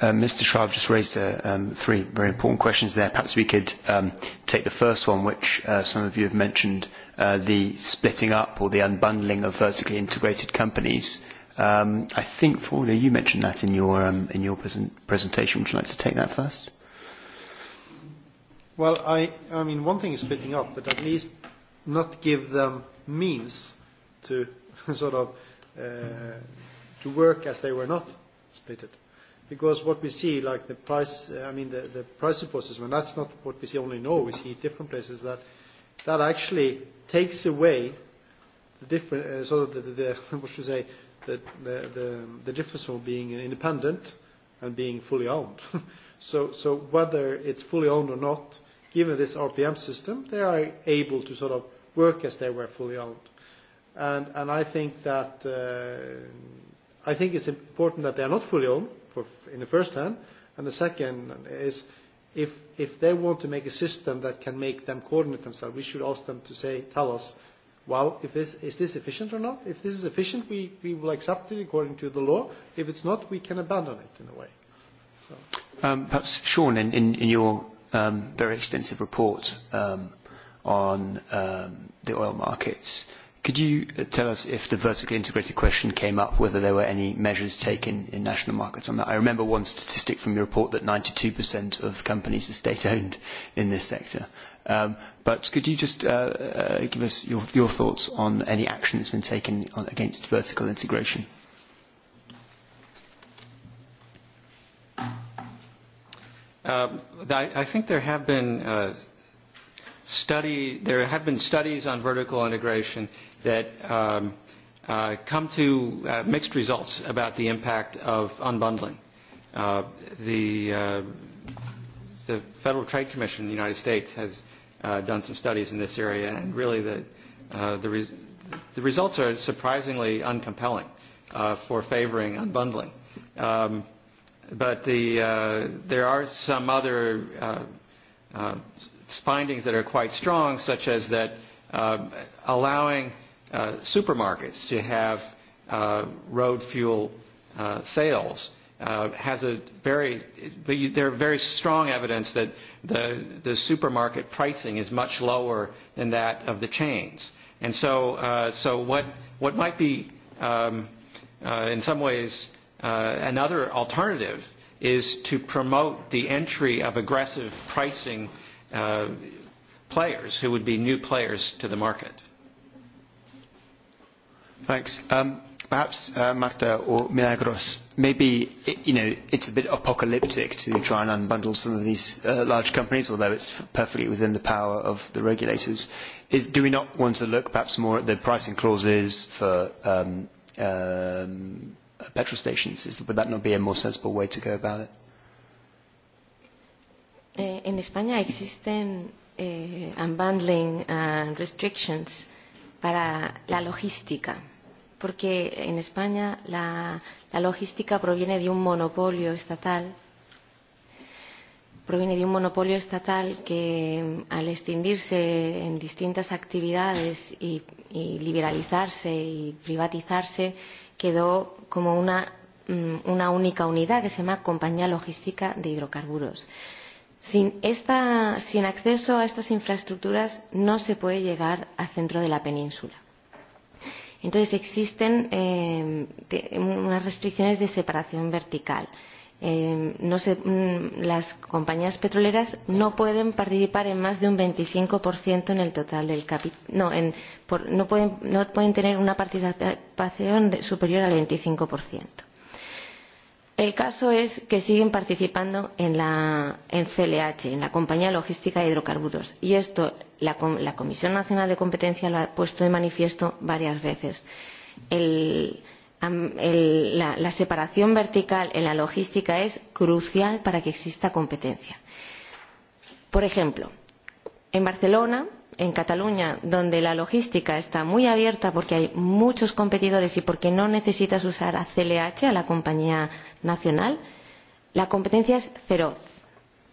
Mr. Schwab just raised three very important questions there. Perhaps we could take the first one, which some of you have mentioned, the splitting up or the unbundling of vertically integrated companies. I think, Fauda, you mentioned that in your in your presentation. Would you like to take that first? Well, I I mean, one thing is splitting up, but at least not give them means to sort of to work as they were not split because what we see, like the price, I mean, the, the price support system, and that's not what we see only now, we see different places, that that actually takes away the different, sort of the, the, what should say, the, the, the, the difference from being independent and being fully owned. so, so whether it's fully owned or not, given this RPM system, they are able to sort of work as they were fully owned. And, and I think that I think it's important that they are not fully owned in the first hand, and the second is if if they want to make a system that can make them coordinate themselves, we should ask them to say, tell us, well, if this is this efficient or not? If this is efficient, we we will accept it according to the law. If it's not, we can abandon it in a way. So. Perhaps Sean, in in your very extensive report on the oil markets Could you tell us if the vertically integrated question came up, whether there were any measures taken in national markets on that? I remember one statistic from your report that 92% of companies are state-owned in this sector. But could you just give us your thoughts on any action that's been taken against vertical integration? I think there have been study there have been studies on vertical integration that come to mixed results about the impact of unbundling. The the Federal Trade Commission in the United States has done some studies in this area, and really the the results are surprisingly uncompelling for favoring unbundling. But there are some other findings that are quite strong, such as that allowing supermarkets to have road fuel sales has a very there are very strong evidence that the the supermarket pricing is much lower than that of the chains and so so what what might be in some ways another alternative is to promote the entry of aggressive pricing players who would be new players to the market Thanks. Perhaps Marta or Milagros, maybe you know it's a bit apocalyptic to try and unbundle some of these large companies, although it's perfectly within the power of the regulators. Is do we not want to look perhaps more at the pricing clauses for petrol stations? Would that not be a more sensible way to go about it? In España existen unbundling restrictions para la logística, porque en España la logística proviene de un monopolio estatal proviene de un monopolio estatal que al extendirse en distintas actividades y liberalizarse y privatizarse quedó como una única unidad que se llama Compañía Logística de Hidrocarburos. Sin, acceso a estas infraestructuras no se puede llegar al centro de la península. Entonces existen eh, unas restricciones de separación vertical. Eh, no se, las compañías petroleras no pueden participar en más de un 25% en el total del capital. No, en, no, pueden, no pueden tener una participación superior al 25%. El caso es que siguen participando en la CLH, en la Compañía Logística de Hidrocarburos, y esto la Comisión Nacional de Competencia lo ha puesto de manifiesto varias veces. La separación vertical en la logística es crucial para que exista competencia. Por ejemplo, en Barcelona en Cataluña, donde la logística está muy abierta porque hay muchos competidores y porque no necesitas usar a CLH, a la compañía nacional, la competencia es feroz,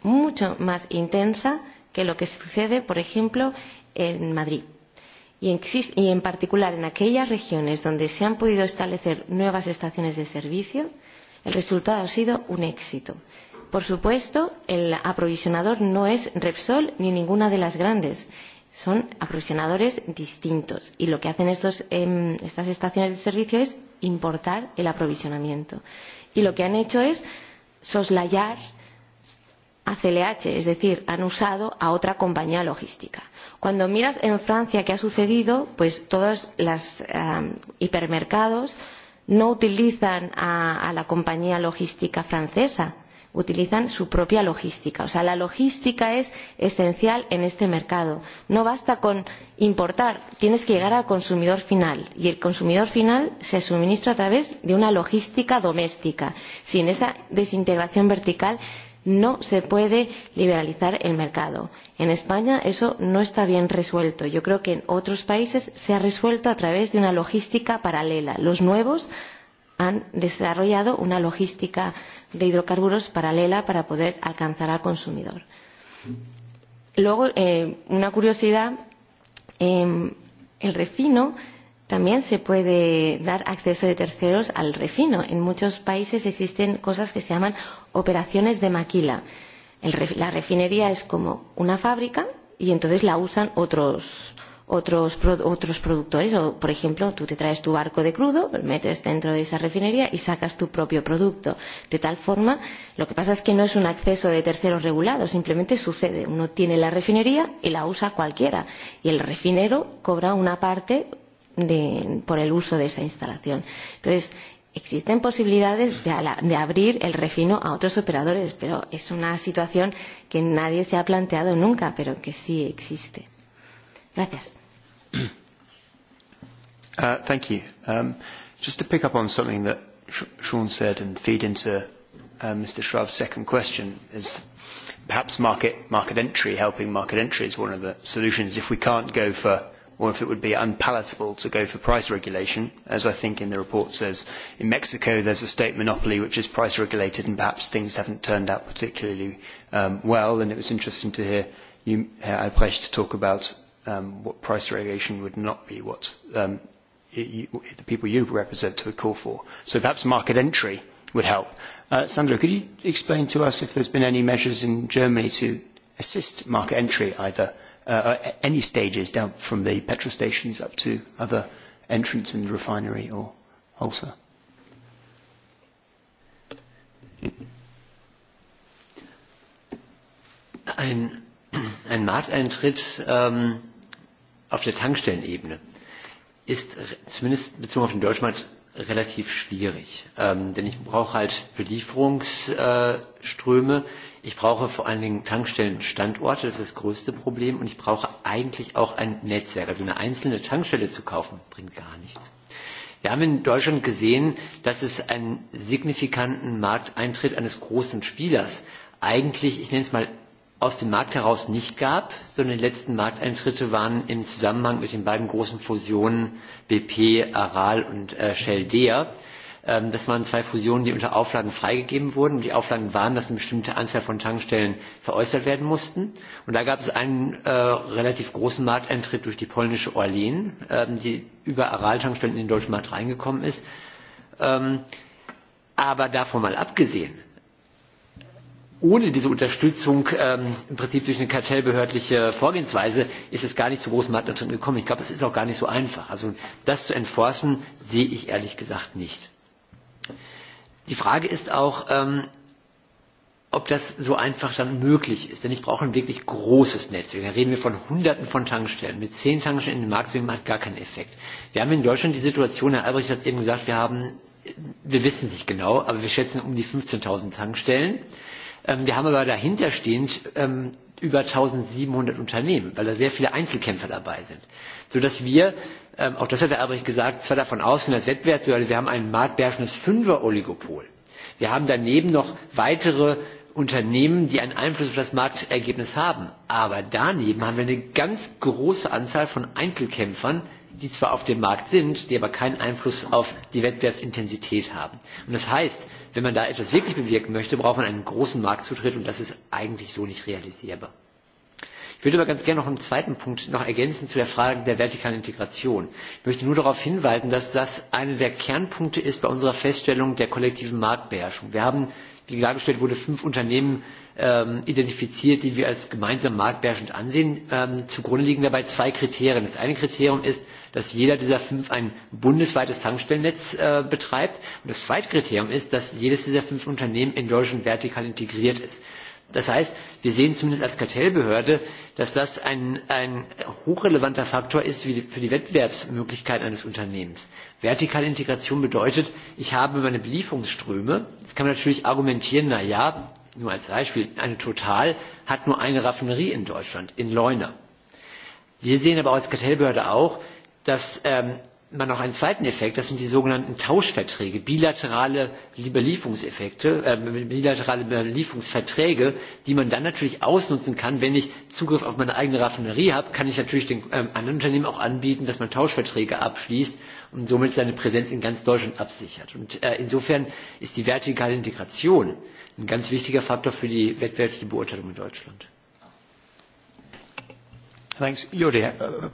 mucho más intensa que lo que sucede, por ejemplo, en Madrid. Y en particular en aquellas regiones donde se han podido establecer nuevas estaciones de servicio, el resultado ha sido un éxito. Por supuesto, el aprovisionador no es Repsol ni ninguna de las grandes son aprovisionadores distintos y lo que hacen estos, estas estaciones de servicio es importar el aprovisionamiento. Y lo que han hecho es soslayar a CLH, es decir, han usado a otra compañía logística. Cuando miras en Francia qué ha sucedido, pues todos los hipermercados no utilizan a la compañía logística francesa, utilizan su propia logística. O sea, la logística es esencial en este mercado. No basta con importar, tienes que llegar al consumidor final y el consumidor final se suministra a través de una logística doméstica. Sin esa desintegración vertical no se puede liberalizar el mercado. En España eso no está bien resuelto. Yo creo que en otros países se ha resuelto a través de una logística paralela. Los nuevos han desarrollado una logística de hidrocarburos paralela para poder alcanzar al consumidor. Luego, una curiosidad, el refino también se puede dar acceso de terceros al refino. En muchos países existen cosas que se llaman operaciones de maquila. La refinería es como una fábrica y entonces la usan otros otros otros productores o por ejemplo tú te traes tu barco de crudo lo metes dentro de esa refinería y sacas tu propio producto de tal forma lo que pasa es que no es un acceso de terceros regulados, simplemente sucede uno tiene la refinería y la usa cualquiera y el refinero cobra una parte de por el uso de esa instalación entonces existen posibilidades de abrir el refino a otros operadores pero es una situación que nadie se ha planteado nunca pero que sí existe Gracias. Thank you. Just to pick up on something that Sean said and feed into Mr. Shrav's second question is perhaps market market entry, helping market entry is one of the solutions if we can't go for or if it would be unpalatable to go for price regulation. As I think in the report says, in Mexico there's a state monopoly which is price regulated and perhaps things haven't turned out particularly well. And it was interesting to hear you, Herr Albrecht, talk about what price regulation would not be what the people you represent would call for. So perhaps market entry would help. Sandra, could you explain to us if there's been any measures in Germany to assist market entry, either at any stages, down from the petrol stations up to other entrants in the refinery or also. Ein Markteintritt auf der Tankstellenebene ist zumindest bezogen auf den Deutschmarkt relativ schwierig. Denn ich brauche halt Belieferungsströme, ich brauche vor allen Dingen Tankstellenstandorte, das ist das größte Problem, und ich brauche eigentlich auch ein Netzwerk. Also eine einzelne Tankstelle zu kaufen, bringt gar nichts. Wir haben in Deutschland gesehen, dass es einen signifikanten Markteintritt eines großen Spielers eigentlich, ich nenne es mal aus dem Markt heraus nicht gab, sondern die letzten Markteintritte waren im Zusammenhang mit den beiden großen Fusionen BP, Aral und Shell Dea. Das waren zwei Fusionen, die unter Auflagen freigegeben wurden. und Die Auflagen waren, dass eine bestimmte Anzahl von Tankstellen veräußert werden mussten. Und da gab es einen relativ großen Markteintritt durch die polnische Orlen, die über Aral-Tankstellen in den deutschen Markt reingekommen ist. Aber davon mal abgesehen, ohne diese Unterstützung im Prinzip durch eine kartellbehördliche Vorgehensweise ist es gar nicht zu großen Marktanteilen gekommen. Ich glaube, das ist auch gar nicht so einfach. Also das zu enforcen, sehe ich ehrlich gesagt nicht. Die Frage ist auch, ob das so einfach dann möglich ist. Denn ich brauche ein wirklich großes Netzwerk. Da reden wir von Hunderten von Tankstellen. Mit zehn Tankstellen in den Markt zu gehen, hat gar keinen Effekt. Wir haben in Deutschland die Situation, Herr Albrecht hat es eben gesagt, wir haben, wir wissen es nicht genau, aber wir schätzen um die 15.000 Tankstellen. Wir haben aber dahinterstehend über 1700 Unternehmen, weil da sehr viele Einzelkämpfer dabei sind. So dass wir, auch das hat der Albrecht gesagt, zwar davon ausgehen, als Wettbewerbsbehörde, wir haben ein marktbeherrschendes Fünfer-Oligopol. Wir haben daneben noch weitere Unternehmen, die einen Einfluss auf das Marktergebnis haben. Aber daneben haben wir eine ganz große Anzahl von Einzelkämpfern, die zwar auf dem Markt sind, die aber keinen Einfluss auf die Wettbewerbsintensität haben. Und das heißt, wenn man da etwas wirklich bewirken möchte, braucht man einen großen Marktzutritt und das ist eigentlich so nicht realisierbar. Ich würde aber ganz gerne noch einen zweiten Punkt noch ergänzen zu der Frage der vertikalen Integration. Ich möchte nur darauf hinweisen, dass das einer der Kernpunkte ist bei unserer Feststellung der kollektiven Marktbeherrschung. Wir haben, wie dargestellt wurde, fünf Unternehmen identifiziert, die wir als gemeinsam marktbeherrschend ansehen. Zugrunde liegen dabei zwei Kriterien. Das eine Kriterium ist, dass jeder dieser fünf ein bundesweites Tankstellennetz betreibt. Und das zweite Kriterium ist, dass jedes dieser fünf Unternehmen in Deutschland vertikal integriert ist. Das heißt, wir sehen zumindest als Kartellbehörde, dass das ein hochrelevanter Faktor ist für die Wettbewerbsmöglichkeit eines Unternehmens. Vertikale Integration bedeutet, ich habe meine Belieferungsströme. Jetzt kann man natürlich argumentieren, na ja, nur als Beispiel, eine Total hat nur eine Raffinerie in Deutschland, in Leuna. Wir sehen aber als Kartellbehörde auch, dass man noch einen zweiten Effekt, das sind die sogenannten Tauschverträge, bilaterale Lieferungseffekte bilaterale die man dann natürlich ausnutzen kann. Wenn ich Zugriff auf meine eigene Raffinerie habe, kann ich natürlich den anderen Unternehmen auch anbieten, dass man Tauschverträge abschließt und somit seine Präsenz in ganz Deutschland absichert. Und insofern ist die vertikale Integration ein ganz wichtiger Faktor für die wettbewerbliche Beurteilung in Deutschland. Thanks. Yuri,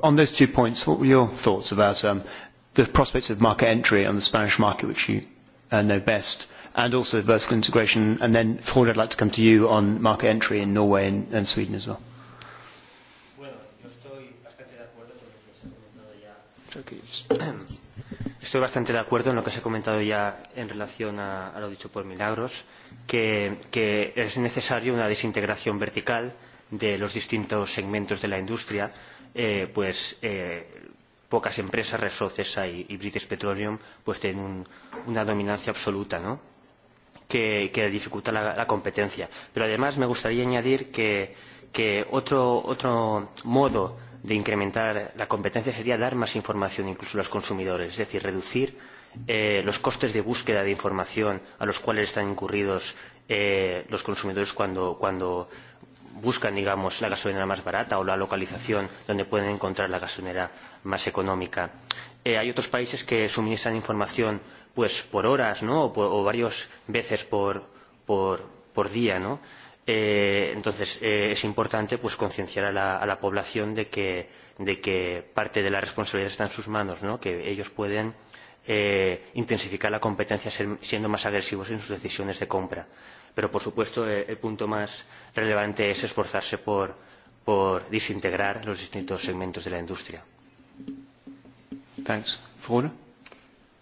on those two points, what were your thoughts about the prospects of market entry on the Spanish market, which you know best, and also vertical integration? And then, Ford, I'd like to come to you on market entry in Norway and Sweden as well. Estoy bastante de acuerdo en lo que se ha comentado ya en relación a lo dicho por Milagros, que es necesario una desintegración vertical de los distintos segmentos de la industria, pues pocas empresas, Resources y British Petroleum, pues tienen una dominancia absoluta, ¿no? Que, que dificulta la, la competencia. Pero además me gustaría añadir que, que otro, otro modo de incrementar la competencia sería dar más información incluso a los consumidores, es decir, reducir los costes de búsqueda de información a los cuales están incurridos los consumidores cuando, cuando buscan digamos la gasolinera más barata o la localización donde pueden encontrar la gasolinera más económica. hay otros países que suministran información pues por horas ¿no? o varias veces por por día ¿no? entonces es importante pues concienciar a la población de que de que parte de la responsabilidad está en sus manos ¿no? que ellos pueden intensificar la competencia siendo más agresivos en sus decisiones de compra pero por supuesto el punto más relevante es esforzarse por por desintegrar los distintos segmentos de la industria. Thanks. Frode?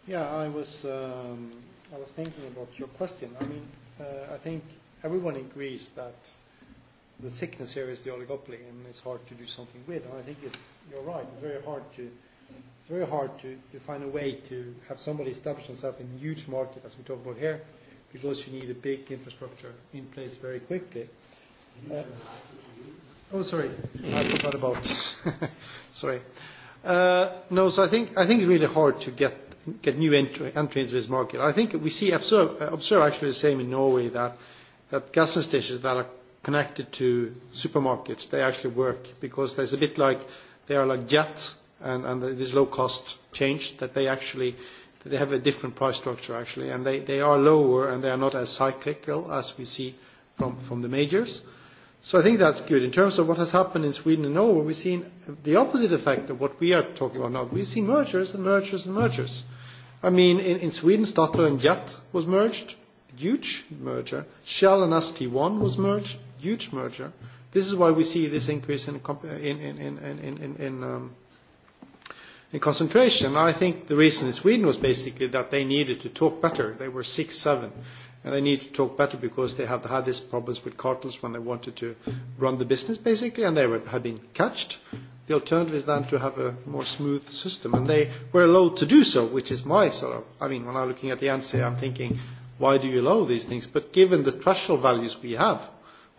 Yeah, I was, um, I was thinking about your question. I mean, uh, I think everyone agrees that the sickness here is the oligopoly and it's hard to do something with. And I think it's, you're right, it's very hard to, it's very hard to, to find a way to have somebody establish themselves in a huge market, as we talk about here, because you need a big infrastructure in place very quickly. Oh, sorry, I forgot about. Sorry. No, so I think I think it's really hard to get get new entry entry into this market. I think we see observe observe actually the same in Norway that that gas stations that are connected to supermarkets they actually work because there's a bit like they are like jets and and is low cost change that they actually They have a different price structure, actually, and they are lower and they are not as cyclical as we see from the majors. So I think that's good. In terms of what has happened in Sweden and Norway, we've seen the opposite effect of what we are talking about now. We see mergers and mergers and mergers. I mean, in Sweden, Statoil and Jet was merged, huge merger. Shell and ST1 was merged, huge merger. This is why we see this increase in In concentration. I think the reason in Sweden was basically that they needed to talk better. They were six, seven, and they needed to talk better because they had had these problems with cartels when they wanted to run the business, basically, and they were had been catched. The alternative is then to have a more smooth system, and they were allowed to do so, which is my sort of, I mean, when I'm looking at the answer, I'm thinking, why do you allow these things? But given the threshold values we have,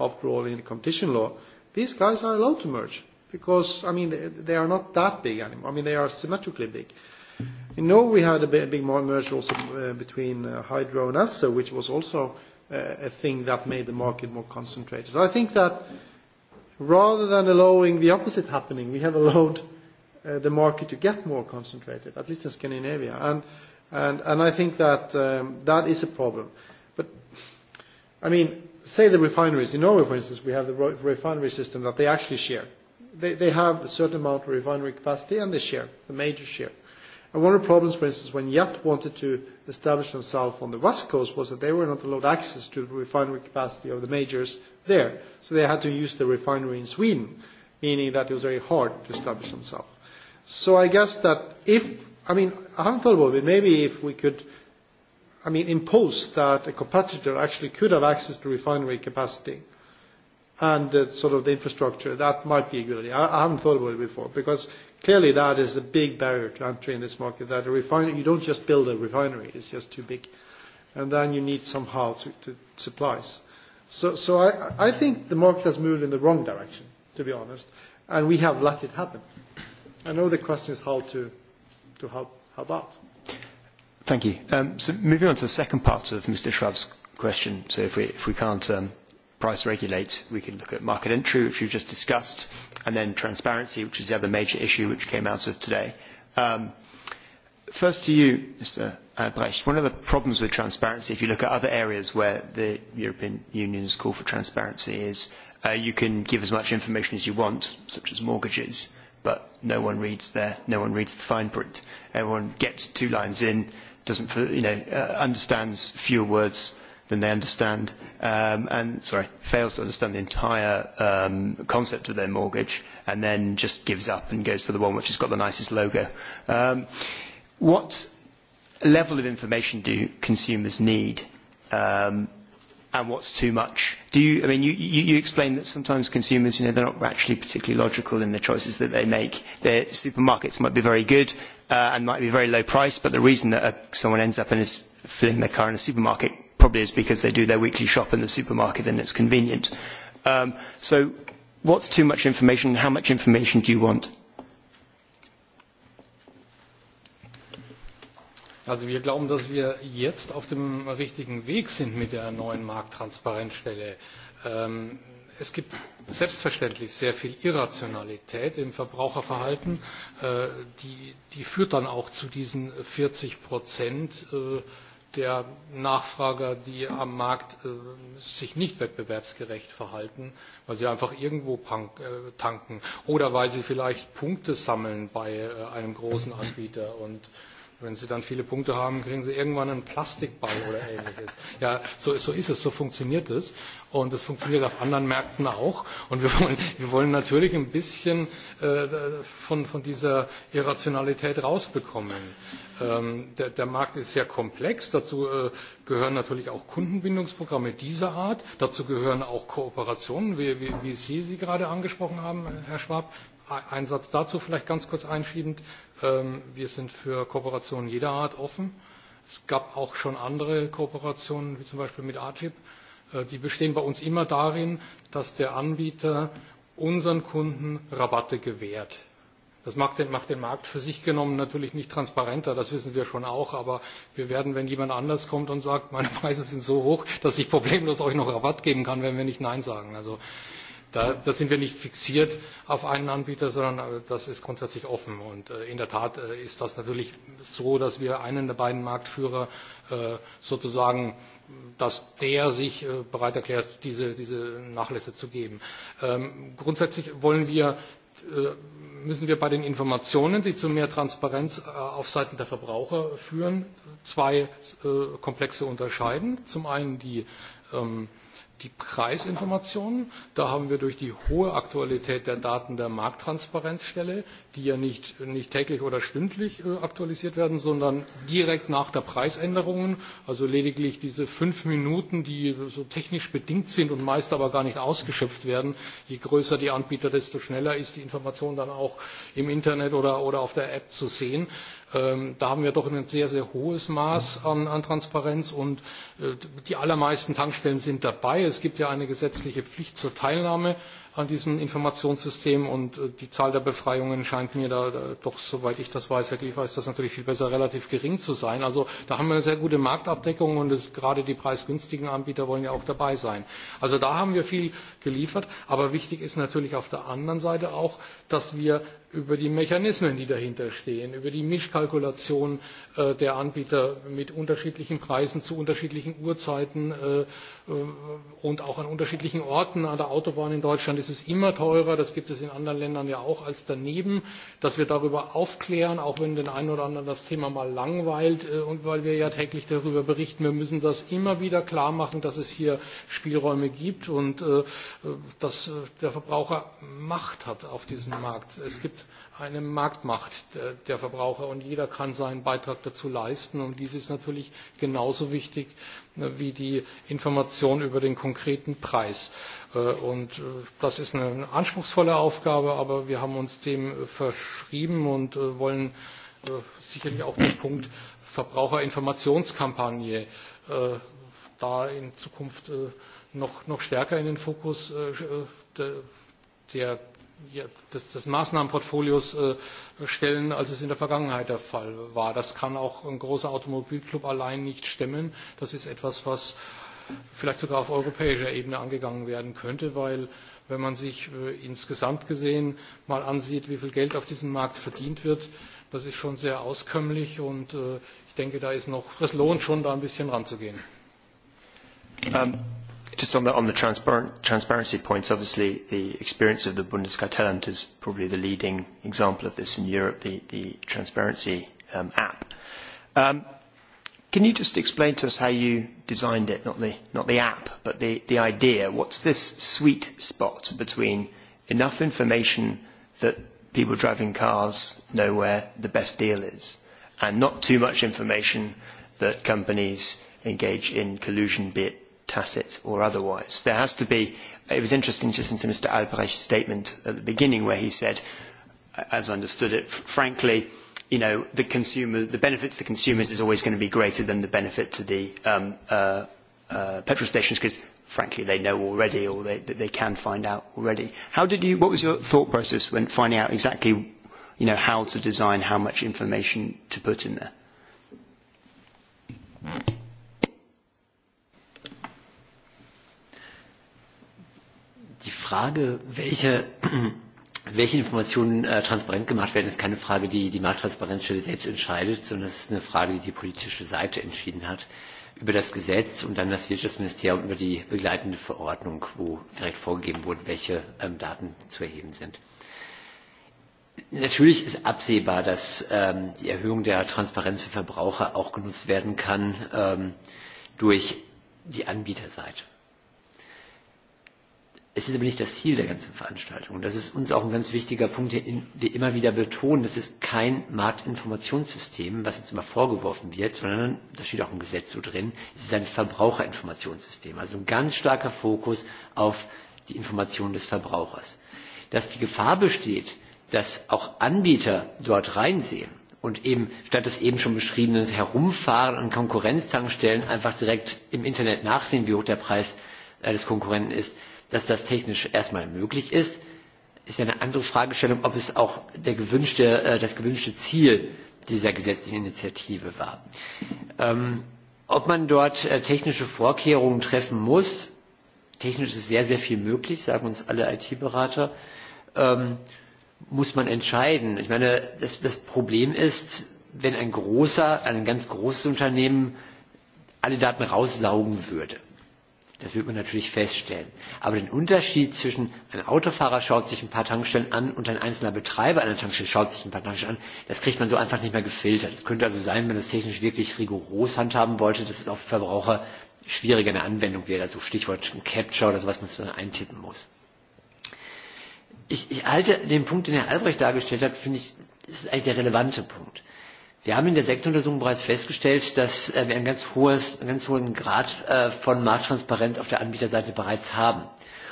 after all, in the competition law, these guys are allowed to merge because I mean they are not that big anymore. I mean they are symmetrically big. You know we had a big merger also between Hydro and Esso, which was also a thing that made the market more concentrated. So I think that rather than allowing the opposite happening, we have allowed the market to get more concentrated, at least in Scandinavia. And and I think that that is a problem. But I mean, say the refineries in Norway, for instance, we have the refinery system that they actually share They have a certain amount of refinery capacity and they share, the major share. And one of the problems, for instance, when Yat wanted to establish themselves on the west coast was that they were not allowed access to the refinery capacity of the majors there. So they had to use the refinery in Sweden, meaning that it was very hard to establish themselves. So I guess that if, I mean, I haven't thought about it, maybe if we could, I mean, impose that a competitor actually could have access to refinery capacity and sort of the infrastructure. That might be a good idea. I haven't thought about it before because clearly that is a big barrier to entry in this market. That a refinery, you don't just build a refinery; it's just too big, and then you need somehow to, to supplies. So, so I, I think the market has moved in the wrong direction, to be honest, and we have let it happen. I know the question is how to, to help, help out. Thank you. Um, so moving on to the second part of Mr. Schwab's question, so if we, if we can't price regulate, We can look at market entry, which we've just discussed, and then transparency, which is the other major issue which came out of today. First to you, Mr. Brecht, One of the problems with transparency, if you look at other areas where the European Union's call for transparency is you can give as much information as you want, such as mortgages, but no one reads there, no one reads the fine print. Everyone gets two lines in, doesn't, you know, understands fewer words than they understand and sorry fails to understand the entire concept of their mortgage and then just gives up and goes for the one which has got the nicest logo. What level of information do consumers need and what's too much? Do you I mean you you explain that sometimes consumers you know they're not actually particularly logical in the choices that they make. Their supermarkets might be very good and might be very low price, but the reason that someone ends up in is filling their car in a supermarket probably is because they do their weekly shop in the supermarket and it's convenient. So what's too much information and how much information do you want? Also wir glauben, dass wir jetzt auf dem richtigen Weg sind mit der neuen Markttransparenzstelle. Es gibt selbstverständlich sehr viel Irrationalität im Verbraucherverhalten. Die die führt dann auch zu diesen 40 Prozent der Nachfrager, die am Markt sich nicht wettbewerbsgerecht verhalten, weil sie einfach irgendwo tanken oder weil sie vielleicht Punkte sammeln bei einem großen Anbieter und Wenn Sie dann viele Punkte haben, kriegen Sie irgendwann einen Plastikball oder ähnliches. Ja, so, so ist es, so funktioniert es. Und das funktioniert auf anderen Märkten auch. Und wir wollen, wir wollen natürlich ein bisschen von, von dieser Irrationalität rausbekommen. der, der Markt ist sehr komplex. Dazu gehören natürlich auch Kundenbindungsprogramme dieser Art. Dazu gehören auch Kooperationen, wie, wie, wie Sie sie gerade angesprochen haben, Herr Schwab, Ein Satz dazu vielleicht ganz kurz einschiebend. Wir sind für Kooperationen jeder Art offen. Es gab auch schon andere Kooperationen, wie zum Beispiel mit AGIP. Die bestehen bei uns immer darin, dass der Anbieter unseren Kunden Rabatte gewährt. Das macht den Markt für sich genommen natürlich nicht transparenter, das wissen wir schon auch, aber wir werden, wenn jemand anders kommt und sagt, meine Preise sind so hoch, dass ich problemlos euch noch Rabatt geben kann, wenn wir nicht Nein sagen. Da sind wir nicht fixiert auf einen Anbieter, sondern das ist grundsätzlich offen. Und in der Tat ist das natürlich so, dass wir einen der beiden Marktführer sozusagen, dass der sich bereit erklärt, diese Nachlässe zu geben. Grundsätzlich wollen müssen wir bei den Informationen, die zu mehr Transparenz auf Seiten der Verbraucher führen, zwei Komplexe unterscheiden. Zum einen die die Preisinformationen. Da haben wir durch die hohe Aktualität der Daten der Markttransparenzstelle, die ja nicht täglich oder stündlich aktualisiert werden, sondern direkt nach der Preisänderung, also lediglich diese fünf Minuten, die so technisch bedingt sind und meist aber gar nicht ausgeschöpft werden. Je größer die Anbieter, desto schneller ist die Information dann auch im Internet oder auf der App zu sehen. Da haben wir doch ein sehr, sehr hohes Maß an Transparenz und die allermeisten Tankstellen sind dabei. Es gibt ja eine gesetzliche Pflicht zur Teilnahme an diesem Informationssystem und die Zahl der Befreiungen scheint mir da doch, soweit ich das weiß, Herr ist das natürlich viel besser relativ gering zu sein. Also da haben wir eine sehr gute Marktabdeckung und es gerade die preisgünstigen Anbieter wollen ja auch dabei sein. Also da haben wir viel geliefert, aber wichtig ist natürlich auf der anderen Seite auch, dass wir über die Mechanismen, die dahinter stehen, über die Mischkalkulation der Anbieter mit unterschiedlichen Preisen zu unterschiedlichen Uhrzeiten und auch an unterschiedlichen Orten an der Autobahn in Deutschland ist es immer teurer, das gibt es in anderen Ländern ja auch als daneben, dass wir darüber aufklären, auch wenn den einen oder anderen das Thema mal langweilt und weil wir ja täglich darüber berichten. Wir müssen das immer wieder klarmachen, dass es hier Spielräume gibt und dass der Verbraucher Macht hat auf diesem Markt. Es gibt eine Marktmacht der Verbraucher und jeder kann seinen Beitrag dazu leisten und dies ist natürlich genauso wichtig wie die Information über den konkreten Preis. Und das ist eine anspruchsvolle Aufgabe, aber wir haben uns dem verschrieben und wollen sicherlich auch den Punkt Verbraucherinformationskampagne da in Zukunft noch stärker in den Fokus des Maßnahmenportfolios stellen, als es in der Vergangenheit der Fall war. Das kann auch ein großer Automobilclub allein nicht stemmen. Das ist etwas, was vielleicht sogar auf europäischer Ebene angegangen werden könnte, weil wenn man sich insgesamt gesehen mal ansieht, wie viel Geld auf diesem Markt verdient wird, das ist schon sehr auskömmlich und ich denke, da ist noch, lohnt schon, da ein bisschen ranzugehen. Just on the on the transparency points, obviously the experience of the Bundeskartellamt is probably the leading example of this in Europe, the the transparency app. Can you just explain to us how you designed it, not the not the app, but the the idea? What's this sweet spot between enough information that people driving cars know where the best deal is, and not too much information that companies engage in collusion, be tacit or otherwise. There has to be, it was interesting to listen to Mr. Albrecht's statement at the beginning where he said, as I understood it, frankly, you know, the consumer, the benefit to the consumers is always going to be greater than the benefit to the petrol stations because, frankly, they know already or they, they can find out already. How did you, what was your thought process when finding out exactly, you know, how to design how much information to put in there? Frage, welche, welche Informationen transparent gemacht werden, ist keine Frage, die die Markttransparenzstelle selbst entscheidet, sondern es ist eine Frage, die die politische Seite entschieden hat über das Gesetz und dann das Wirtschaftsministerium über die begleitende Verordnung, wo direkt vorgegeben wurde, welche Daten zu erheben sind. Natürlich ist absehbar, dass die Erhöhung der Transparenz für Verbraucher auch genutzt werden kann durch die Anbieterseite. Es ist aber nicht das Ziel der ganzen Veranstaltung. Das ist uns auch ein ganz wichtiger Punkt, den wir immer wieder betonen. Das ist kein Marktinformationssystem, was uns immer vorgeworfen wird, sondern, das steht auch im Gesetz so drin, es ist ein Verbraucherinformationssystem. Also ein ganz starker Fokus auf die Information des Verbrauchers. Dass die Gefahr besteht, dass auch Anbieter dort reinsehen und eben statt des eben schon beschriebenen Herumfahren an Konkurrenztankstellen einfach direkt im Internet nachsehen, wie hoch der Preis des Konkurrenten ist, dass das technisch erstmal möglich ist. Ist ja eine andere Fragestellung, ob es auch der gewünschte, das gewünschte Ziel dieser gesetzlichen Initiative war. Ob man dort technische Vorkehrungen treffen muss, technisch ist sehr, sehr viel möglich, sagen uns alle IT-Berater, muss man entscheiden. Ich meine, das Problem ist, wenn ein großer, ein ganz großes Unternehmen alle Daten raussaugen würde Das wird man natürlich feststellen. Aber den Unterschied zwischen ein Autofahrer schaut sich ein paar Tankstellen an und ein einzelner Betreiber einer Tankstelle schaut sich ein paar Tankstellen an, das kriegt man so einfach nicht mehr gefiltert. Es könnte also sein, wenn man das technisch wirklich rigoros handhaben wollte, dass es auch für Verbraucher schwieriger eine Anwendung wäre, Also Stichwort Capture oder sowas, was man eintippen muss. Ich halte den Punkt, den Herr Albrecht dargestellt hat, finde ich, ist eigentlich der relevante Punkt. Wir haben in der Sektoruntersuchung bereits festgestellt, dass wir einen ganz, hohes, ganz hohen Grad von Markttransparenz auf der Anbieterseite bereits haben.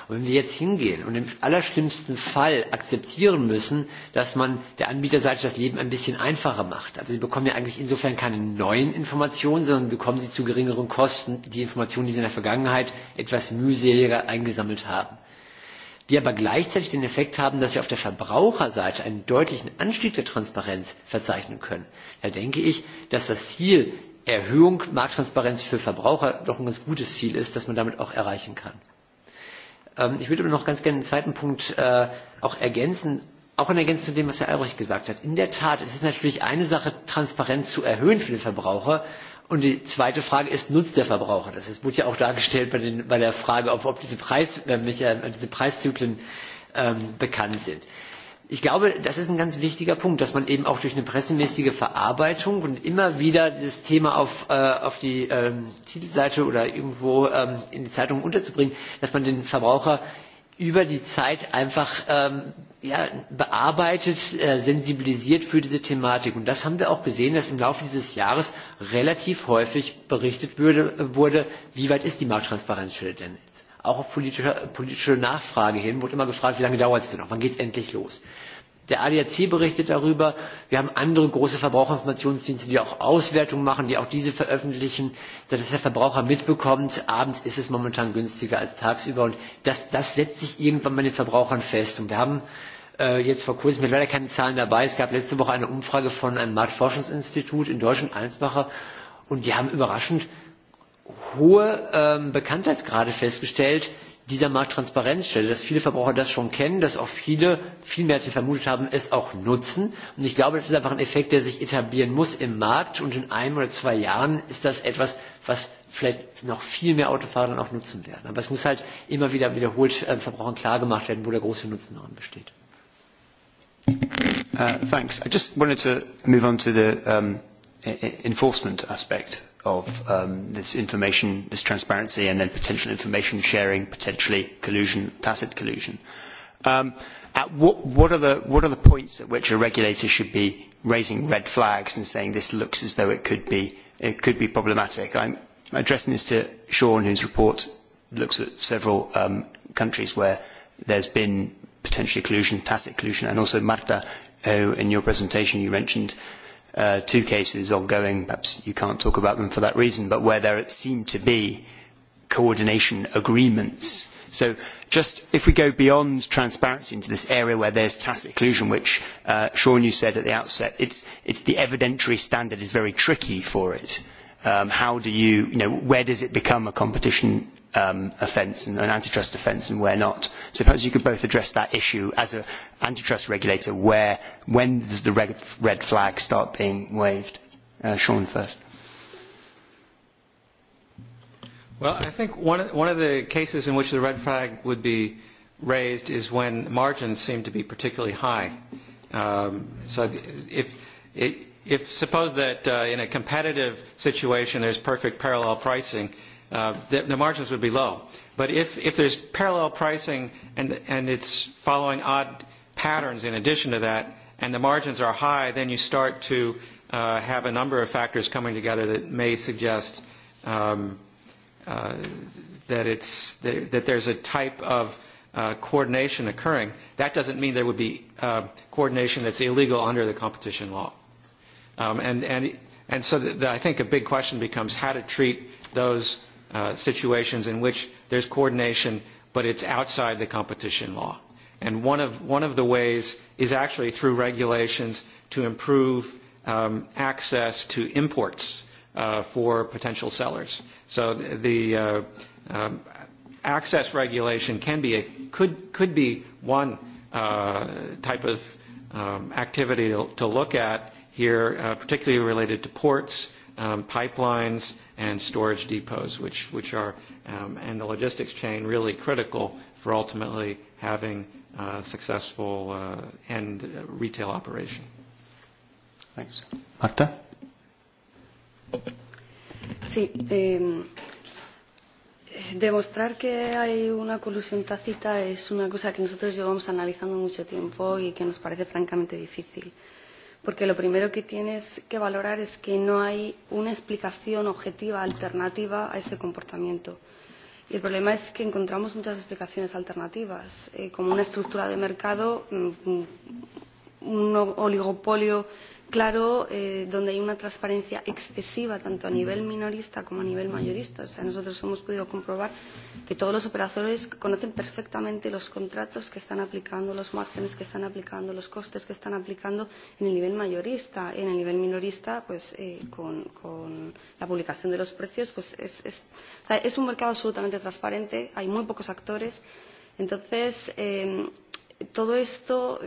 Und wenn wir jetzt hingehen und im allerschlimmsten Fall akzeptieren müssen, dass man der Anbieterseite das Leben ein bisschen einfacher macht, aber sie bekommen ja eigentlich insofern keine neuen Informationen, sondern bekommen sie zu geringeren Kosten die Informationen, die sie in der Vergangenheit etwas mühseliger eingesammelt haben die aber gleichzeitig den Effekt haben, dass sie auf der Verbraucherseite einen deutlichen Anstieg der Transparenz verzeichnen können. Da denke ich, dass das Ziel Erhöhung Markttransparenz für Verbraucher doch ein ganz gutes Ziel ist, das man damit auch erreichen kann. Ich würde aber noch ganz gerne einen zweiten Punkt auch ergänzen, auch in Ergänzung zu dem, was Herr Albrecht gesagt hat. In der Tat, es ist natürlich eine Sache, Transparenz zu erhöhen für den Verbraucher, Und die zweite Frage ist, nutzt der Verbraucher das? Es wurde ja auch dargestellt bei der Frage, ob diese Preiszyklen bekannt sind. Ich glaube, das ist ein ganz wichtiger Punkt, dass man eben auch durch eine pressemäßige Verarbeitung und immer wieder dieses Thema auf die Titelseite oder irgendwo in die Zeitung unterzubringen, dass man den Verbraucher über die Zeit einfach bearbeitet, sensibilisiert für diese Thematik. Und das haben wir auch gesehen, dass im Laufe dieses Jahres relativ häufig berichtet wurde, wie weit ist die Markttransparenzstelle denn jetzt? Auch auf politische Nachfrage hin wurde immer gefragt, wie lange dauert es denn noch, wann geht es endlich los? Der ADAC berichtet darüber. Wir haben andere große Verbraucherinformationsdienste, die auch Auswertungen machen, die auch diese veröffentlichen, sodass der Verbraucher mitbekommt, abends ist es momentan günstiger als tagsüber. Und das, setzt sich irgendwann bei den Verbrauchern fest. Und wir haben jetzt vor kurzem, ich habe leider keine Zahlen dabei, es gab letzte Woche eine Umfrage von einem Marktforschungsinstitut in Deutschland, Einsbacher, und die haben überraschend hohe Bekanntheitsgrade festgestellt, dieser Markttransparenzstelle, dass viele Verbraucher das schon kennen, dass auch viele, viel mehr als wir vermutet haben, es auch nutzen. Und ich glaube, das ist einfach ein Effekt, der sich etablieren muss im Markt. Und in einem oder zwei Jahren ist das etwas, was vielleicht noch viel mehr Autofahrer dann auch nutzen werden. Aber es muss halt immer wieder wiederholt Verbrauchern klar gemacht werden, wo der große Nutzen daran besteht. Thanks. I just wanted to move on to the enforcement aspect of this information, this transparency, and then potential information sharing, potentially collusion, tacit collusion. What are the points at which a regulator should be raising red flags and saying this looks as though it could be problematic? I'm addressing this to Sean, whose report looks at several countries where there's been potentially collusion, tacit collusion, and also Marta, in your presentation you mentioned two cases ongoing, perhaps you can't talk about them for that reason, but where there seem to be coordination agreements. So just if we go beyond transparency into this area where there's tacit collusion, which Sean, you said at the outset, it's the evidentiary standard is very tricky for it. How do you, you know, where does it become a competition offence and an antitrust offence and where not. So perhaps you could both address that issue as an antitrust regulator, where when does the red flag start being waved? Sean first. Well, I think one of the cases in which the red flag would be raised is when margins seem to be particularly high. So if if suppose that in a competitive situation there's perfect parallel pricing the margins would be low. But if if there's parallel pricing and and it's following odd patterns in addition to that, and the margins are high, then you start to have a number of factors coming together that may suggest that it's that there's a type of coordination occurring. That doesn't mean there would be coordination that's illegal under the competition law. And and and so I think a big question becomes how to treat those situations in which there's coordination, but it's outside the competition law. And one of one of the ways is actually through regulations to improve access to imports for potential sellers. So the access regulation can be a could could be one type of activity to look at here, particularly related to ports, pipelines and storage depots, which which are um and the logistics chain really critical for ultimately having a successful end retail operation. Thanks. Marta? Sí, eh, demostrar que hay una colusión tácita es una cosa que nosotros llevamos analizando mucho tiempo y que nos parece francamente difícil porque lo primero que tienes que valorar es que no hay una explicación objetiva alternativa a ese comportamiento. Y el problema es que encontramos muchas explicaciones alternativas, como una estructura de mercado, un oligopolio claro eh donde hay una transparencia excesiva tanto a nivel minorista como a nivel mayorista. O sea, nosotros hemos podido comprobar que todos los operadores conocen perfectamente los contratos que están aplicando, los márgenes que están aplicando, los costes que están aplicando en el nivel mayorista. En el nivel minorista, pues con, con la publicación de los precios, pues es, es, o sea, es un mercado absolutamente transparente, hay muy pocos actores. Entonces, eh, todo esto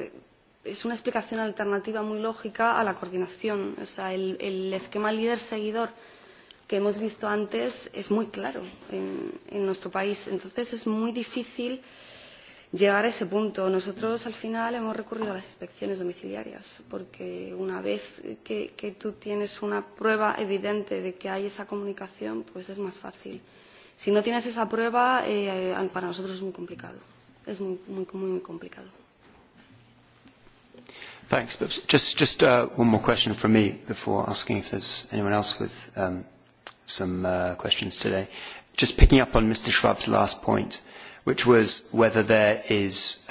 es una explicación alternativa muy lógica a la coordinación. O sea, el, el esquema líder-seguidor que hemos visto antes es muy claro en, nuestro país. Entonces es muy difícil llegar a ese punto. Nosotros al final hemos recurrido a las inspecciones domiciliarias porque una vez que, que tú tienes una prueba evidente de que hay esa comunicación, pues es más fácil. Si no tienes esa prueba, eh, para nosotros es muy complicado. Es muy, muy, muy, muy complicado. Thanks. Just just one more question from me before asking if there's anyone else with some questions today. Just picking up on Mr. Schwab's last point, which was whether there is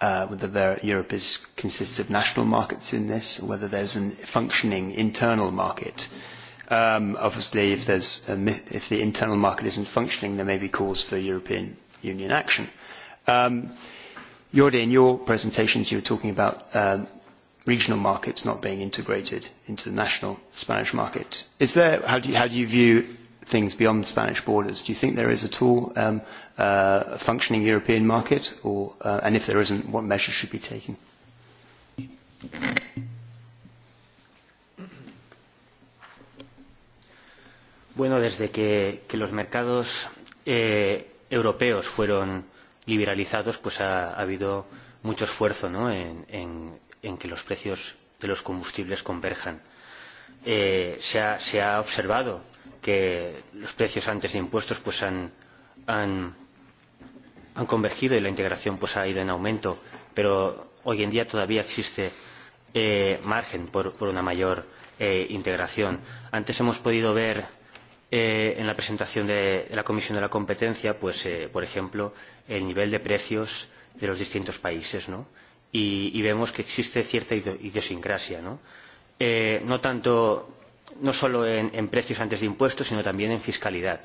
whether Europe is consists of national markets in this, or whether there's a functioning internal market. Obviously, if there's if the internal market isn't functioning, there may be calls for European Union action. Jordi, in your presentations, you were talking about regional markets not being integrated into the national Spanish market. Is there, how do you, view things beyond the Spanish borders? Do you think there is at all a functioning European market, or, and if there isn't, what measures should be taken? Bueno, desde que, que los mercados europeos fueron liberalizados, pues ha habido mucho esfuerzo en que los precios de los combustibles converjan. Se ha observado que los precios antes de impuestos pues han convergido y la integración pues ha ido en aumento, pero hoy en día todavía existe margen por una mayor integración. Antes hemos podido ver en la presentación de la Comisión de la Competencia, pues, por ejemplo, el nivel de precios de los distintos países, ¿no? Y vemos que existe cierta idiosincrasia, ¿no? No tanto, no solo en precios antes de impuestos, sino también en fiscalidad,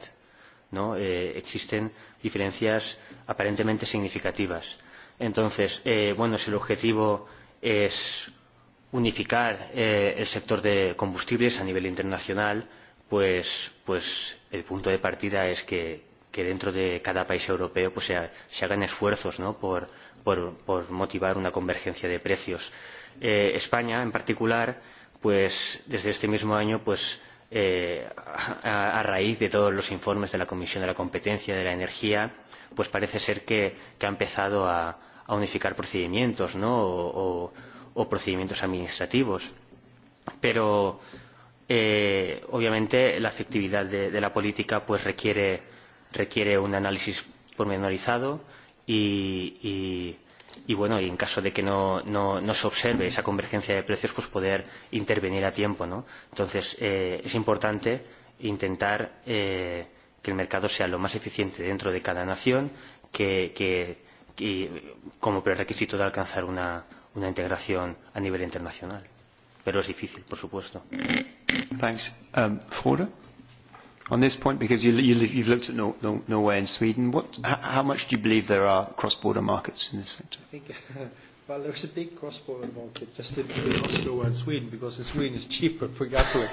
¿no? Existen diferencias aparentemente significativas. Entonces, bueno, si el objetivo es unificar el sector de combustibles a nivel internacional, pues pues el punto de partida es que que dentro de cada país europeo pues se hagan esfuerzos ¿no? por por por motivar una convergencia de precios España en particular pues desde este mismo año pues a raíz de todos los informes de la Comisión de la Competencia de la Energía pues parece ser que que ha empezado a a unificar procedimientos ¿no? o o procedimientos administrativos pero obviamente la efectividad de la política pues requiere requiere un análisis pormenorizado y y bueno y en caso de que no se observe esa convergencia de precios pues poder intervenir a tiempo no entonces es importante intentar eh que el mercado sea lo más eficiente dentro de cada nación que que como prerequisito de alcanzar una integración a nivel internacional pero es difícil por supuesto Thanks. Um Frode, on this point, because you you've looked at Norway and Sweden, what how much do you believe there are cross-border markets in this sector? I think, Well, there's a big cross-border market just in Oslo and Sweden, because in Sweden it's cheaper for gasoline.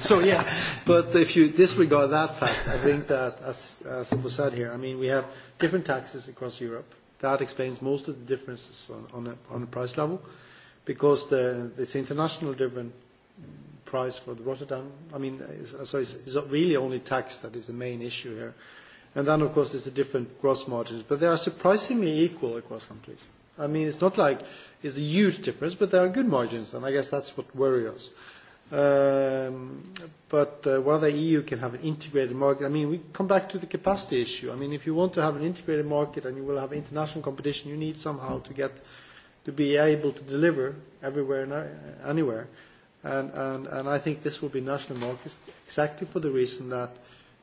So, yeah. But if you disregard that fact, I think that, as as was said here, I mean, we have different taxes across Europe. That explains most of the differences on on the price level, because the it's international different price for the Rotterdam. I mean, so it's really only tax that is the main issue here. And then, of course, there's the different gross margins. But they are surprisingly equal across countries. I mean, it's not like it's a huge difference, but there are good margins, and I guess that's what worries us. But whether the EU can have an integrated market, I mean, we come back to the capacity issue. I mean, if you want to have an integrated market and you will have international competition, you need somehow to get to be able to deliver everywhere and anywhere. And I think this will be national markets exactly for the reason that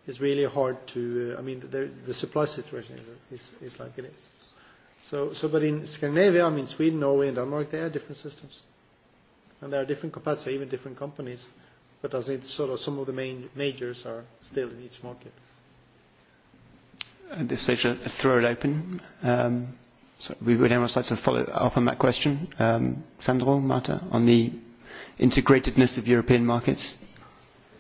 it's really hard to, I mean, the supply situation is like it is. So, but in Scandinavia, I mean, Sweden, Norway, and Denmark, they are different systems. And there are different competitors, even different companies. But I think sort of some of the main majors are still in each market. At this stage, I'll throw it open. Um, we would almost like to follow up on that question. Um, Sandro, Marta, on the integratedness of European markets?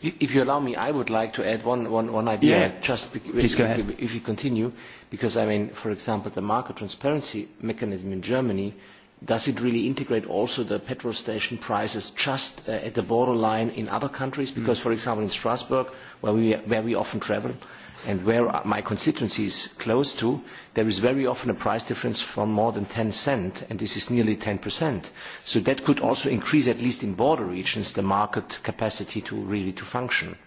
If you allow me, I would like to add one one idea. Just please go ahead. If you continue, because I mean, for example, the market transparency mechanism in Germany, does it really integrate also the petrol station prices just at the borderline in other countries? Because, for example, in Strasbourg, where we where we often travel and where my constituency is close to, there is very often a price difference from more than 10 cent, and this is nearly 10%. So that could also increase, at least in border regions, the market capacity to really to function.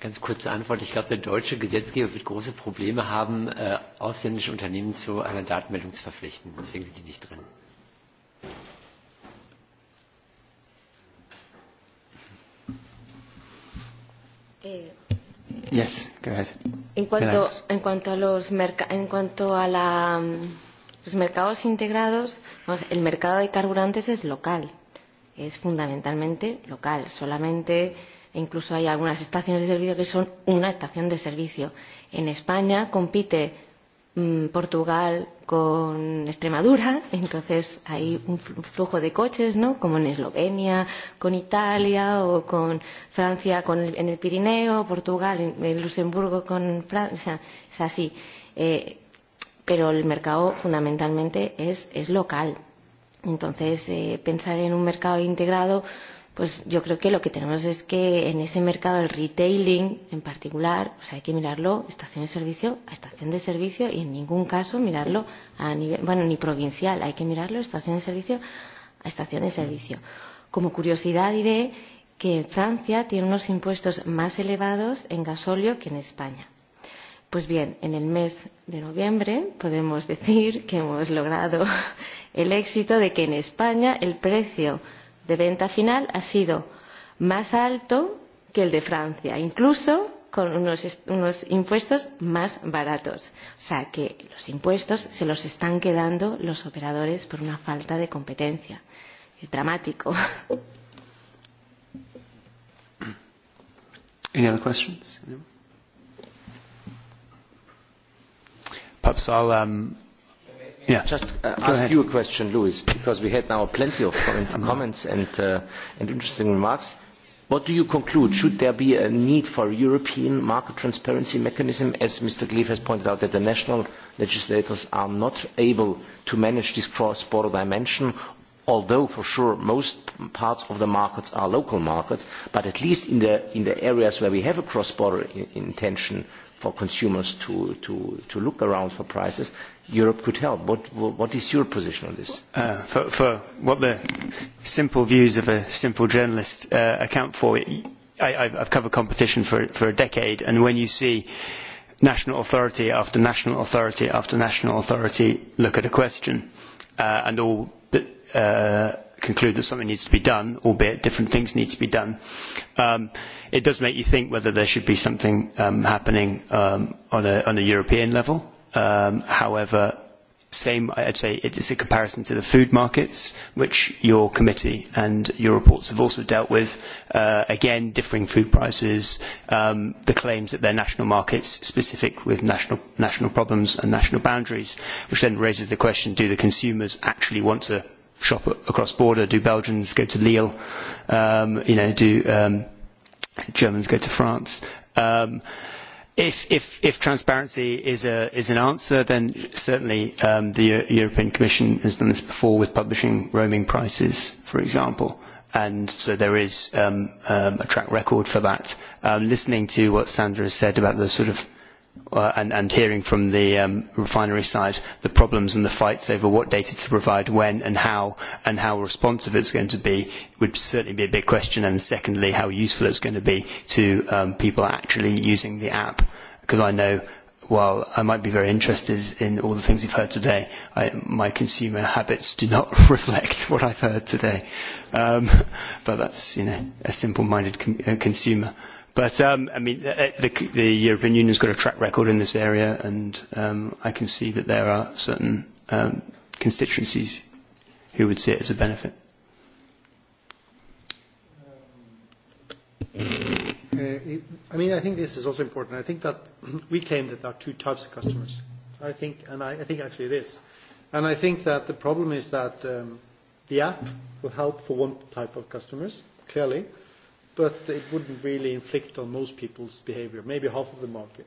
ganz kurze Antwort. Ich glaube, der deutsche Gesetzgeber wird große Probleme haben, ausländische Unternehmen zu einer Datenmeldung zu verpflichten. Deswegen sind die nicht drin. Yes, go En cuanto, a los la, mercados integrados, el mercado de carburantes es local, es fundamentalmente local, solamente incluso hay algunas estaciones de servicio que son una estación de servicio. En España compite Portugal con Extremadura, entonces hay un flujo de coches, ¿no? Como en Eslovenia, con Italia o con Francia con en el Pirineo, Portugal, en Luxemburgo con Francia, es así. Eh, pero el mercado fundamentalmente es, es local. Entonces, eh, pensar en un mercado integrado pues yo creo que lo que tenemos es que en ese mercado el retailing en particular, o sea hay que mirarlo estación de servicio a estación de servicio y en ningún caso mirarlo a nivel, bueno, ni provincial, hay que mirarlo estación de servicio a estación de servicio. Como curiosidad diré que Francia tiene unos impuestos más elevados en gasóleo que en España. Pues bien, en el mes de noviembre podemos decir que hemos logrado el éxito de que en España el precio de venta final ha sido más alto que el de Francia, incluso con unos impuestos más baratos. O sea que los impuestos se los están quedando los operadores por una falta de competencia. Es dramático. Any other questions? just ask you a question, Louis, because we had now plenty of comments and interesting remarks. What do you conclude? Should there be a need for a European market transparency mechanism, as Mr. Gleef has pointed out, that the national legislators are not able to manage this cross-border dimension, although for sure most parts of the markets are local markets, but at least in the areas where we have a cross-border intention for consumers to to to look around for prices europe could help what what is your position on this for for what the simple views of a simple journalist account for i i've covered competition for for a decade and when you see national authority after national authority after national authority look at a question and all conclude that something needs to be done, albeit different things need to be done. It does make you think whether there should be something happening on a European level. However, same, I'd say it is a comparison to the food markets, which your committee and your reports have also dealt with. Again, differing food prices, the claims that they're national markets specific with national problems and national boundaries, which then raises the question, do the consumers actually want to shop across border? Do Belgians go to Lille? You know, do Germans go to France? If transparency is an answer, then certainly the European Commission has done this before with publishing roaming prices, for example. And so there is a track record for that. Listening to what Sandra has said about the sort of and hearing from the refinery side the problems and the fights over what data to provide when and how and how responsive it's going to be would certainly be a big question and secondly how useful it's going to be to people actually using the app because I know while I might be very interested in all the things you've heard today, my consumer habits do not reflect what I've heard today. But that's, you know, a simple-minded consumer. But um, I mean, the, the European Union's got a track record in this area, and um, I can see that there are certain um, constituencies who would see it as a benefit. I mean, I think this is also important. I think that we claim that there are two types of customers. I think, and I, I think actually it is. And I think that the problem is that um, the app will help for one type of customers, clearly, but it wouldn't really inflict on most people's behavior, maybe half of the market.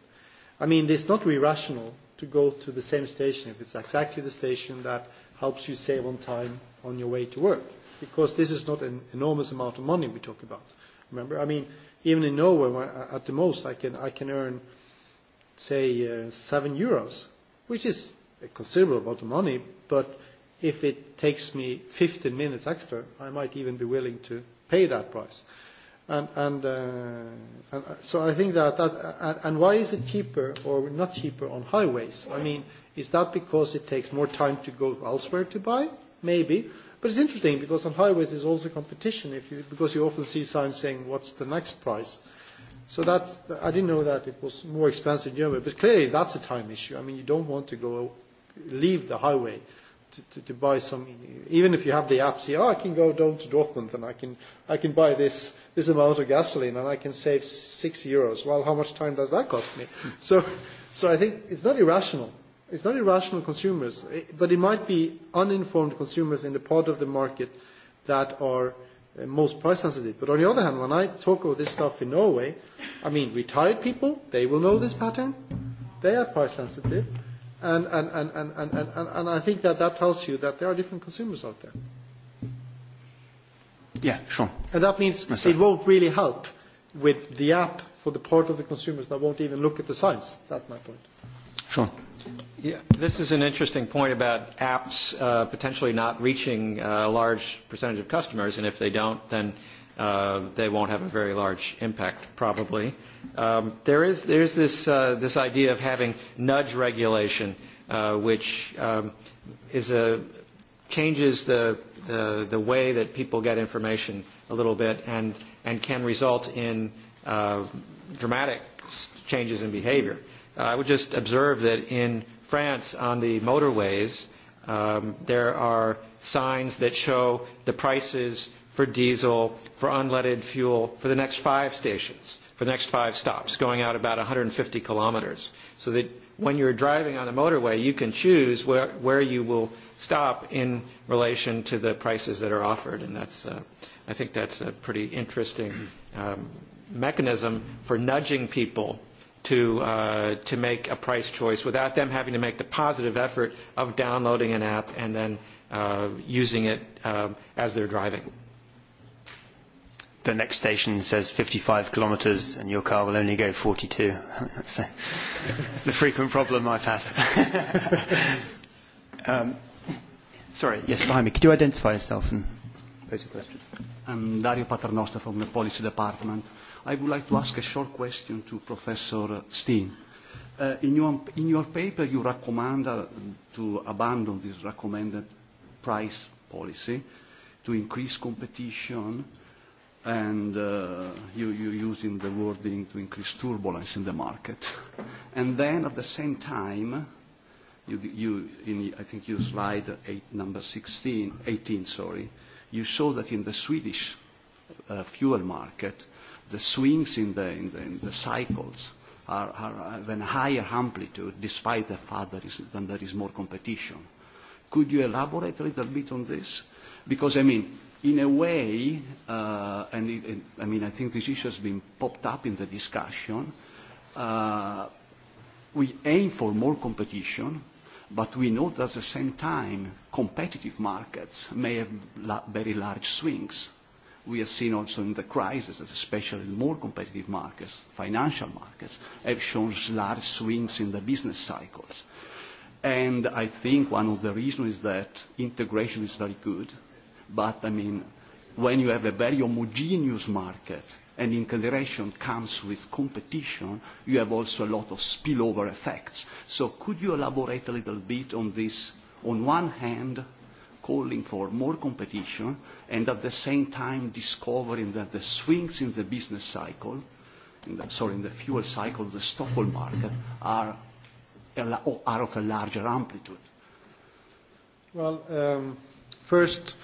I mean, it's not rational to go to the same station if it's exactly the station that helps you save on time on your way to work, because this is not an enormous amount of money we talk about. Remember, I mean, even in Norway, at the most, I can I can earn, say, seven euros, which is a considerable amount of money, but if it takes me 15 minutes extra, I might even be willing to pay that price and so I think that and why is it cheaper or not cheaper on highways? I mean, is that because it takes more time to go elsewhere to buy? Maybe, but it's interesting because on highways there's also competition if you, because you often see signs saying what's the next price. So that's I didn't know that it was more expensive in Germany, but clearly that's a time issue. I mean, you don't want to go leave the highway to buy some even if you have the app say oh I can go down to Dortmund and I can I can buy this this amount of gasoline and I can save six euros well how much time does that cost me so so I think it's not irrational it's not irrational consumers but it might be uninformed consumers in the part of the market that are most price sensitive but on the other hand when I talk about this stuff in Norway I mean retired people they will know this pattern they are price sensitive And, and, and, and, and, and, I think that that tells you that there are different consumers out there. Yeah, sure. And that means it won't really help with the app for the part of the consumers that won't even look at the signs. That's my point. Sure. Yeah, this is an interesting point about apps potentially not reaching a large percentage of customers, and if they don't, then they won't have a very large impact probably. There is this idea of having nudge regulation which changes the way that people get information a little bit and can result in dramatic changes in behavior. I would just observe that in France on the motorways there are signs that show the prices for diesel, for unleaded fuel for the next five stations, for the next five stops, going out about 150 kilometers. So that when you're driving on the motorway, you can choose where, where you will stop in relation to the prices that are offered. And that's, uh, I think that's a pretty interesting um, mechanism for nudging people to, uh, to make a price choice without them having to make the positive effort of downloading an app and then uh, using it as they're driving the next station says 55 kilometres and your car will only go 42. That's the frequent problem I've had. Sorry, yes, behind me. Could you identify yourself and pose a question? I'm Dario Paternoster from the Policy Department. I would like to ask a short question to Professor Steen. In your paper, you recommend to abandon this recommended price policy to increase competition and you using the wording to increase turbulence in the market. And then at the same time, you you in I think you slide eight number 16, 18, sorry, you show that in the Swedish fuel market, the swings in the in the cycles are are of a higher amplitude, despite the fact that there is more competition. Could you elaborate a little bit on this? Because I mean in a way, and I mean, I think this issue has been popped up in the discussion, we aim for more competition, but we know that at the same time competitive markets may have very large swings. We have seen also in the crisis that especially more competitive markets, financial markets, have shown large swings in the business cycles. And I think one of the reasons is that integration is very good But, I mean, when you have a very homogeneous market and integration comes with competition, you have also a lot of spillover effects. So could you elaborate a little bit on this? On one hand, calling for more competition and at the same time discovering that the swings in the business cycle, sorry, in the fuel cycle, the Stockholm market, are of a larger amplitude. Well, first,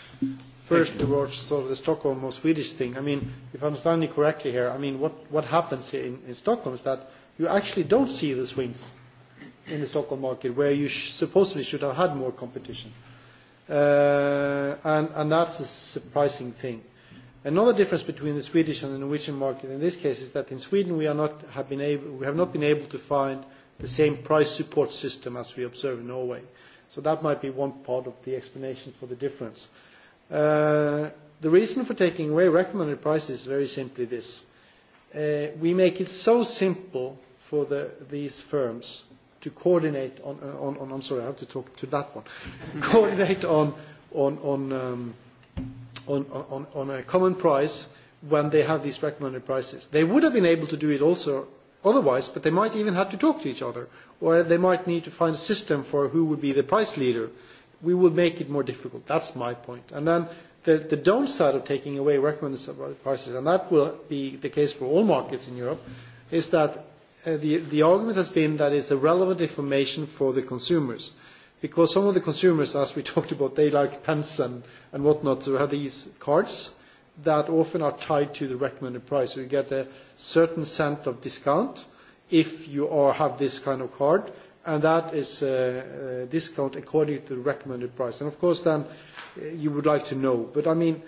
First, towards sort of the Stockholm or Swedish thing. I mean, if I understand you correctly here, I mean, what what happens in in Stockholm is that you actually don't see the swings in the Stockholm market where you supposedly should have had more competition, and and that's a surprising thing. Another difference between the Swedish and the Norwegian market in this case is that in Sweden we are not have been able we have not been able to find the same price support system as we observe in Norway. So that might be one part of the explanation for the difference. The reason for taking away recommended prices is very simply this. We make it so simple for these firms to coordinate on, I'm sorry, I have to talk to that one, coordinate on on a common price when they have these recommended prices. They would have been able to do it also otherwise, but they might even have to talk to each other, or they might need to find a system for who would be the price leader we will make it more difficult. That's my point. And then the, the downside of taking away recommended prices, and that will be the case for all markets in Europe, is that the, argument has been that it's relevant information for the consumers. Because some of the consumers, as we talked about, they like pens and, and whatnot to have these cards that often are tied to the recommended price. So you get a certain cent of discount if you are, have this kind of card and that is a discount according to the recommended price. And of course then you would like to know. But I mean,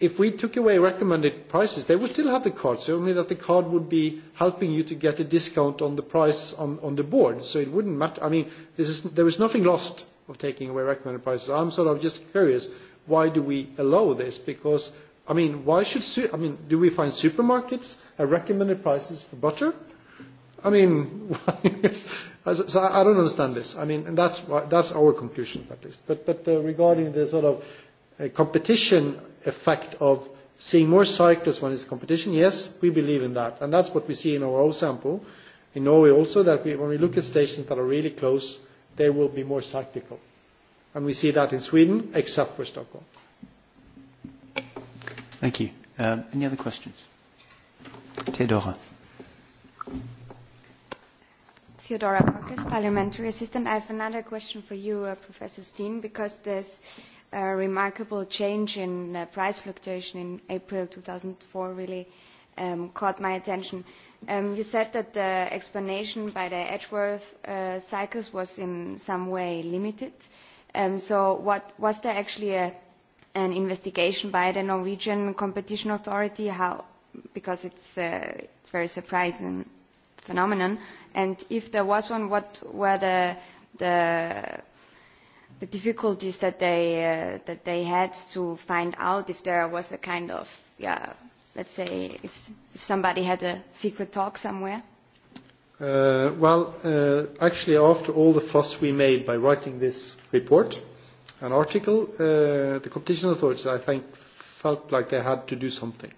if we took away recommended prices, they would still have the card, so only that the card would be helping you to get a discount on the price on the board. So it wouldn't matter. I mean, there is nothing lost of taking away recommended prices. I'm sort of just curious, why do we allow this? Because, I mean, why should, I mean, do we find supermarkets at recommended prices for butter? I mean, I don't understand this. I mean, and that's that's our conclusion at least. But but regarding the sort of competition effect of seeing more cyclists when it's competition, yes, we believe in that, and that's what we see in our own sample. In Norway also that when we look at stations that are really close, they will be more cyclical, and we see that in Sweden, except for Stockholm. Thank you. Any other questions? Theodora. Theodora Kokes, parliamentary assistant. I have another question for you, Professor Steen, because this remarkable change in price fluctuation in April 2004 really caught my attention. You said that the explanation by the Edgeworth cycles was in some way limited. So what was there actually an investigation by the Norwegian Competition Authority? How? Because it's it's very surprising phenomenon and if there was one what were the the the difficulties that they that they had to find out if there was a kind of yeah let's say if if somebody had a secret talk somewhere well actually after all the fuss we made by writing this report an article the competition authorities i think felt like they had to do something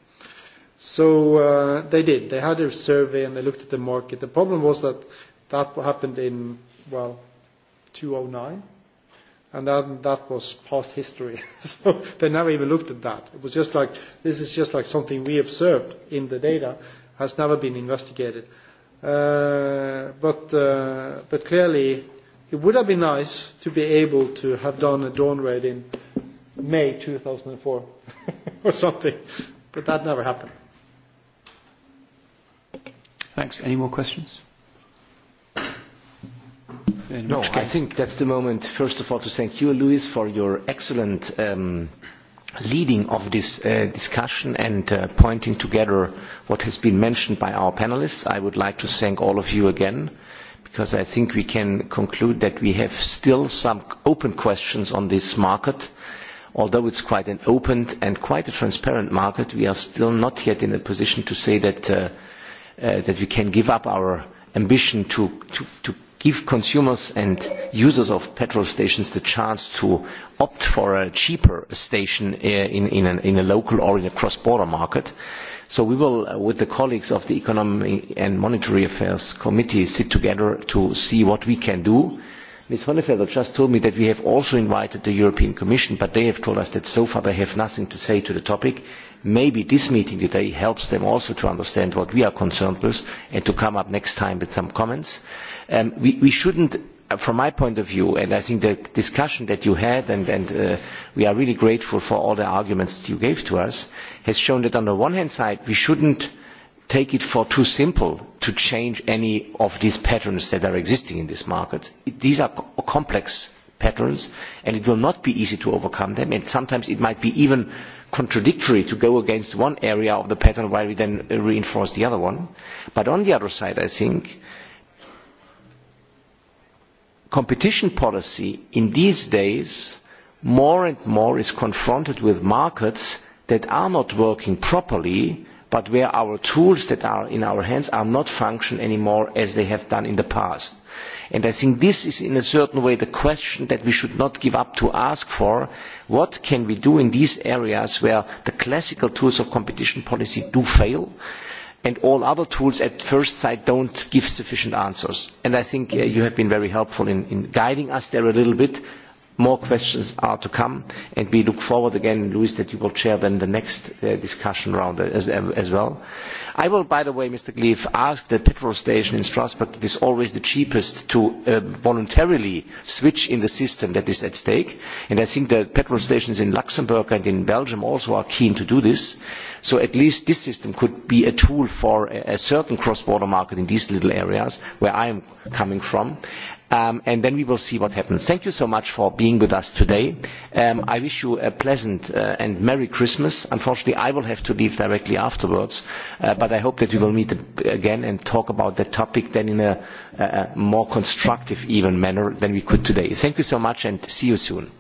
So they did. They had a survey and they looked at the market. The problem was that that happened in, well, 2009, and that was past history. So they never even looked at that. It was just like, this is just like something we observed in the data, has never been investigated. But clearly, it would have been nice to be able to have done a dawn raid in May 2004 or something, but that never happened. Thanks. Any more questions? No, I think that's the moment, first of all, to thank you, Luis, for your excellent leading of this discussion and pointing together what has been mentioned by our panelists. I would like to thank all of you again, because I think we can conclude that we have still some open questions on this market. Although it's quite an open and quite a transparent market, we are still not yet in a position to say that that we can give up our ambition to give consumers and users of petrol stations the chance to opt for a cheaper station in a local or in a cross-border market. So we will, with the colleagues of the Economic and Monetary Affairs Committee, sit together to see what we can do. Ms. Honefeller just told me that we have also invited the European Commission, but they have told us that so far they have nothing to say to the topic maybe this meeting today helps them also to understand what we are concerned with and to come up next time with some comments. We shouldn't, from my point of view, and I think the discussion that you had, and we are really grateful for all the arguments you gave to us, has shown that on the one hand side, we shouldn't take it for too simple to change any of these patterns that are existing in this market. These are complex patterns, and it will not be easy to overcome them, and sometimes it might be even contradictory to go against one area of the pattern while we then reinforce the other one. But on the other side, I think competition policy in these days more and more is confronted with markets that are not working properly, but where our tools that are in our hands are not functioning anymore as they have done in the past. And I think this is in a certain way the question that we should not give up to ask for. What can we do in these areas where the classical tools of competition policy do fail? and all other tools at first sight don't give sufficient answers. And I think you have been very helpful in guiding us there a little bit. More questions are to come, and we look forward again, Louis, that you will chair then the next discussion round as well. I will, by the way, Mr. Gleef, ask the petrol station in Strasbourg that is always the cheapest to voluntarily switch in the system that is at stake, and I think the petrol stations in Luxembourg and in Belgium also are keen to do this. So at least this system could be a tool for a certain cross-border market in these little areas where I am coming from, and then we will see what happens. Thank you so much for being with us today. I wish you a pleasant and Merry Christmas. Unfortunately, I will have to leave directly afterwards, but I hope that we will meet again and talk about the topic then in a more constructive, even manner than we could today. Thank you so much and see you soon.